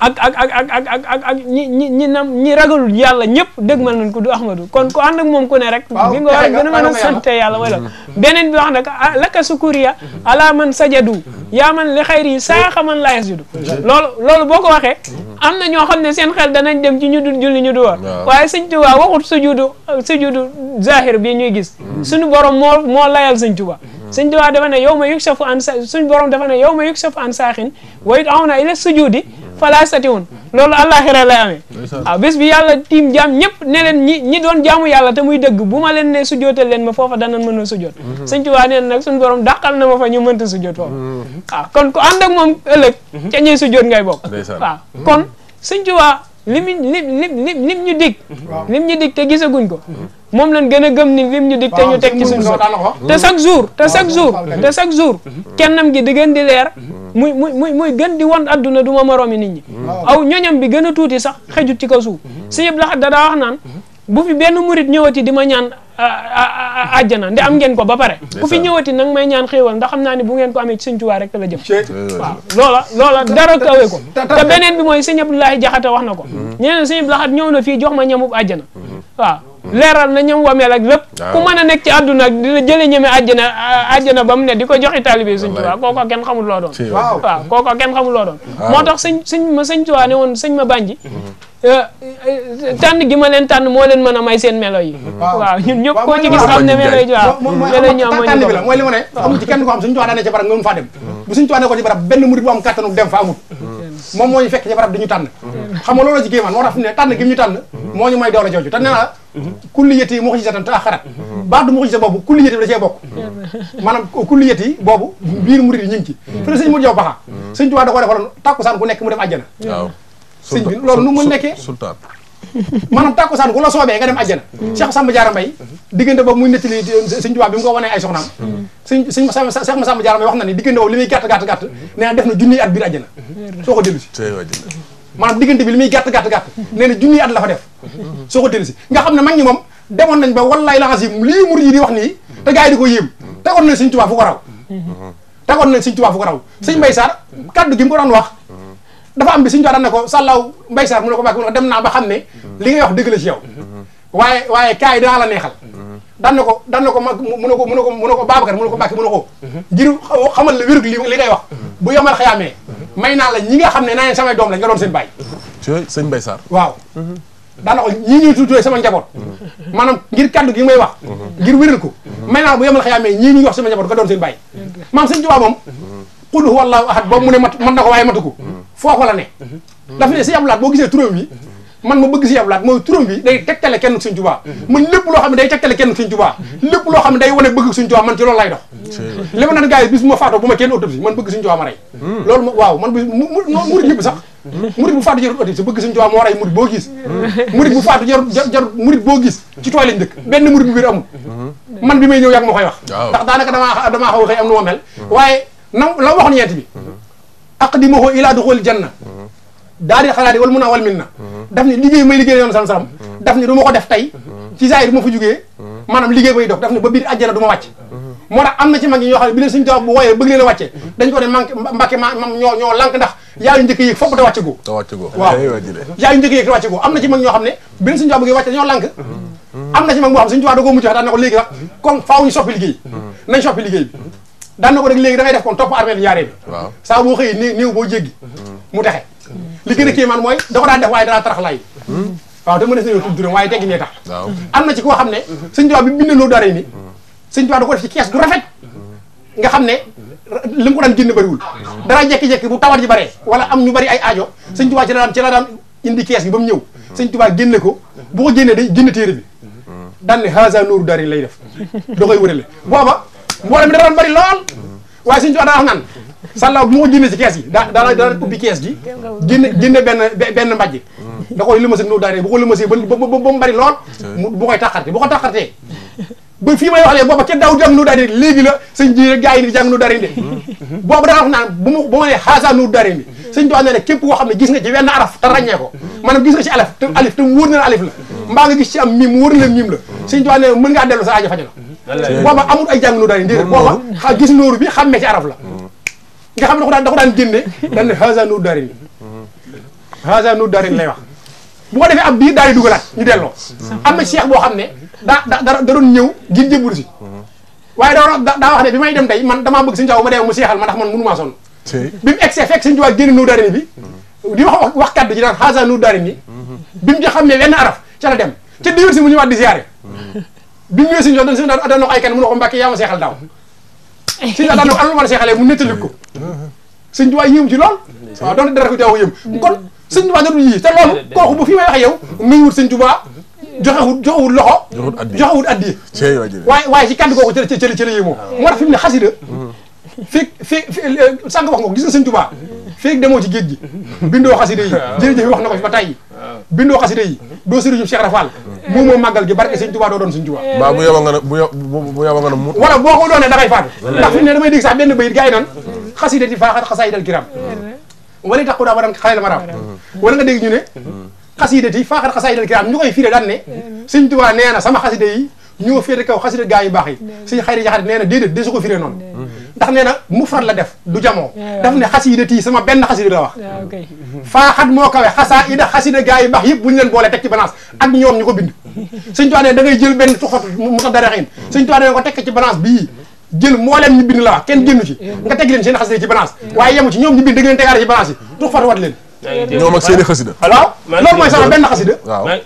ak ak ak ak ak ak ak ak ñi ñi ñi nam ñi ragalul yàlla ñëpp dëgmal nañ ko du kon ànd ak moom ku ne rek li nga war a gën a mën a sante yàlla mooy la mm-hmm. mm-hmm. beneen bi wax nag laka sukuriya mm-hmm. ala man sajadu yaa man li xayri yi saa xaman laa yasjudu lool loolu boo ko waxee am na ñoo xam ne seen xel danañ dem ci ñu dul julli ñu du war waaye sëñ Tuubaa waxut sujudu sujudu zahir bi ñuy gis suñu borom moo moo layal sëñ Tuubaa sëñ Tuubaa dafa ne yow ma yuksafu an sa suñu borom dafa ne yow ma yuksafu an saaxin wa it awna ila sujudi falaa satiwun loolu àllaaxira lay amee waaw bés bi yàlla tiim jaam ñëpp ne leen ñi ñi doon jaamu yàlla te muy dëgg bu ma leen ne sujjootal leen ma foofa danañ mën a sujjoot mhm. sëñ Tuubaa nee nag suñu borom dàqal na ma fa ñu mënta sujjoot foofu mhm. waaw kon ku ànd ak moom ëllëg mhm. ca ñuy sujjoot ngay bokk kon sëñ Tuubaa lim lim lim lim lim ñu dig. lim ñu dig te gisaguñ ko. moom lañ gën a gëm ni lim ñu dig te ñu teg ci suñu te chaque jour te chaque jour te chaque jour. Mhm. kennam gi di gën di leer. Mhm. muy muy muy muy gën di wan adduna du ma moroomi nit ñi. Mhm. aw ñoñam bi gën a tuuti sax xëjut ci kaw suuf. si yëpp la da daa naan. bu fi benn murit ñëwati di ma ñaan àjjana ndi am ngeen ko ba pare ku fi ñëwati nag may ñaan xéewal ndax xam naa ni bu ngeen ko amee ci Sëñ Tuubaa rek la jëm waaw loola loola dara kawe ko te beneen bi mooy Sëñ Abdoulaye Jaxate wax na ko ñeneen mm-hmm. Sëñ Abdoulaye Jaxate ñëw na fii jox ma ñamub àjjana mm-hmm. waaw leeral na ñoom wameel ak lépp ku mën a nekk ci àdduna ak dina jële ñeme àjjana àjjana ba mu ne di ko joxi taalibe sëñ Tuubaa kooko kenn xamul loo doon waaw kooko kenn xamul loo moo tax sëñ sëñ ma sëñ Tuubaa ne woon sëñ ma bànji mm-hmm. euh, euh, tànn gi ma moo leen mën a may seen melo yi waaw ñun ne melo yi ne amul ci kenn ko xam ne ca barab nga mun faa dem bu ne ko ci barab benn murid bu am kattanu dem fa amul mm-hmm. moom moo ñu fekk jabarab dañu tànn xam nga loolu ci géemaan moo tax ne tànn gi ñu tànn moo ñu may doole jooju te nee naa kulliyati yi mu sa tan te axarat baax du mu xi boobu kulliyati bi da cee bokk maanaam kulliyati yi boobu biir murid yi ñu ngi ci mm. fi ne sëñ mu jow baxa sëñ Tuubaa da koo defaloon tàkkusaan ku nekk mu def àjjana sëñ bi loolu nu mu nekkee maanaam tàkkusaan ku la soobee nga dem àjjana Cheikh Samba Diarra Mbaye diggante boobu muy nettali sëñ Tuubaa bi mu ko wanee ay soxnaam sëñ ma Samba Diarra wax na ni diggante boobu li muy gàtt gàtt gàtt nee na na junniy at biir àjjana soo ko dellu si maanaam diggante bi li muy gàtt gàtt gàtt nee na junniy la fa def soo ko dellu si nga xam ne mag ñi moom demoon nañ ba wallaay laxas lii murid yi di wax nii te gars yi di ko yéem tegoon nañ sëñ Tuubaa fu ko raw mhm. tegoon nañ sëñ Tuubaa fu ko raw sëñ bay Sarr kaddu gi mu ko doon wax dafa am bi suñu daan ne ko sàllaw mbay saar mu ne ko bàkk mu ne ko dem naa ba xam ne mm-hmm. li ngay wax dëgg la ci yow mm-hmm. waaye waaye kaay yi dinaa la neexal mm-hmm. daan na ko daan na ko mu ne ko mu ne ko mu ne ko Babacar mu ne ko Mbacke mu ne ko ngir xamal la wérug li li ngay wax bu yomal xayaamee may naa la ñi nga xam ne naa leen samay doom lañ nga doon seen bàyyi sëñ Mbaye Sarr waaw daan na ko ñii ñuy tuddee sama njaboot maanaam ngir kaddu gi may wax ngir wéral ko may naa la bu yomal xayaamee ñii ñuy wax sama njaboot nga doon seen bàyyi maam sëñ Tuubaa moom qul huwa allahu ahad boobu mu ne na ko waaye matu ko mm-hmm. foofu la ne mm-hmm. dafa ne sëñ boo gisee turam yi mm-hmm. man ma bëgg sëñ Abdou Lahad mooy turam bi day tegtale kenn sëñ Tuubaa man lépp loo xam ne day tegtale kenn sëñ Tuubaa lépp loo xam ne day wane bëgg sëñ Tuubaa man ci loolu lay dox li ma naan gars yi bis bu ma faatoo bu ma bëgg sëñ Tuubaa ma rey mm. loolu waaw man bi murit bu faatu jarut autopsie bëgg sëñ Tuubaa moo rey murit boo gis murit bu faatu jarut jarut murit boo gis ci tooy lañ dëkk benn murit bu biir man bi may ñëw yàgg ma koy wax ndax daanaka damaa damaa xaw xëy na la waxoon yent bi mhm. aqdimuhu ila duxul janna mhm. daal di xalaat yi wal mun a wal min na mhm. daf ni liggéey may liggéey yoon sam-sam daf ne du ko def tey ci saa yi du jugee maanaam liggéey bay dox daf ne ba biir àjjana du ma moo tax am na ci mag yi ñoo xam ne bi leen suñu taw bu wooyee a wàcce dañ ne manqué mbàkke ma mam ñoo ñoo lànk ndax yaa yu njëkk yéeg fopp te wàcce goo waaw yaa yu njëkk yéeg te wàcce goo am na ci mag ñoo xam ne bi leen suñu taw bëggee wàcce ñoo lànk na ci mag ko léegi sax kon faaw ñu soppi liggéey nañ soppi liggéey bi daan na ko rek léegi da ngay def kon topp armée bi ñaaree bi saa boo xëyee néew boo jéggi mm-hmm. mu texe li gën a kéemaan mooy da ko daan def waaye dara tarax laay mm-hmm. waaw te mënees nañoo tudd turam waaye teggi nee tax am na ci koo xam ne sëñ Tuubaa bi bind loo daara ni mm-hmm. sëñ Tuubaa da ko def ci kees gu rafet nga xam ne li mu ko daan génn bëriwul dara bu tawat ji bare wala am ñu bari ay aajo sëñ Tuubaa ci la la daan indi kees gi ba mu ñëw sëñ Tuubaa génne ko bu ko génnee day téere bi daan ne haasa nooru daara lay def da koy wërale mboolem mi dafa bari lool waaye suñu ci daa wax naan sàllaaw bu ma ko génne ci kees gi daa daa daa ubbi kees gi génne génne benn benn mbàjj da ma lëmasee nu daare bu ko lëmasee ba ba mu bari lool bu koy taxarte bu ko taxartee ba fii may wax leen booba kenn daaw jàng nu daare léegi la sëñ ji gaa yi ni jàng nu daare de boobu daa wax naan bu ma bu ma nee xaasa nu daare bi sëñ Tuubaa nee na képp koo xam ne gis nga ci wenn araf te ràññee ko maanaam gis nga ci alif te alif te wóor na la alif la mbaa nga gis ci am mim wóor na la mim la sëñ Tuubaa nee na mën ngaa dellu sa aajo faj la booba amul ay jàng noo daal ndéedéet booba gis nóoru bi xàmmee ci araf la nga xam ne ko daan da daan génne daan ne haza nu darin haza nu lay wax bu ko defee ab biir daal di ñu delloo am na cheikh boo xam ne daa da daroon ñëw ngir jébbalu si waaye daa daa wax ne bi may dem tey man dama bëgg sëñ Tuubaa ma deew mu seexal bi mu egsee fekk sëñ Tuubaa génn nu darini bi di wax wax kaddu ci ne wenn araf ca la dem ca déwén si mu ñëwaat di siyaare bi mu ñëwee sëñ Tuubaa sëñ daan wax ay mu ne ko Mbàkke yaa ma seexal daaw sëñ daan wax lu ma la seexalee ko sëñ Tuubaa yéemu ci lool waaw doonte dara ko jaaw yéem kon sëñ Tuubaa dootul yii te loolu kooku bu fi may wax yow nuyuwut sëñ Tuubaa joxewut joxewut loxo joxewut addi waaye waaye ci kaddu kooku cël cël cël moo tax fi ne xasida feeg feeg sànq wax nga ko gis nga sëñ Tuubaa feeg demoo ci géej gi bindoo xasida yi jërëjëf wax na ko fi ba tey bindoo xasida yi doo sëriñu Cheikh Rafal eh. moom moo màggal gi barke sëñ doon sëñ Tuubaa waaw eh. bu yoboo nga ne bu yoboo nga ne mu wala boo ko doonee dangay faatu eh. ndax fi ne damay dégg sax benn bayit gaa yi naan xasida di faaxat xasaayidal kiram wala ñu ne xasida ti faaxat xasaayidal kiram ñu koy firé ne sëñ Tuubaa nee na sama xasida yi ñoo féete kaw xasida gaa yu baax yi ko firé noonu dax nee na mu faral la def du jamoo daf ne xasida tii sama benn xasida la wax faaxat moo kawe xasaa ida xasida gaa yi baax yëpp bu ñu leen boolee teg ci balance ak ñoom ñu ko bind sëñ Tuubaa ne da jël benn tuxat mu tax dara xeen sëñ Tuubaa ne ko teg ci wat leen ñoom ak seen i xasida waaw loolu mooy sama benn xasida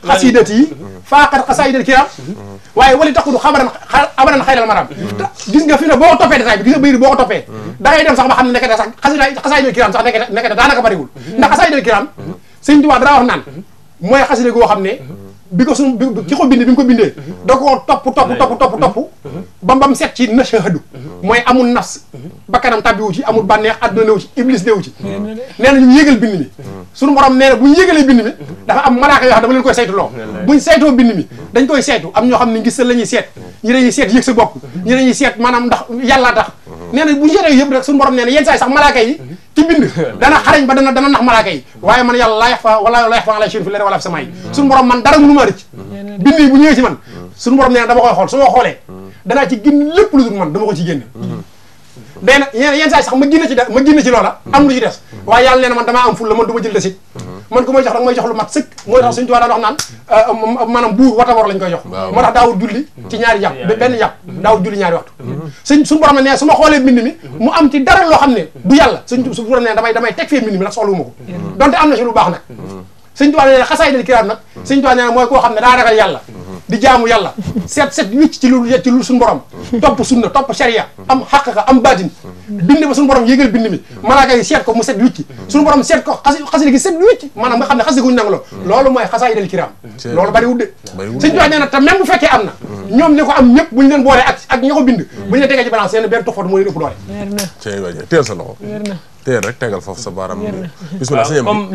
xasidat yi faaqat xasaidal kiram mm-hmm. waaye wali taxudu xabaran abaran xayral maram mm-hmm. gis nga fi ne boo ko toppee détail gis nga bayit boo ko toppee mm-hmm. da ngay dem sax ba xam ne nekkete sax xasida xasaidal kiram sax nekkete nekkete daanaka bariwul ndax xasaidal kiram sëñ Tuubaa dara wax naan mooy xasida goo xam ne bi ko suñ ki ko bindee bi nga ko bindee da koo topp topp topp topp topp bam bam set ci mooy amul nafs bakkanam tàbbiwu ci amul bànneex àdduna newu ci iblis newu ci nee na ñu yëgal mi suñu borom nee bu ñu yëgalee bind mi am malaaka yoo xam dama leen koy saytu loo buñ saytoo bind mi dañ koy ñoo xam ne ngis la ñuy seet ñi seet yëg sa bopp ñi dañuy seet maanaam bu ñu seetee yëpp rek suñu borom nee na sax malaaka yi ci bind dana xarañ ba dana dana nax malaaka yi waaye man yàlla laa yax fa wala laa yax fa mm. borom man dara mënu ma rëcc mm. bind yi bu ñëwee ci man suñu borom nee na xool su ma xoolee mm. dana ci génn lépp lu dul man dama ko ci génne dayna yeen yeen saay sax ma génn ci da ma génn ci loola am lu ci des waaye yàlla nee na man damaa am ful la man du ma jël desit mhm. man ku may jox rek may jox lu mat sëkk mooy tax suñu tuwaa daan wax naan euh, maanaam buur wata war lañ koy jox moo tax daawul julli ci ñaari yàpp benn yàpp mhm. daawul julli ñaari waxtu mhm. suñ suñu borom ne su ma mbind mi mu am ci dara loo xam ne du yàlla suñ su borom ne damay damay teg fee mbind mi nag soxlu ma ko donte am na ci lu baax nag suñ tuwaa nee na xasaay dal kiraam nag suñ tuwaa nee na mooy koo xam ragal yàlla di jaamu yàlla seet seet wicc ci lu ci borom topp sunna topp sharia am xaqiqa am baatin bind ba suñu borom yégal bind mi malaaka yi seet ko mu seet wicc suñu borom seet ko xasida gi seet wicc maanaam nga xam ne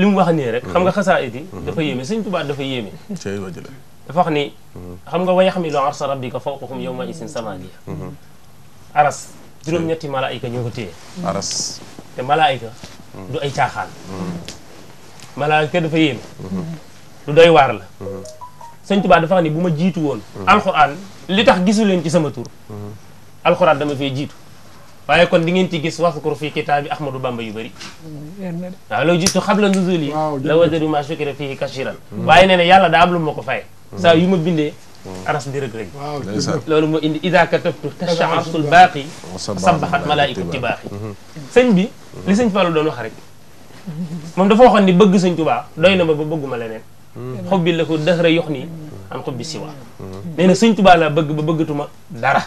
mu wax nii rek. xam nga mm-hmm. dafa yéeme dafa wax ni. xam nga way xam ni loo arsa rabbika fawqahum yawma isin samaniya aras juróom-ñetti malaayika ñoo ko téye. aras te malaayika. du ay caaxaan. malaayika dafa yéeme. lu doy waar la. sëñ Tuubaa dafa wax ni bu ma jiitu woon. alxuraan li tax gisu leen ci sama tur. alxuraan dama fee jiitu. waaye kon di ngeen ci gis waskur fi kitaabi Ahmadou Bamba yu bëri. waaw loo jiitu xabla nuzuli la wajadu ma shukira fihi kasiran. waaye nee na yàlla daa am lu ma ko fay. saa yu ma bindee mm. aras di rëg rëg loolu moo indi ida katabtu tashaasul baaqi sabaxat malaa'iku tibaaxi sëñ bi li sëñ Fallou doon wax rek moom dafa waxoon ni bëgg sañ sëñ Tuubaa doy na ma ba bëgguma leneen mm-hmm. xubbi la ko dëxra yox nii mm-hmm. am xubbi siwa mm-hmm. nee na sëñ Tuubaa bëgg ba bëggatuma dara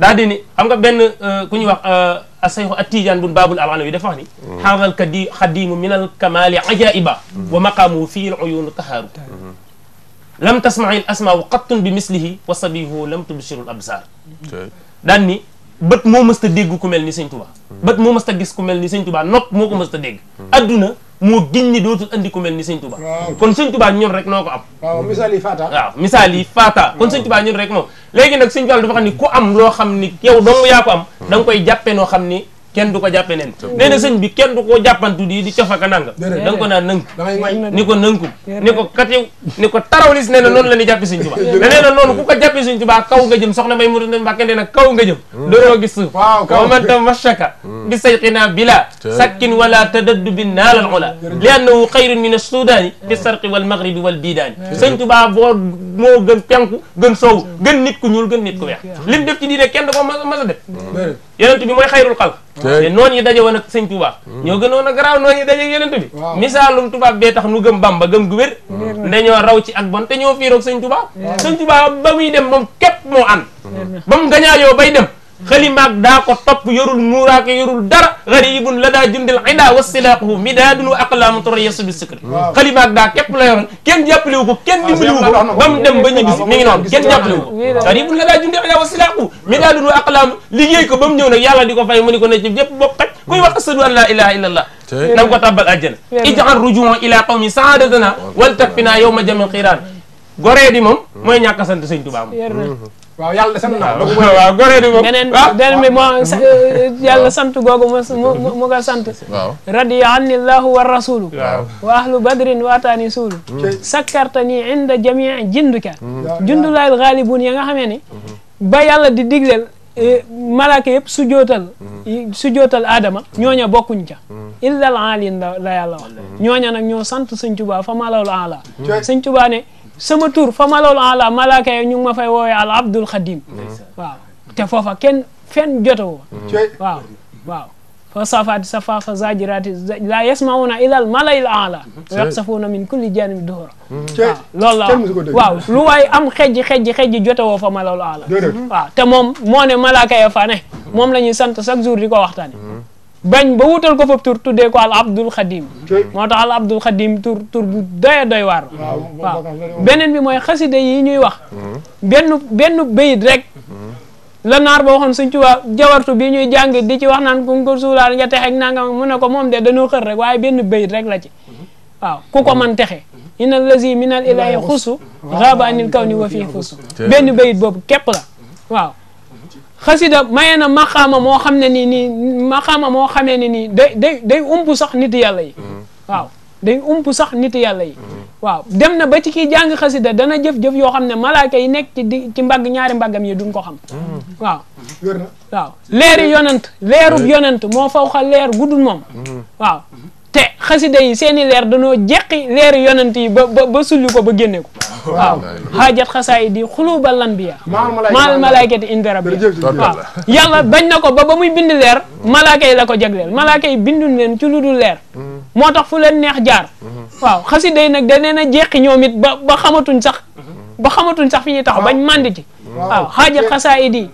daa di ni nga benn euh, ku ñuy wax euh, asayxu atijaan bun baabul alana yi dafa wax ni xaaral kadi xadimu min al kamaali ajaiba wa maqaamu al uyuunu tahaaru lam tasmail asmau qattun bi mislihi wa sabihu lam tubsirul absar daan ni bët moo mës ta dégg ku mel ni sëñ Tuubaa bët moo mës ta gis ku mel ni sëñ Tuubaa nopp moo ko mës ta dégg hmm. adduna moo giñ ni dootul andi ku mel ni sëñ Tuubaa kon sëñ Tuubaa ñun rek noo ko am waaw misaal yi faata waaw misaal yi faata kon sëñ Tuubaa ñun rek moom léegi nag sëñ Tuubaa dafa xam ni ku am loo xam ni yow dong yaa ko am hmm. da nga koy jàppe noo xam ni kenn du ko jàppe neen nee na bi kenn du ko jàppantu di di cofaka nanga da nga ko naa nënk ni ko nënku ni ko katiw ni ko tarawlis nee na noonu la ni jàppe sëñ Tuubaa da nee na noonu ku ko jàppe sëñ Tuubaa kaw nga jëm soxna may muru nañ Mbàkke nee na kaw nga jëm hmm. dooroo gis suuf wa man tamashaka hmm. bi sayqina bila sakkin wala tadaddu bi naalal ola li annahu xayrun min assudaani bi sarqi wal maghribi wal biidaani sëñ Tuubaa boo moo gën penku gën soow gën nit ku ñuul gën nit ku weex lim def ci diine kenn du ko mas a def yonent bi mooy xayrul xalq te noonu yi daje woon ak sëñ Touba hmm. ñoo gënoon a garaaw noonu yi daje ak yonent bi misaalum tubaab bee tax nu gëm Bamba gam gu wér hmm. dañoo raw ci ak bon te ñoo fiiroog sëñ Touba sëñ Touba ba muy dem moom képp moo ànd bam mu gañaayoo bay dem xalimaag daa ko topp yorul muuraake yorul dara garibun la daa jundil ida wa silaaquhu midaadun wa aqlaamu turayyasu bi sikri xalimaag daa képp la yoroon kenn jàppalewu ko kenn ah, dimbaliwu ko ba mu dem ba ñibbisi mi ngi noonu kenn jàppalewu ko garibun la daa jundil ida wa silaaquhu midaadun wa aqlaamu liggéey ko ba mu ñëw nag yàlla di ko fay mu ni ko ne ci yépp bokk xaj kuy wax asadu an laa ilaha illa allah na nga ko tàbbal àjjana ij'al rujuwan ila qawmi saadatana wal takfina yawma jamil xiiraan goree di moom mooy ñàkk sant sëñ Tuubaa moom waaw yàlla sant naa la waaw goree di moom beneen ah, moo eh, yàlla sant googu mu mu nga sant radiya anni llahu wa rasulu wa ahlu badrin wa ataani suulu sakkarta ni inda jamii jinduka mm-hmm. jundulaayil xaalibuun ya nga xamee ni ba yàlla di digleel eh, malaaka yëpp su jootal mm-hmm. su jootal aadama ñooña bokkuñ ca mm-hmm. illal aalin la yàlla sant sëñ sama tur fa ma loolu ala malaaka yi ñu ngi ma fay woowee al abdul xadim te foofa kenn fenn jotewoo mm-hmm. waaw waaw fa safaati safa fa zajiraati la yasmauna ilal malayil ala mm-hmm. yaqsafuuna min kulli janib duhura mm-hmm. waaw loolu la waaw lu waay am xejji xejji xejji jotewoo fa ma loolu ala waaw te moom moo ne malaaka ya fa ne moom la ñuy sant chaque jour di ko waxtaane bañ ba wutal ko foofu tur dee ko al abdul xadim moo tax al abdul xadim tur tur bu doy doy waar waaw beneen bi mooy xasida yi ñuy wax benn benn bayit rek la naar ba waxoon suñ tubaab jawartu bi ñuy jàng di ci wax naan ku ko suulaal nga texe ak nangam mu ne ko moom de dañoo xër rek waaye benn bayit rek la ci waaw ku ko man texe ina lazi minal ilahi xusu xaaba anil kaw ni wa fii xusu bayit boobu képp la xasida maye na maxaama moo xam ne nii nii maqaama moo xamee ne nii day day day ump sax nit yàlla yi mm-hmm. waaw day ump sax nit yàlla yi mm-hmm. waaw dem na ba ci kii jàng xasida dana jëf-jëf yoo xam ne malaaka yi nekk ci di ci mbagg ñaari mbaggam yi duñ ko xam mm-hmm. waaw waaw leeri yonent leerub yonent moo faw xa leer guddul moom waaw te xasida yi seen i leer danoo jeqi leeri yonent yi ba ba ko ba génne ko waaw xaajat xasaa yi di xuluubal lan bi yaa maal malaykati inda rabbi waaw yàlla bañ na ko ba ba muy bindi leer malaka yi la ko jagleel malaaka yi bindun leen ci lu dul leer mm-hmm. moo tax fu leen neex jaar mm-hmm. waaw xasida yi nag da leen a jeqi ñoom it ba ba xamatuñ sax mm-hmm. ba xamatuñ sax fi ñuy tax bañ màndi ci waaw xaajat xasaa yi di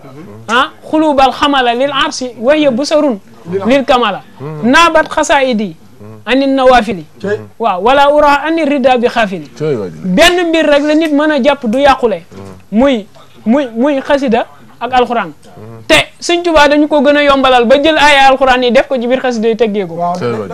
ah xuluubal xamala lil arsi wahiya busarun lil kamala naabat xasaa anin nawafili waaw wala ura ani rida bi xaafili benn mbir rek la nit mën a jàpp du yàqule mm. muy muy muy xasida ak alxuraan mm. te sëñ dañu ko gën a yombalal ba jël aaya alxuraan yi def ko ci biir xasida yi teggee ko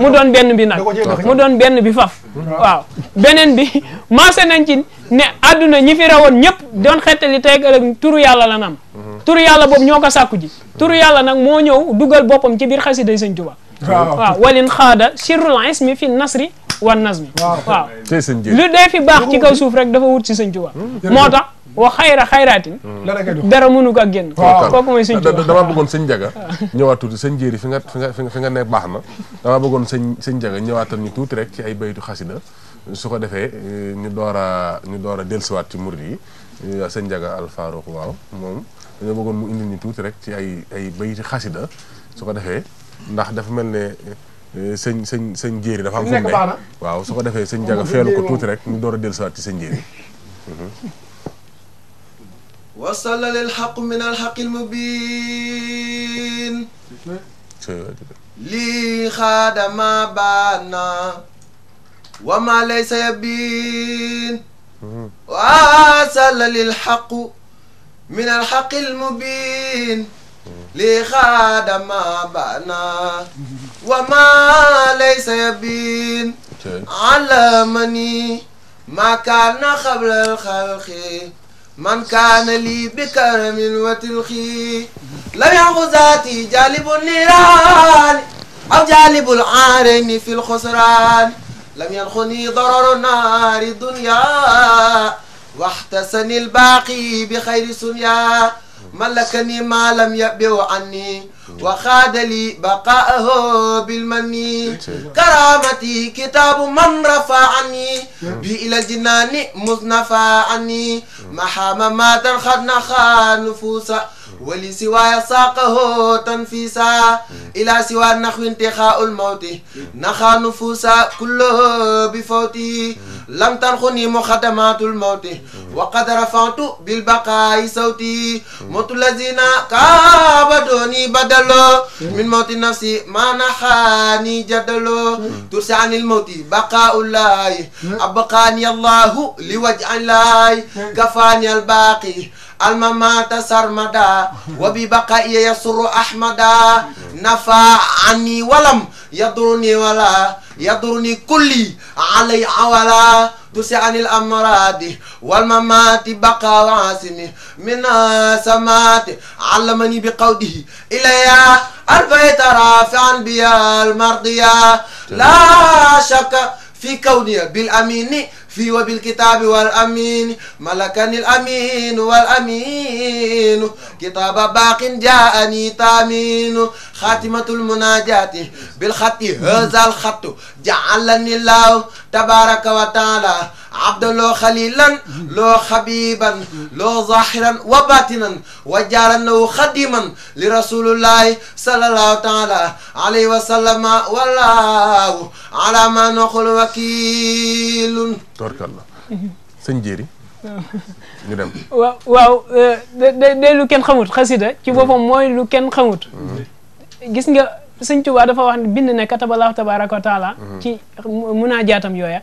mu doon benn bi nag mu doon benn bi faf mm. waaw beneen bi maase nañ ci ne àdduna ñi fi rawoon ñëpp doon xettali teg ëllëg turu yàlla la nam turu yàlla boobu ñoo ko sàkku ji turu yàlla nag moo ñëw dugal boppam ci biir xasida yi sëñ Tuubaa waaw walin xaada sirrul ismi fi nasri wan nasmi waaw lu dee fi baax ci kaw suuf rek dafa wut si sëñ Tuubaa hmm? moo tax wa xayra xayraatin hmm. dara mënu ko ak génn kooku mooy sëñ Tuubaa damaa bëggoon sëñ Njaga ñëwaat tuuti sëñ Jéeri fi nga fi nga fi nga ne baax na damaa bëggoon sëñ sëñ Njaga ñëwaatal ñu tuuti rek ci ay baytu xasida su ko defee eh, ñu door a ñu door a dellusiwaat ci murid yi sëñ Njaga Al waaw moom dañoo bëggoon mu indil ñu tuuti rek ci ay ay baytu xasida su ko defee ndax dafa melni sëñ sëñ sëñ jeri dafa am fu mu ne waaw su ko defé sëñ jaga felu ko tuuti rek ñu door a dellusiwaat ci sëñ jéeri وصل للحق من الحق المبين لي خاد ما بانا وما ليس يبين وصل للحق من الحق المبين لخادم بنا وما ليس يبين علمني ما كان قبل الخلق من كان لي بكرم وتلخي لم يعغ ذاتي جالب النيران أو جالب العارين في الخسران لم ينخني ضرر نار الدنيا واحتسني الباقي بخير سنيا ملكني ما لم يبيو عني وخاد لي بقاءه بالمني كرامتي كتاب من رفع عني بي إلى الجنان مزنفى عني محام ما تنخد نخى نفوسا ولي سواي ساقه تنفيسا إلى سوى النخو انتخاء الموت نخا نفوسا كله بفوتي لم تنخني مخدمات الموت وقد رفعت بالبقاء صوتي مت الذين كابدوني بدأ جدلو من موت نفسي ما نحاني جدلو ترسى عن الموت بقاء الله أبقاني الله لوجه الله كفاني الباقي الممات سرمدا وببقائي يسر أحمدا نفى عني ولم يضرني ولا يضرني كلي علي عولا دوسي عن الأمراض والممات بقى وعاسم من سمات علمني بقوله إليا ألفيت رافعا بيا المرضية لا شك في كونها بالأمين في وبالكتاب والأمين ملكني الأمين والأمين كتاب باق جاءني تامين خاتمة المناجات بالخط هذا الخط جعلني الله تبارك وتعالى عبد لو خليلا لو خبيبا لو ظاهرا وباطنا وجعل انه خديما لرسول الله صلى الله تعالى عليه وسلم والله على ما نقول وكيل تبارك الله سنجيري ñu dem waaw waaw day day lu kenn xamut xasida ci boppam mooy lu kenn xamut gis nga sëñ Tuubaa dafa wax bind ne kataballaahu tabaaraka wa taala ci munaa jaatam yooya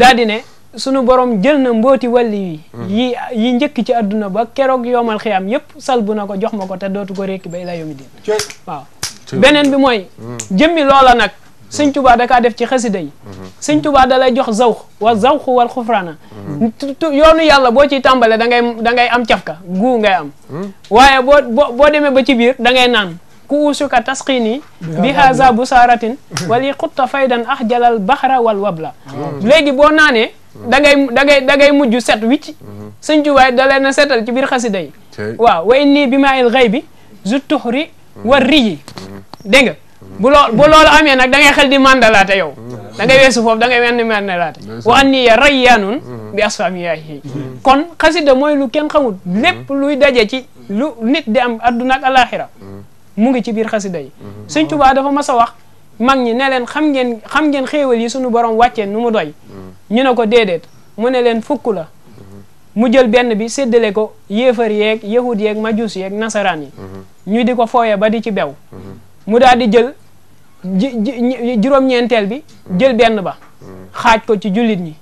daal di ne sunu borom jël na mbooti wàlli hmm. yi yi njëkk ci adduna ba keroog yoomal xiyaam yëpp salbu na ko jox ma ko te dootu ko rékki ba ilaa yawmi diin waaw beneen bi mooy hmm. jëmmi loola nag sëñ hmm. tubaa dakaa def ci xasida yi sëñ tubaa da lay jox zawx wa zawx wal xufraana yoonu yàlla boo ciy tàmbale da ngay da ngay am cafka guu ngay am waaye boo boo demee ba ci biir dangay naan ku usuka tasqini bi haza busaaratin wali xutta faydan ax jalal baxra wal wabla ah. léegi boo naanee da ngay da ngay mujj set wicc mhm. sëñ Tuubaa da leen a setal ci biir xasida yi waaw wa inni bi maa il xëy bi zu tuxri war mhm. riyi mhm. dégg nga bu loo bu loolu amee nag da ngay xel di mandalaate yow da ngay weesu foofu da ngay wenn mandalaate wa an ni ya rayyaanun bi asfamiyahi kon xasida mooy lu kenn xamul lépp luy daje ci lu nit di am adduna ak mu ngi ci biir xasida yi mhm. sëñ Tuubaa dafa mas a wax mag ñi ne leen xam ngeen xam ngeen xéewal yi suñu borom wàccee nu mu doy mhm. ñu ne ko déedéet mu ne leen fukk la mhm. mu jël benn bi séddale ko yéefar yeeg yahud yeeg majus yeeg nasaraan yi ñuy di ko fooye ba di ci bew mu daal di jël juróom-ñeenteel bi jël benn ba xaaj ko ci jullit ñi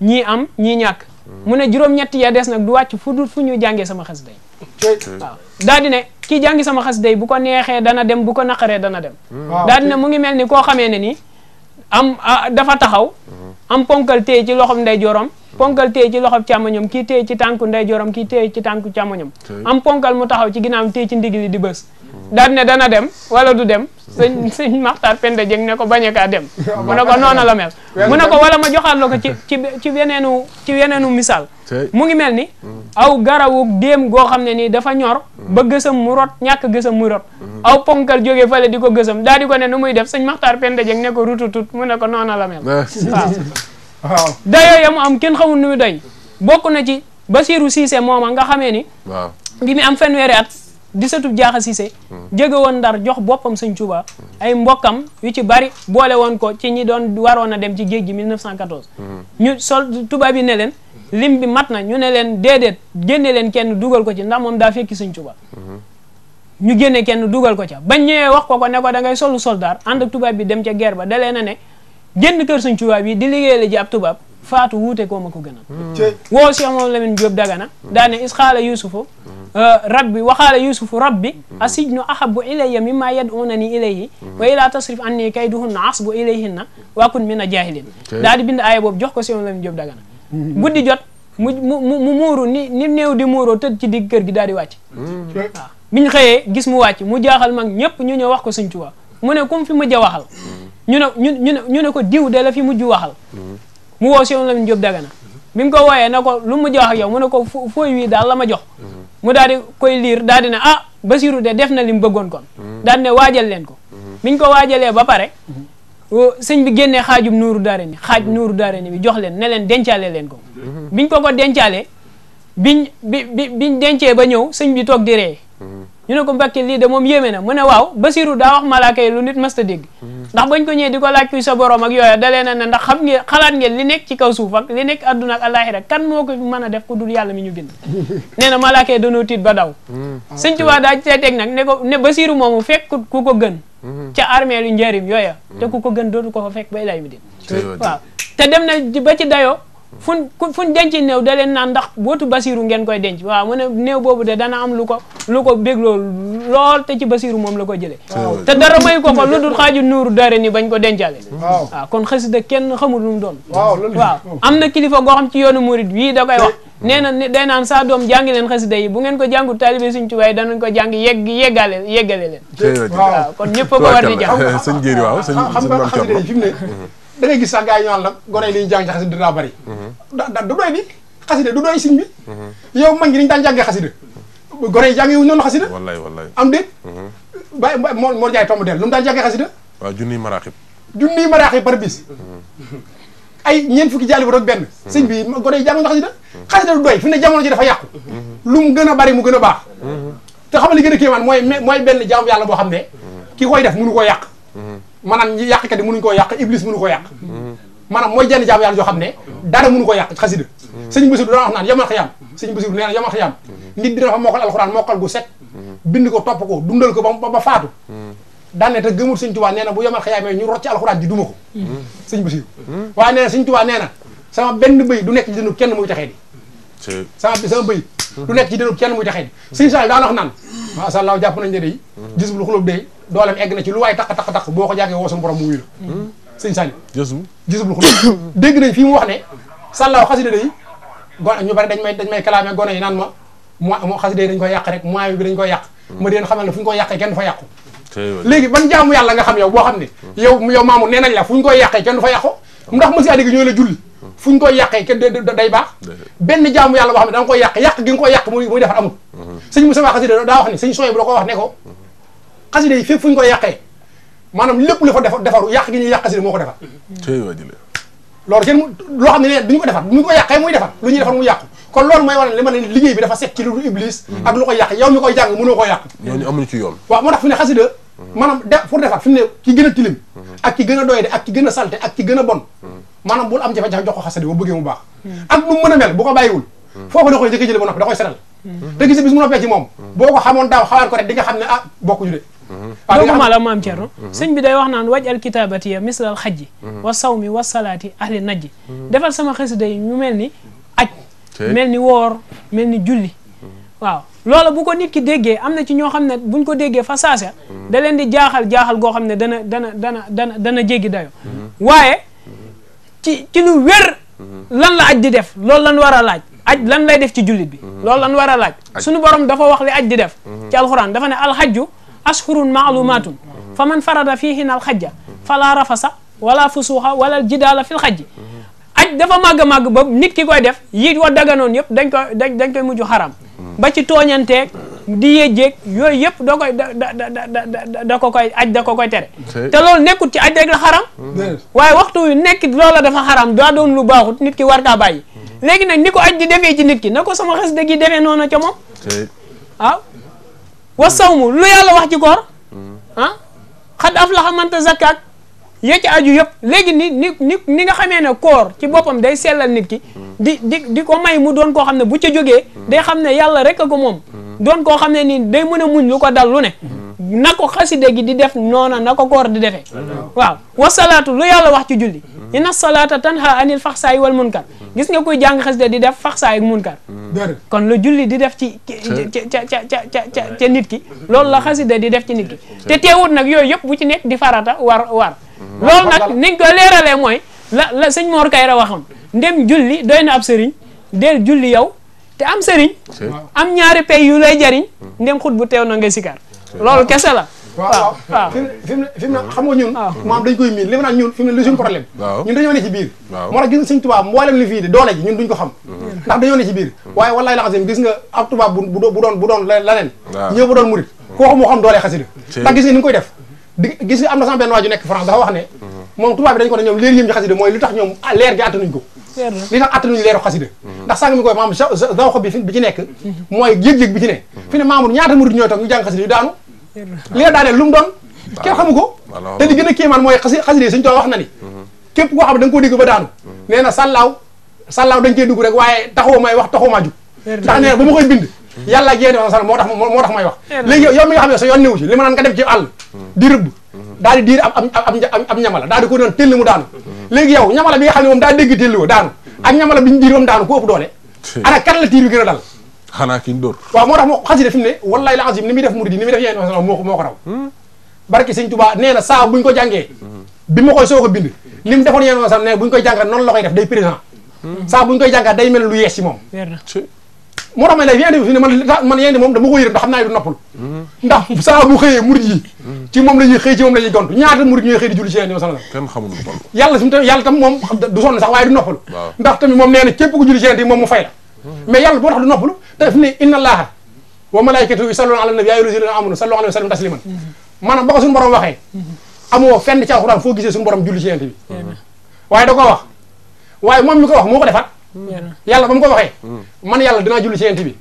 ñii am ñii ñàkk mu ne juróom-ñett ya des nag du wàcc fu dul fu ñuy jàngee sama xasida yi waaw hmm. ah. daal ne kii jàngi sama xasida yi bu ko neexee dana dem bu ko naqaree dana dem hmm. daal di ne mu ngi mel ni koo xamee ne nii am dafa taxaw hmm. am ponkal téye ci loxom nday jorom ponkal téye ci loxob càmmoñam kii téye ci tànk nday jorom kii téye ci tànku càmmoñam am ponkal mu taxaw ci ginnaawam téye ci ndigli di bës dan ne dana dem wala du dem sëñ sëñ Maxtaar pende Jeng ne ko baña ka dem mu ne ko noona la mel mu ko wala ma joxal la ci ci ci ci yeneenu misal mu ngi mel ni aw garawuk dem go xamne ni dafa ñor ba geusam mu rot ñak geusam mu rot aw ponkal joge fale di ko dal diko ne nu muy def sëñ Maxtaar pende Jeng ne ko rututut tut ne ko la mel nah. waaw dayoo ya am ken xamul nu muy doy bokku na ci basirou Siise moma nga xamé ni bi mi am fenwéré at di satub jaaxa Cissé jóge woon ndar jox boppam sëñ Tuuba ay mbokkam yu ci bari boole woon ko ci ñi doon waroon a dem ci géej gi 1914 ñu sol tubaab yi ne leen lim bi mat na ñu ne leen déedéet génne leen kenn dugal ko ci ndax moom daa fekki sëñ Tuuba ñu génne kenn dugal ko ca bañ ñëwee wax ko ko ne ko da ngay solu soldaar ànd ak tubaab bi dem ca guerre ba dalee na ne génn kër sëñ Tuuba yi di liggéeyale ji ab tubaab faatu wuute koo ma ko gënal hmm. woo Cheikh Mamadou Lamine Diop dagana hmm. daane is xaala yusufu hmm. euh, rabbi waxaala yusufu rabbi asijnu ahabu ilayya mimma yad'unani ilayhi wa ila tasrif anni kayduhunna asbu ilayhinna wa kun mina jahilin daa di bind aaya boobu jox ko Cheikh Mamadou Lamine Diop dagana guddi jot mu mu mu muuru ni ni néew di muuroo tëdd ci digg kër gi daal di wàcc waaw ah. biñ xëyee gis mu wàcc mu jaaxal mag ñëpp ñu ñëw wax ko Sëñ Tuubaa mu ne kum fi mujj a waxal ñu ne ñu ñu ne ko diw de la fi mujj waxal mu woo Cheikh Lamine Diop Dagana bi mu ko wooyee na ko lu mu jox yow mu ne ko fooy wii daal la ma jox mu daal di koy liir daal di ne ah Basiru de def na li mu bëggoon kon daal ne waajal leen ko bi ko waajalee ba pare sëñ bi génnee xaajum nuuru daare ni xaaj nuuru daare ni bi jox leen ne leen dencaale leen ko biñ ko ko dencaale biñ bi biñ dencee ba ñëw sëñ bi toog di ree ñu ne ko Mbàkke lii de moom yéeme na mu ne waaw Basiru daa wax malaaka yi lu nit mës a dégg ndax bañ ko ñëwee di ko laaj kuy sa ak yooya dalee na ne ndax xam ngeen xalaat ngeen li nekk ci kaw suuf ak li nekk àdduna ak àllaaxira kan moo ko mën a def ku dul yàlla mi ñu bind ne na malaaka yi danoo tiit ba daw mm. sëñ Tuubaa daa cay teg nag ne ko ne Basiru moomu fekk ku ko gën mm-hmm. ca armée lu njëriñ yooya te mm. ku ko gën dootu ko fa fekk ba ilay mi din waaw te dem na ba ci dayo fun fuñ denc néew da leen naan ndax bootu basiru ngeen koy denc waaw mu ne néew boobu de dana am lu ko lu ko bégloo lool te ci basiru moom la ko jëlee te dara may ko ko lu dul xaaju nuuru dare ni bañ ko dencale waaw kon xasida kenn xamul lu doon waaw am na kilifa goo xam ci yoonu murit bii da koy wax nee na day naan saa doom jàngi leen xasida yi bu ngeen ko jàngu taalibe suñ tubaay danañ ko jàng yegg yeggale yeggale leen kon ñëpp a ko war di jàng sëñ jéeri waaw sëñ xam nga xasida da ngay gis sax gars yi ñu naan la gone yi liy jàng ci xasida bari. Mhm. da da du doy ni xasida du doy siñ bi. Mhm. yow mag ñi dañu daan jàngee xasida. gone yi jàngee wu ñu noonu xasida. wallaay wallaay am déet. Mhm. ba Mor Mor Ndiaye tomb del lu mu daan jàngee xasida. waaw junniy maraaxib. junniy maraaxib par bis. ay ñeent fukki jaali bu rek benn. sëñ bi gone yi jànguñu xasida. xasida du doy fi ne jamono ji dafa yàqu. lu mu gën a bari mu gën a baax. te xam nga li gën a kéemaan mooy mooy benn jaamu yàlla boo xam ne. ki koy def mënu koo yàq manam ñi kat yi mënuñu koo iblis mënu ko yak manam moy jenn jaamu yalla senyum xamne dara mënu senyum yak ci seigne sëñ do wax nan yamal khiyam seigne Basiru neena yamal khiyam nit di dafa mokal alquran mokal gu set bind ko top ko dundal ko ba ba faatu daanne te gëmul seigne Tuubaa neena na bu yamal khiyam ñu rocc alquran di duma ko sëñ Basiru waaye nee na sëñ sama benn beuy du nekk ci dënub kenn muy taxé di sama sama beuy du nekk ci dënub kenn muy taxé di seigne sall da wax naan maasallaa jàpp nañ ne day gis bul xulub day dooleem egg na ci lu waaye takk takk takk boo ko jàkkee woo suñu borom mu wuyu la sëñ Sani jësum jësum lu xul dégg nañ fii mu wax ne sàllaaw xasida yi gone ñu bari dañ may dañ may kalaame gone yi naan ma mo xasida yi dañ koy yàq rek moyen dañ koy yàq mm. ma deen xamal ne fu ñu yàqee kenn du fa yàqu léegi ban jaamu yàlla nga xam yow boo xam ne mm. yow yow maamu nee nañ la fu ñu koy yàqee kenn du fa yàqu mm. ndax masi adigi ñooy la julli fu ñu koy yàqee kenn day baax benn jaamu yàlla boo xam ne da nga koy yàq yàq gi nga koy yàq muy muy defar amul mm-hmm. sëñ Moussa xasida daa ko wax ne ko xasida yi fépp fu ñu ko yàqee maanaam lépp lu fa defaru yàq gi ñuy yàq xasida moo ko defar loolu kenn loo xam ne ne duñu ko defar duñu ko yàqee muy defar lu ñuy defar mu yàqu kon loolu mooy waral li ma ne liggéey bi dafa set ci lu dul iblis ak lu koy yàq yow mi koy jàng mënoo koo yàq ñooñu amuñu ci yoon waaw moo tax fi ne xasida maanaam de pour defar fi mu ne ki gën a tilim ak ki gën a doy de ak ki gën a salte ak ki gën a bon maanaam bul am jafe-jafe jox ko xasida boo bëggee mu baax ak lu mu mën a mel bu ko bàyyiwul foofu da koy jëkk jële ba noppi da koy setal te gis bis mu noppee ci moom boo ko xamoon daaw xawaat ko rek di nga xam ne ah bokkuñu de dooguma la maam mhm. sëñ bi day wax naan waj al kitaabati ya misral xajji mhm. wa sawmi wa salaati ahli najji mhm. defal sama xasida yi mel ni aj mel ni woor mel ni julli waaw loola bu ko nit déggee am na ci ñoo xam ne buñ ko déggee fa saasa da leen di jaaxal jaaxal goo xam ne dana dana dana dana dana jéggi dayo waaye ci ci lu wér lan la aj di def lool lan war a laaj aj lan lay def ci jullit bi loolu lan war a laaj suñu borom dafa wax li aj di def ci alxuraan dafa ne alxajju ashhurun maalumaatun fa man farada fiihinna alxajja fala rafasa wala fusuuxa wala jidaala fil xajji aj dafa màgg màgg ba nit ki koy def yi wa daganoon yëpp dañ koy dañ koy mujj xaram ba ci tooñanteeg di yéejeeg yooyu yëpp da koy da koy aj da tere te loolu nekkut ci aj rek la xaram waaye waxtu yu nekk loola dafa xaram daa doon lu baaxut nit ki war kaa bàyyi léegi nag ni ko aj di defee ci nit ki na ko sama xes dëgg yi defee noonu ca moom wa sawmu lu yàlla wax ci koor mm. ah xad aflaxa man tazakka ak ya ci aju yëpp léegi ni ni ni ni nga xamee ne koor ci boppam day sellal nit ki mm. di di di ko may mu doon koo xam ne bu ca jógee mm. day xam ne yàlla rek a ko moom doon koo xam ne nii day mën a muñ lu ko dal lu ne na ko xaside gi di def noona na ko koor di defee waaw wa salaatu lu yàlla wax ci julli na salaata tan tanha anil faxsaayi wal munkar gis nga koy jàng xaside di def faxsaayi munkar kon la julli di def ci ca ca ca ca nit ki loolu la xaside di def ci nit ki te teewut nag yooyu yëpp bu ci nekk di farata war war mm-hmm. loolu nag niñ ko mooy la la sëñ Mor Kayra waxoon ndem julli doy na ab sëriñ del julli yow te am sëriñ am ñaari pay yu lay jariñ ndem xut bu teew sikar loolu kese la waaw waaw fi mu fi mu ne xam nga ñun maam dañ koy miin li fii di doole ji ñun duñ ko xam mm-hmm. ndax dañoo ne si biir mm-hmm. waaye wallaay la xasim gis nga ab tubaab bu doon bu doon leneen ñëw bu doon murit kooku moo xam doolee xasida ndax gis nga ni koy def di gis nga am na sama waaju nekk France dafa wax ne mm-hmm. moom tubaab bi dañ ko ne ñoom leer yëm ci xasida mooy lu tax ñoom leer gi attanuñ ko li tax attanuñu leeru xasida mhm. ndax sàng mi koy maam zawxo bi fi bi ci nekk mooy yëg-yëg bi ci ne mhm. fi ne maamul ñaata murid ñooy toog ñu jàng xasida yu daanu li nga daaneel lu mu doon kenn xamu ko te li gën a kéemaan mooy xasi xasida yi suñu too wax na ni mhm. képp koo koo dégg ba daanu nee na sàllaaw sàllaaw dañ koy dugg rek waaye taxoo may wax taxoo maa jug ndax nee na ba ma koy bind yàlla ak yéen moo tax moo tax may wax léegi mi nga xam ne sa yoon newu ci li ma naan nga dem ci ko doon tëll mu daanu léegi yow ñamala bi nga xam ne moom daa dégg téelliwo daanu ak ñamala bi ñu diir moom daanu ku ëpp doole ana kan tiir bi gën a dal xanaa ki ñu dóor waaw moo tax moo xasida fi mu ne wallahi la azim ni muy def murid yi ni muy def yéen moo ko moo ko raw hmm? barke sëñ Tuubaa ko jàngee hmm. bi ma koy soo ko bind li ne buñ koy jàngat noonu la koy def day présent hmm. saa buñ koy day mel lu yees moom moo tax lay fi indi fi ne man man yaa mom dama ko yir ndax xamna du noppul ndax sa bu xëyee mourid yi ci mom lañuy xëy ci mom lañuy gontu ñaata mourid ñooy xëy di julli ci yéen sallallahu alayhi wasallam kenn xamul ko yàlla sumu tam yàlla tam mom du son sax way du noppul ndax tamit mom neena na képp ku julli ci yéen mom mu fay la mais yàlla bo tax du noppul daf ni inna allah wa malaikatu yusalluna ala nabiyyi ya ayyuhallazina amanu sallu alayhi wa sallimu tasliman manam bako sun borom waxe amoo fenn ci alquran fo gisee sun borom julli ci yéen bi waye da ko wax waye mom mi ko wax moko defat yalla bam ko waxe hmm. man yalla dina julli ci yent bi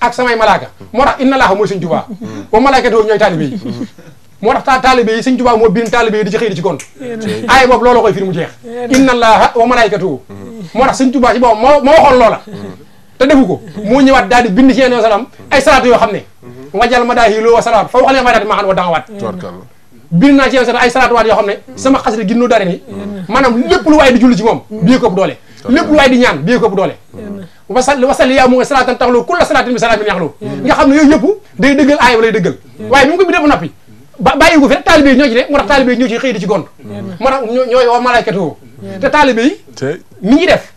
ak samay malaka hmm. mo tax inna lahu mooy sëñ Tuubaa hmm. wa malaaka doo ñooy taalibe yi tax ta talibi yi sëñ mo bin talibi di ci xëy di ci gont ay bob lolo koy firmu jeex inna lahu wa malaikatu mo tax sëñ Tuubaa ci bob mo waxon waxoon te defuko mo ñewat dal di bind ci yene salam ay salatu yo xamne wajal madahi lo wa salam fa waxale madat di ma an wa dawat bind ci yow sa ay salatu wat yo xamne sama xasida ginnu dare ni manam lepp lu way di julli ci mom bi ko doole lépp lu waay di ñaan bii ko bu doole wasal wasal yaa mu salaatan taxlu kulla salaatin bi salaamin yaxlu nga xam ne yooyu yëpp day dëggal aay lay dëggal waaye mi ngi ko bi def noppi ba bàyyi ko yi ñoo ci de moo xëy di yi ni ñuy def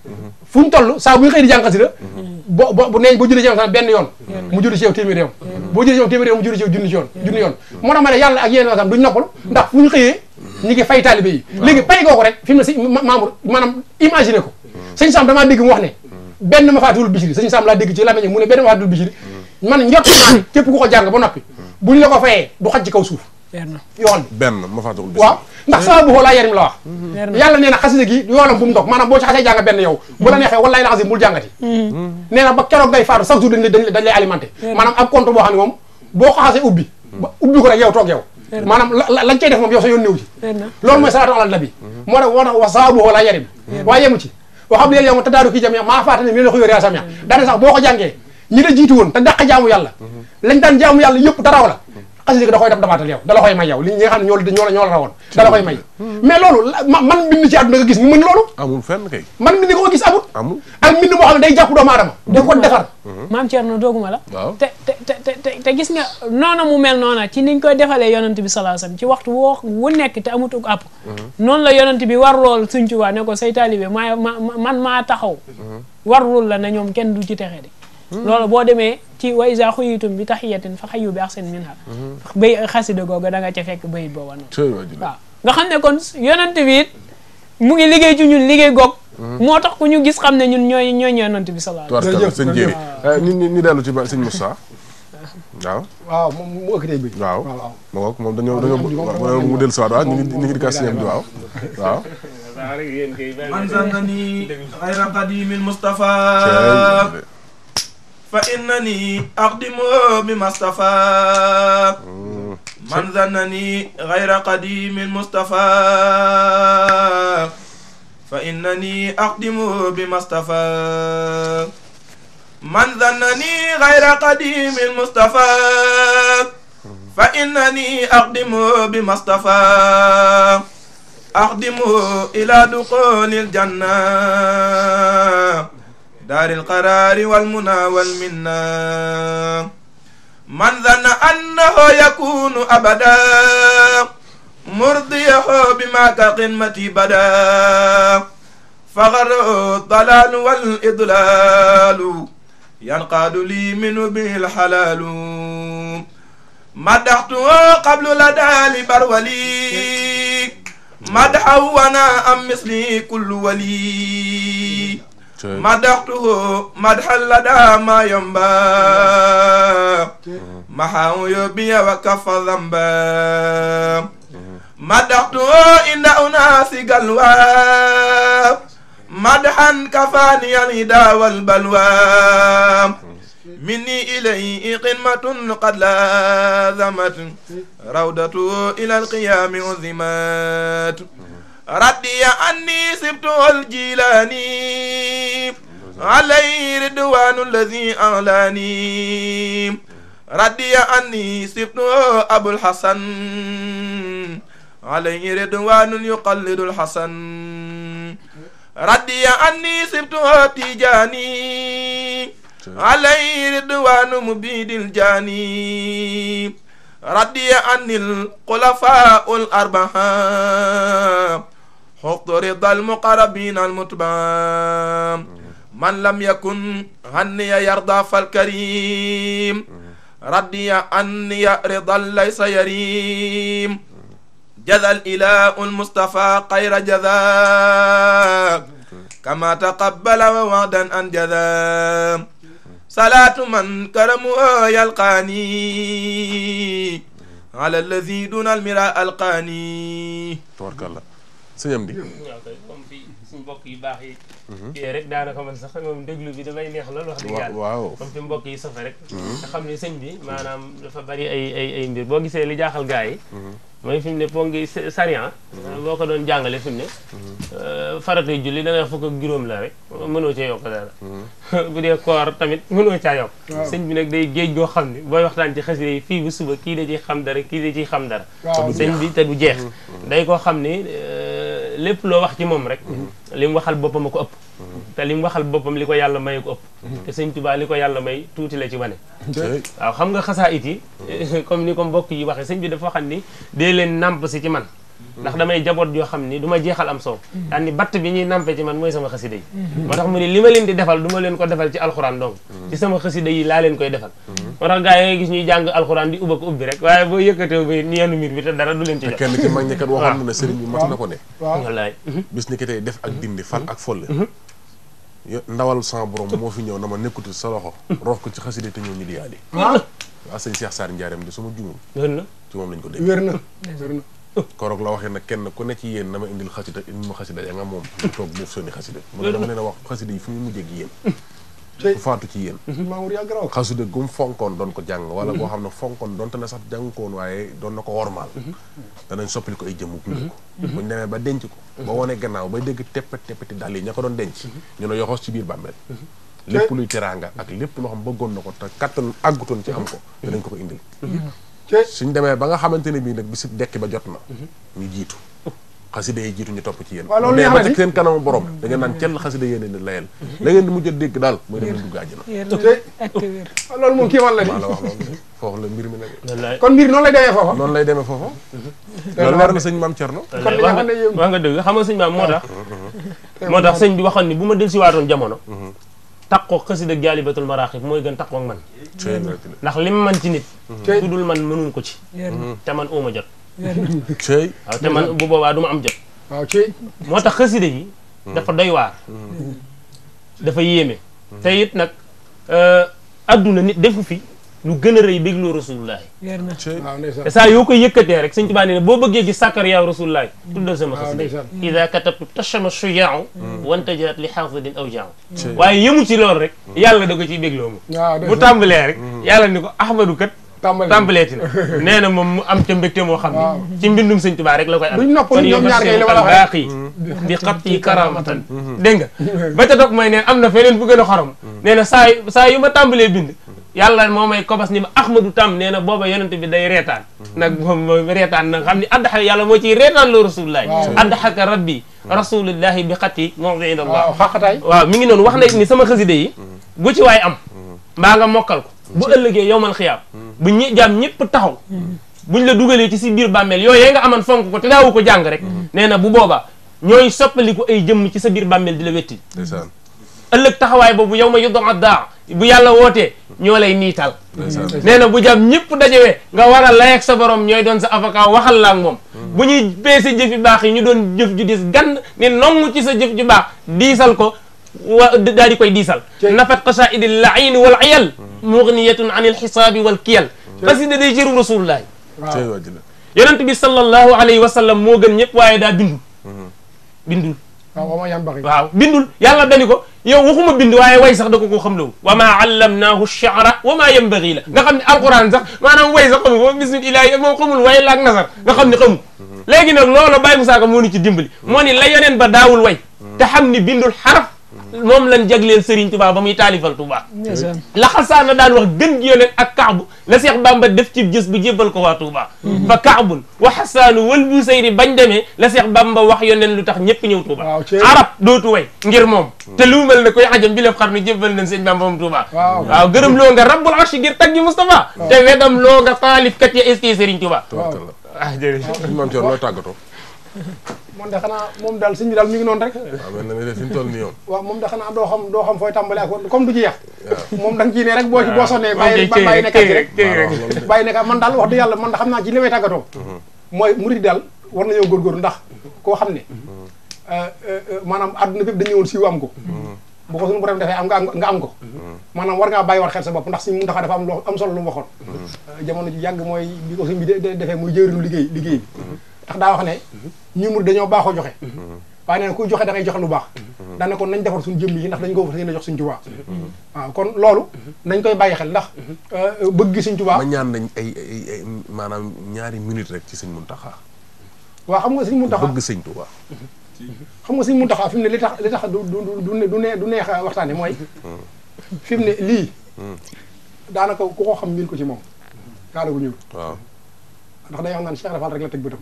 bu ñu boo julli ci yow benn yoon mu boo julli ci yow téeméeri yoon mu julli a duñ noppal ngi fay taalibe yi léegi pay googu rek fi mu ne si Mamour maanaam ko sëñ Sam damaa dégg mu wax ne benn ma faatuwul bisiri sëñ Sam laa dégg ci làmmiñ mu ne benn ma faatuwul bisiri man njort naa ne képp ku ko jàng ba noppi buñ la ko fayee du xaj ci kaw suuf yoon benn ma faatuwul bisiri waaw ndax saa bu xoolaa yarim la wax yàlla nee na xasida gi yoolam bu mu dox maanaam boo ci xasee jàng benn yow bu la neexee wallaay la xasim bul jàngati mm-hmm. nee na ba keroog ngay faatu chaque jour dañ lay dañ lay alimenté maanaam ab compte boo xam ne moom boo ko xasee ubbi ubbi ko rek yow toog yow maanaam lañ cay def moom yow sa yoon néew ci loolu mooy salaatu ala nabi mm-hmm. moo tax wa saabu xoolaa yarim waaye yemu ci wa xam leen yow tadaaru kii jamia maa faatane mi la ko yor yaa samia daane sax boo ko jàngee ñi la jiitu woon te dàq jaamu yàlla mhm. lañ daan jaamu yàlla yëpp daraw la xasida gi da koy dab dabaatal yow da la koy may yow li nga xam ne ñoo ñoo la ñoo la rawoon da la koy may mais loolu man mbind ci àdduna nga gis mu mën loolu amul man mbind ko gis amul amul ak mbind moo xam ne day jàpp doomu aadama da ko defar mhm. maam Thierno dooguma la te te te te gis nga noona mu mel noona ci niñ koy defalee yonent bi salaa sallam ci waxtu woo wu nekk te amutug àpp mhm. noonu la yonent bi war lool suñ waa ne ko say taalibe maa man maa taxaw mhm. warul la na ñoom kenn du ci texe de Hmm. loolu boo demee ci wa iza xuyitum bi taxiyatin fa xayu bi axsen minha hmm. bay xasida googa da nga ca fekk bayit booba noonu waaw nga xam ne kon yonent bi it mu ngi liggéey ci ñun liggéey goog hmm. moo tax ku ñu gis xam ne ñun ñooy ñooy yonent bi sallallahu alayhi wa sallam sëñ Jéeri eh, ni ni ni dellu ci ba sëñ Moussa waaw waaw moom mu ëkkatee bi waaw ma woog moom dañoo dañoo mu dellu siwaat waaw ñu ngi ñu ngi di kas siyam di waaw waaw man sannani xayra qadimil Mustafa فإنني أقدم بمصطفى من ظنني غير قديم مصطفى فإنني أقدم بمصطفى من ظنني غير قديم مصطفى فإنني أقدم بمصطفى أقدم إلى دخول الجنة دار القرار والمنى والمنى من ظن أنه يكون أبدا مرضيه بما كقمة بدا فغر الضلال والإضلال ينقاد لي من به الحلال مدحته قبل لدى لبرولي مدحه وانا ام مثلي كل ولي madaxtuhu madxal la daama yomba maxaamu mm. yóbbiya wa kafa zamba mm. madaxtuhu inda unaasi galwa madxan kafaani alhida walbalwa مني إليه قمة قد لازمت روضته إلى القيام أزمت رضي عني سبت الجيلاني علي رضوان الذي أعلاني رضي عني سبت أبو الحسن علي رضوان يقلد الحسن رضي عني سبت تيجاني علي رضوان مبيد الجاني رضي عني الخلفاء الأربعة حط رضا المقربين المتبام من لم يكن هني يرضى فالكريم ردي أني رضا ليس يريم جذا الإله المصطفى خير جذا كما تقبل ووعدا أنجذا صلاة من كرمها يلقاني على الذي دون المراء القاني تبارك الله Sim, bi. waaw kay yooyu mhm. rek daanaka man sax moom déglu bi damay neex lool wax dëgg yàlla waaw comme fi mbokk mhm. bari ay ay ay mbir boo gisee li jaaxal gaa yi mhm. mooy fi mu ne boo ngi sarian boo ko doon jàngale fi ne euh, faratay julli da ngay fukk ak juróom la rek mënoo cee yokk dara bu dee koor tamit mënoo caa yokk sëñ bi nag day géej goo xam ne booy waxtaan ci xasida yi fii bu suba kii da ciy xam dara kii da ci xam dara sëñ bi te du jeex day koo xam ne euh, lépp loo wax ci moom rek li mu waxal boppam a ko ëpp te li mu waxal boppam li ko yàlla may ko ëpp mhm. te sëñ Tuubaa li ko yàlla may tuuti la ci wane waaw xam nga xasaayit yi comme ni ko mbokk yi waxee sëñ bi dafa xam ni de leen nàmp si ci man ndax damay jaboot yoo xam ni du ma jeexal am soow mm-hmm. daan batt bi ñuy nampe ci man mooy sama xasida yi mm-hmm. moo tax mu ne li ma leen di defal du ma leen ko defal ci alxuraan donc mm-hmm. ci sama xasida yi laa leen koy defal moo ñuy jàng alxuraan di ubba ko ubbi rek waaye boo yëkkatee ba bi te dara du leen ci jox kenn ci ne ko ne wallaay bis ni ki tey def ak dindi fal ak foll ndawal sama borom moo fi ñëw na ma nekkutul sa loxo roof ko ci xasida te ñëw ñu di yaali waaw sëñ seex Sarr Ndiarème di sama juróom wér na ci moom ko dégg na wér koroog la waxee na kenn ku ne ci yéen na ma indil xasida indi ma xasida ya moom ñu toog boof soni xasida mu ne dama leen a wax xasida yi fu ñu mujjee ak ku faatu ci yéen Mamour yaa garaaw xasida gum fonkoon doon ko jàng wala boo xam ne fonkoon doonte ne sax jàng koon waaye doon na ko wormaal danañ soppil ay jëmm gunge ko buñ demee ba denc ko ba wonee gannaaw ba dégg teppet teppeti dal yi ña ko doon denc ñu ne yoxoos ci biir bàmmeel lépp luy teraanga ak lépp loo xam bëggoon na ko te kattan àggutoon ci am ko danañ ko ko indil suñ demee ba nga xamante ne bii nag bisib dekki ba jot na mhm. ñu jiitu xasida yi jiitu ñu topp ci yéen mais ba ci seen kanamu borom mhm. da ngeen naan cell xasida yéene ni layel la mhm. ngeen di mujj a dégg daal mooy dem dugg la la wax loolu la mbir kon mbir noonu lay demee foofa noonu lay demee foofa loolu leer na sëñ maam Thierno xam ne wax nga dëgg xam nga sëñ maam moo tax moo tax sëñ bi waxoon ni jamono taqoo xasida jaalibatul maraaxib mooy gën taqoo man ndax lim man ci nit ku dul man mënuñ ko ci te man uuma jot waaw te man bu boobaa du ma am jot waaw moo tax xasida yi hmm. dafa doy waar hmm. dafa yéeme hmm. te it nag euh, adduna nit defu fi lu gën a rëy bégloo rasulullaahi te saa yoo koy yëkkatee rek sëñ Tuubaa nee na boo bëggee gis sàkkariyaa rasulullaahi tuddal sama xasida mm. ida katabtu tashama shujaau mm. wantajaat li xaafidin aw jaaw waaye yëmu ci loolu rek mm. yàlla da ko ciy bégloo ma bu tàmbalee rek yàlla ni ko ahmadu kat tàmbaleeti na nee na moom mu am ca mbégte moo xam ne ci mbindum sëñ Tuubaa rek la koy am kon yow baaqi bi xabti karamatan mm-hmm. dégg nga mm-hmm. ba ca topp mooy nee am na feneen bu gën a xorom nee na saa saa yàlla moo may kobas ni ma ahmadu tam nee na booba yonente bi day reetaan mhm. nag moom reetaan nag xam ne addaxa yàlla moo ciy reetaan loo rasulullahi addaxaka rabbi mhm. rasulillahi bi xati mawdii allah waaw mi ngi noonu wax na ni sama xaside yi mhm. bu ci waay am mbaa nga mokkal ko bu ëllëgee yowmal xiyaam bu ñi jaam ñëpp taxaw buñ la dugalee ci si biir bàmmeel yooyee nga aman fonk ko te daawu ko jàng rek nee na bu booba ñooy soppaliku ay jëmm ci sa biir bàmmeel di la wetti ëllëg taxawaay boobu yow ma yu doon daa bu yàlla wootee ñoo lay niital. nee na bu jam ñëpp dajewee nga war a layeeg sa borom ñooy doon sa avocat waxal la ak bu ñuy peese jëf yu baax yi ñu doon jëf ju dis gan ne nongu ci sa jëf ju baax diisal ko wa daal di koy diisal. nafat qasaa'idi l-la'iin wal 'iyal. mughniyatun 'anil xisaabi wal kiyal. xasida day jëru rasulullahi. waaw yonent bi sallallahu alayhi wa sallam moo gën ñëpp waaye daa bindu. Mm-hmm. bindul. بندل يلا دنيكو يو وخم بندوا أي ويسق دكو كخملو وما علمناه الشعر وما ينبغي له نقم القرآن زخ ما أنا ويسق بسم الله ما خم الواي لا نظر نقم نقم لكن الله لا بيمسك موني كديمبلي موني لا ينن بداول واي تحمني بندل حرف moom lañ jagleel Serigne Touba ba muy taalifal Touba. la xasaana daan wax gën gi yonent ak Kaabu la Seex Bamba def ci gis bu jébbal ko waa Touba. Mhm. fa Kaabul wa xasaanu wal bu Seyri bañ demee la Seex Bamba wax yonent lu tax ñëpp ñëw Touba. arab dootu way ngir moom. Mhm. te lu mel ne koy ajam bi lépp xam ne jébbal nañ sëñ Bamba moom Touba. waaw gërëm loo nga rabbul arshi ngir taggi Moustapha. te wedam loo nga taalifkat ya est-ce que Serigne Touba. waaw ah jërëjëf. maam Thior looy tàggatoo. man de xanaa moom daal sëñ bi daal mi ngi noonu rek. waaw mel na ni moom de xanaa doo xam doo xam fooy tàmbali ak comme du ci yeex. moom da nga ne rek boo ci boo sonnee. bàyyi bàyyi nekkaat man daal wax dëgg yàlla man de xam naa ci li may tàggatoo. Mm-hmm. mooy murid daal war nañoo góorgóorlu ndax koo xam ne. Mm-hmm. Euh, euh, maanaam àdduna bépp dañu ñëwoon siiw am ko. Mm-hmm. bu ko suñu borom defee am nga am ko maanaam war ngaa bàyyi war xel sa bopp ndax suñu mun dafa am loo am solo lu mu waxoon euh, jamono ji yàgg mooy bi ko suñ bi defee muy jëriñu liggéey liggéey bi ndax daa wax ne ñumur dañoo baaxoo joxe mhm. Mhm. waaye neen kuy joxe da ngay lu baax mhm. daana kon nañ defar suñu jëmm yi ndax dañ ko fas yéene jox suñu tubaa waaw kon loolu nañ koy bàyyi xel ndax euh, bëgg gi suñ tubaa ma ñaan nañ ay maanaam ñaari minute rek ci sëñ Muntaxa waaw xam nga sëñ Muntaxa bëgg sëñ tubaa xam nga sëñ Muntaxa fi mu ne li tax li tax du du du nee du neex waxtaane mooy fi mu ne lii daanaka ku ko xam miin ko ci moom kaala gu ñuul waaw ndax day wax naan Cheikh Rafal rek la teg bëtam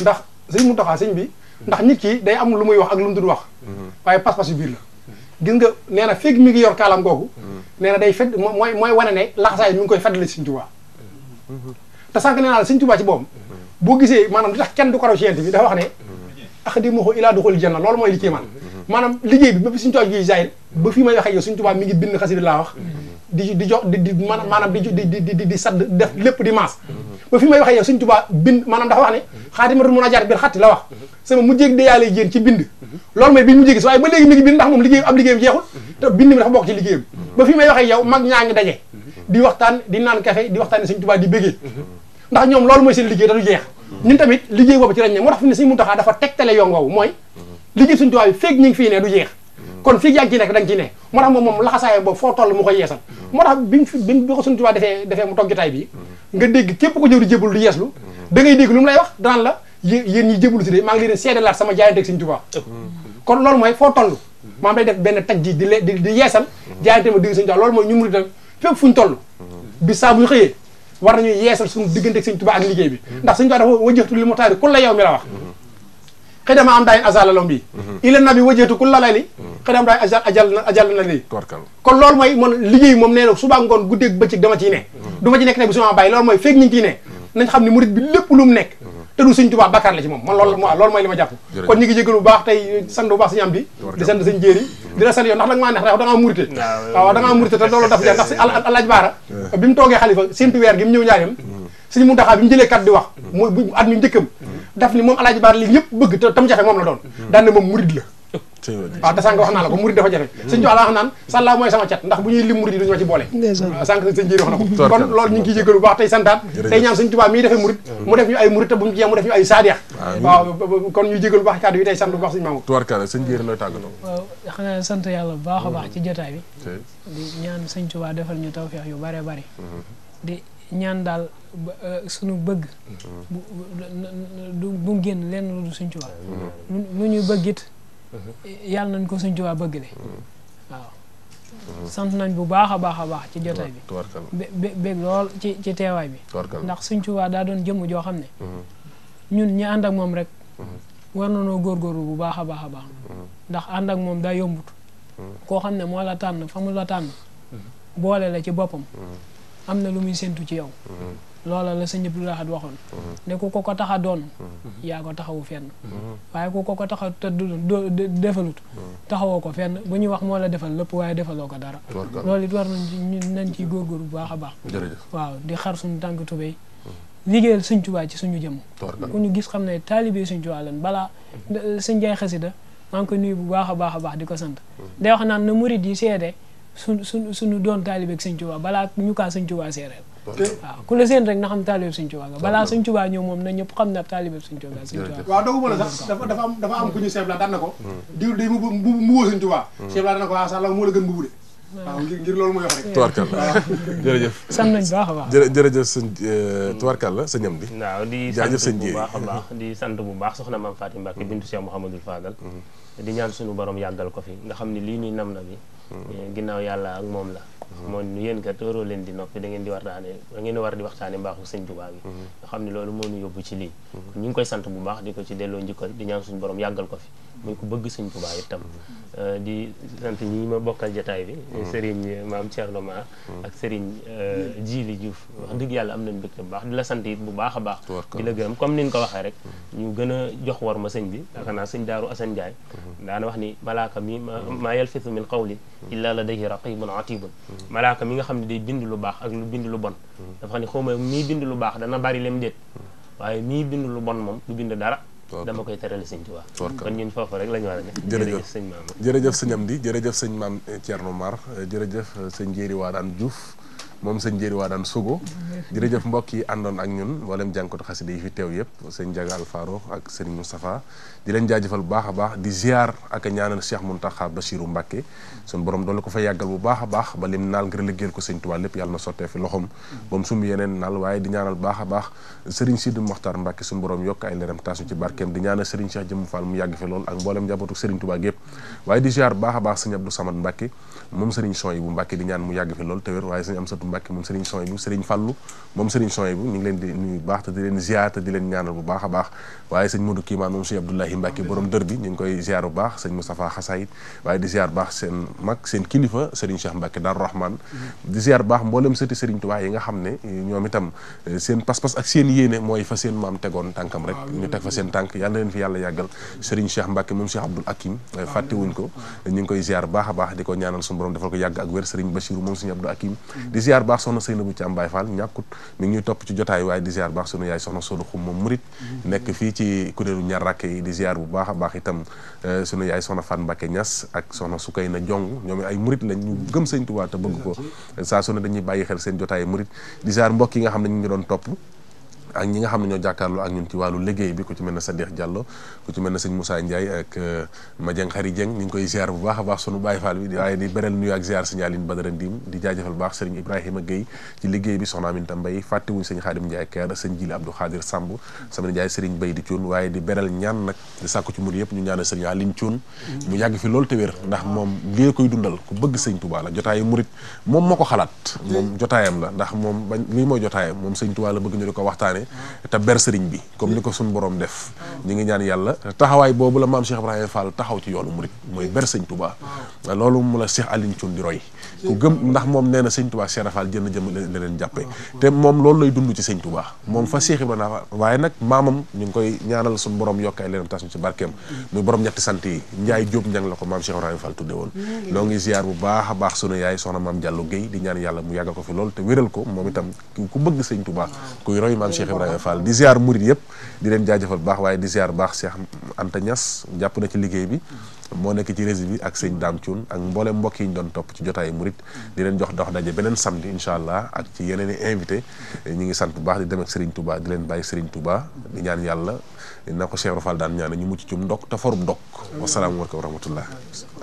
ndax sëñ Muntaxa sëñ bi ndax nit ki day am lu muy wax ak lu mu du wax waaye pas-pas yu biir la gis nga nee na fekk mi ngi yor kaalam googu nee na day fedd mooy mooy wane ne laxasaay mi ngi koy feddali sëñ Tuubaa te sànq nee naa la sëñ Tuubaa ci boom boo gisee maanaam li tax kenn du ko raw ci yent bi dafa wax ne axdimuhu ilaa duxul janna loolu mooy li ci man maanaam liggéey bi ba fi sëñ Tuubaa gi zaayir ba fii may wax ak yow sëñ Tuubaa mi ngi bind xasida laa wax di di di di manam di di di di sad def lepp di maas ba fi may waxe yow seigne touba bind manam dafa wax ne xaadimatul munaajaat bil khat la wax sama mujjé ak dayaalee jeen ci bind lool may biñ mujjé mujjee gis waaye ba légui mi ngi bind ndax mom liggéey am liggéey jeexul te bind mi dafa bok ci liggéey ba fi may waxe yow mag ñaangi dajé di waxtaan di nan café di waxtaan seigne touba di bégee ndax ñom lool moy seen liggéey da dañu jeex ñun tamit liggéey bobu ci lañ né mo tax fi ne seigne Muntaxaa dafa tegtale yoon ngaw moy liggéey seigne touba fi fek ñing fi né du jeex kon fii yaa ngi ciy nekk da nga ciy ne moo tax moom moom laxasaayam boobu foo toll mu koy yeesal mm-hmm. moo tax bi mu fi bi mu ko suñu tubaab defee defee mm-hmm. nga mm-hmm. dégg lu mu lay wax danaan la yéen ñi jébul si de maa ngi leen seedalaat sama jaayante ak suñu kon loolu mooy foo toll maam day def benn taj ji di di di yeesal jaayante ma dégg suñu tubaab loolu mooy ñu toll bi saa bu ñu xëyee war nañuy yeesal suñu diggante ak suñu tubaab ak liggéey bi ndax suñu tubaab dafa wajjëxtu li mu taari kun la yow mi la wax xidama am daayin azalalom bi mhm. ila nabi wajeetu ku lalali mhm. xidam daayin ajal ajal na ajal na li kon loolu mooy man liggéey moom nee na suba ngoon guddeeg bëccëg dama mhm. ci nekk ne du sëñ Tuubaa bakkaar la ci moom man loolu ma jàpp kon ñu ngi murite waaw da murite te loolu daf ja ndax si alaaj baara bi mu toogee xalifa séntu weer gi mu ñëw njaarim mm. sëñ Muntaxa bi mu jëlee kat di wax mu at mi njëkkam daf ni mom aladji baar li ñëpp bëgg te tam jaxé mom la doon dal na mom mouride la ah te sànq wax na la ko mouride dafa jaxé sëñ Tuubaa la wax naan sàllaa mooy sama ciat ndax bu ñuy lim mouride yi duñu ci bolé sank sëñ Jéeri wax na ko kon lool ñu ngi jëgëlu jégal tay santat tay ñaan sëñ Tuubaa mi defee mouride mu def ñu ay mouride te bu ñu jeex mu def ñu ay sadiq waaw kon ñu jëgëlu bu baax kàddu yi tey sant bu baax sëñ Maamu tubarkalla sëñ Jéeri looy tàggatoo waaw xana sant yalla baaxa baax ci mm-hmm. jotaay bi di ñaan sëñ Tuubaa defal ñu tawfeex yu bare bare mm-hmm. di ñaan daal euh, suñu bëgg. du mhm. bu mu lenn lu suñ lu ñu bëggit yàlla nañ ko suñ Tuubaa bëggale. Mhm. waaw mhm. sant nañ bu baax a baax a baax ci jotaay bi. tubarkal lool ci ci teewaay bi. ndax suñ Tuubaa daa doon jëmm joo xam ne. ñun ñi ànd ak moom rek. war góor góorgóorlu bu baax a baax a baax. ndax ànd ak moom daa yombut. koo xam ne moo la tànn fa mu la tànn. boole la ci boppam. am na lu muy séntu ci yow mm-hmm. loola la sëñ la Lahad waxoon mm-hmm. ne ku ko ko tax doon mm-hmm. yaa ko taxawu fenn waaye ku ko ko tax a tëdd defalut taxawoo ko fenn bu ñuy wax moo la defal lépp waaye defaloo ko dara loolu it war nañ nañ ciy góorgóor bu baax a baax waaw di xar suñu tànk tubéy liggéeyal sëñ Tuubaa ci suñu jëmm ku ñu gis xam ne taalibe sëñ Tuubaa lan balaa sëñ jaay xasida maa ngi koy bu baax a baax a baax di ko sant day wax naan na murid yi seede suñ suñ suñu doon taalibeeg sëñ Tuubaa balaa ñu kaa sëñ Tuubaa séeréer waaw ku la rek na xam taalibeeb sëñ Tuubaa nga balaa sëñ Tuubaa ñëw moom na ñëpp xam na taalibeeb sëñ Tuubaa sëñ Tuubaa waaw am dafa am ku ñu Cheikh Ibra daan na ko hmm. diw di mu mbubu hmm. la ah, moo la gën mbubu de hmm. waaw ngir loolu muy wax rek tubaarkal la jërëjëf sant nañ baax a baax la sëñ eh, am di waaw di jaajëf sëñ bu baax a baax di sant bu baax soxna Maam Fatim Mbàkke bintu Cheikh Mouhamadul Fadal di ñaan suñu borom yàggal ko fi nga xam ne lii ñuy nam na bi Eh, ginnaaw yàlla ak moom la mhm. mooy nu yéen kat waroo leen di noppi dangeen ngeen di waxtaane da ngeen war di waxtaane mbaaxu sëñ Tuubaa gi mhm. nga xam ne loolu moo ñu yóbbu ci lii mhm. ñu ngi koy sant bu baax di ko ci delloo njukkal di ñaan suñu borom yàggal ko fi muy ko bëgg sëñ Tuubaa itam euh, di sant ñi ma bokkal jataay bi ma mm-hmm. euh, maam Thierno Ma mm-hmm. ak Serigne euh, Djili Diouf wax dëgg yàlla am nañ mbégte bu baax di la sant bu baax a baax di la gërëm comme ni nga ko waxee rek mm-hmm. ñu gën a jox war ma sëñ bi naa sëñ Daaru Asan Njaay daana wax ni malaaka mi ma maa yalfisu min qawli illa ladayhi raqibun atibun malaaka mi nga xam ne day bind lu baax ak lu bind lu bon dafa xam ne mii bind lu baax dana bari lem déet waaye bind lu bon moom du bind dara dama koy teral sëñ Tuubaa kon ñun foofu rek la ñu war a jërëjëf sëñ maam jërëjëf sëñ Amdi jërëjëf sëñ maam eh, Thierno Mar eh, jërëjëf eh, sëñ Jéeri Waadaan Diouf moom sëñ Jéeri Waadaan Sogo jërëjëf mbokk yi àndoon ak ñun wala mboolem jànkatu xasida yi fi teew yëpp sëñ Jaga Alfaro ak sëñ musafa di leen jaajëfal bu baax baax di ziar ak a ñaanal Cheikh Mountakha Bassirou Mbacké suñu borom doon la ko fa yàggal bu baax a baax ba lim naal ngir liggéeyal ko sëñ Tuubaa lépp yàlla na sottee fi loxom ba mu sumb yeneen di ñaanal baax a baax Serigne Sidou Mokhtar Mbacké suñu yokk ay leeram taas ñu ci mu yàgg fi lool ak mboolem njabootu Serigne Touba gépp waaye di ziar baax a baax sëñ Abdou Samad Mbacké moom Serigne Soy bu Mbacké di ñaan mu yàgg fi lool te wér waaye sëñ Amsatou Mbacké moom Serigne Soy bu Serigne Fallou moom Serigne Soy bu ñu ngi leen di nuyu baax te di leen ziar leen ñaanal bu baax baax waaye sañ Modou Kiimaan moom sëñ Abdoulahi Mbacke borom dër bi ñu ngi koy ziar bu baax sëñ Moustapha Xasaayit waaye di ziar bu baax seen mag seen kilifa sëriñ Cheikh Mbacke Daaru Rahman di ziar nga xam ne ñoom itam eh, seen pas-pas ak seen yéene mooy fa seen maam tegoon tànkam rek ñu teg seen tànk yàlla leen fi yàlla yàggal sëriñ Cheikh Mbacke moom Cheikh Abdoul Hakim eh, fàttewuñ ko a baax di ko ko yàgg ak wér sëriñ Bachirou moom sëñ Abdoul topp ci jotaay waaye di ziar baax sunu yaay soxna Solu Xum moom murit nekk fii ci kuréelu ñaar rakk yi di ziar bu baax a baax itam euh, sunu yaay soxna Fan Mbacke Niass ak soxna na Jong ñoom ay murit lañ ñu gëm sëñ Tuubaa te bëgg ko saa su ne dañuy bàyyi xel seen jotaayu murit di ziar mbokk yi nga xam ne ñu ngi doon topp ak ñi nga xam ne ñoo jàkkaarloo ak ñun ci wàllu liggéey bi ku ci mel ne Sadikh Diallo ak euh, ñu ngi koy ziar bu baax baax sunu Baye Fall bi waaye di beral nuyu ak ziar sëñ Aline Badara Ndim di jaajëfal bu baax sëriñ Ibrahima Guèye ci liggéey ak Bay di waaye di beral ñaan nag di sàkku ci mur yëpp ñu ñaanal sëriñ Aline Cuun mu yàgg fi loolu te ndax moom lii koy dundal ku bëgg sëñ Touba la jotaayu murit moom moo ko xalaat moom jotaayam la ndax moom bañ lii mooy jotaayam moom sëñ Touba bëgg ñu ko waxtaane te ber sëriñ bi comme ni ko suñu borom def ñu ngi ñaan yàlla taxawaay boobu la maam Cheikh Ibrahima Fall taxaw ci yoonu murit mooy ber sëñ Touba loolu mu la ku gëm ndax moom nee na sëñ Touba Cheikh Fall jënd jëm la leen jàppee te moom loolu lay dund ci sëñ Touba moom fa Cheikh Ibrahima waaye nag maamam ñu ngi koy ñaanal suñ borom yokk ay leenam tas ñu ci barkeem muy borom ñetti sant yi Njaay Jóob njang la ko maam Cheikh Ibrahima Fall tudde woon loo ngi ziar bu baax a baax sunu yaay soxna maam Jàllo Guèye di ñaan yàlla mu yàgg ko fi lool te wéral ko moom itam ku bëgg sëñ Touba kuy roy Ibrahima Fall di ziar yëpp di leen jaajëfal baax waaye di ziar baax Cheikh Anta Niass jàpp na ci liggéey bi moo nekk ci rési bi ak sëñ Dame Thioune ak mboolem mbokk yi ñu doon topp ci jotaayu murit di leen jox dox daje beneen samedi incha allah ak ci yeneen i invité ñu ngi sant bu baax di dem ak Serigne Touba di leen bàyyi Serigne Touba di ñaan yàlla na ko Cheikh Fall daan ñaan ñu mucc ci ndokk te forub ndokk wasalaamu aleykum wa rahmatullah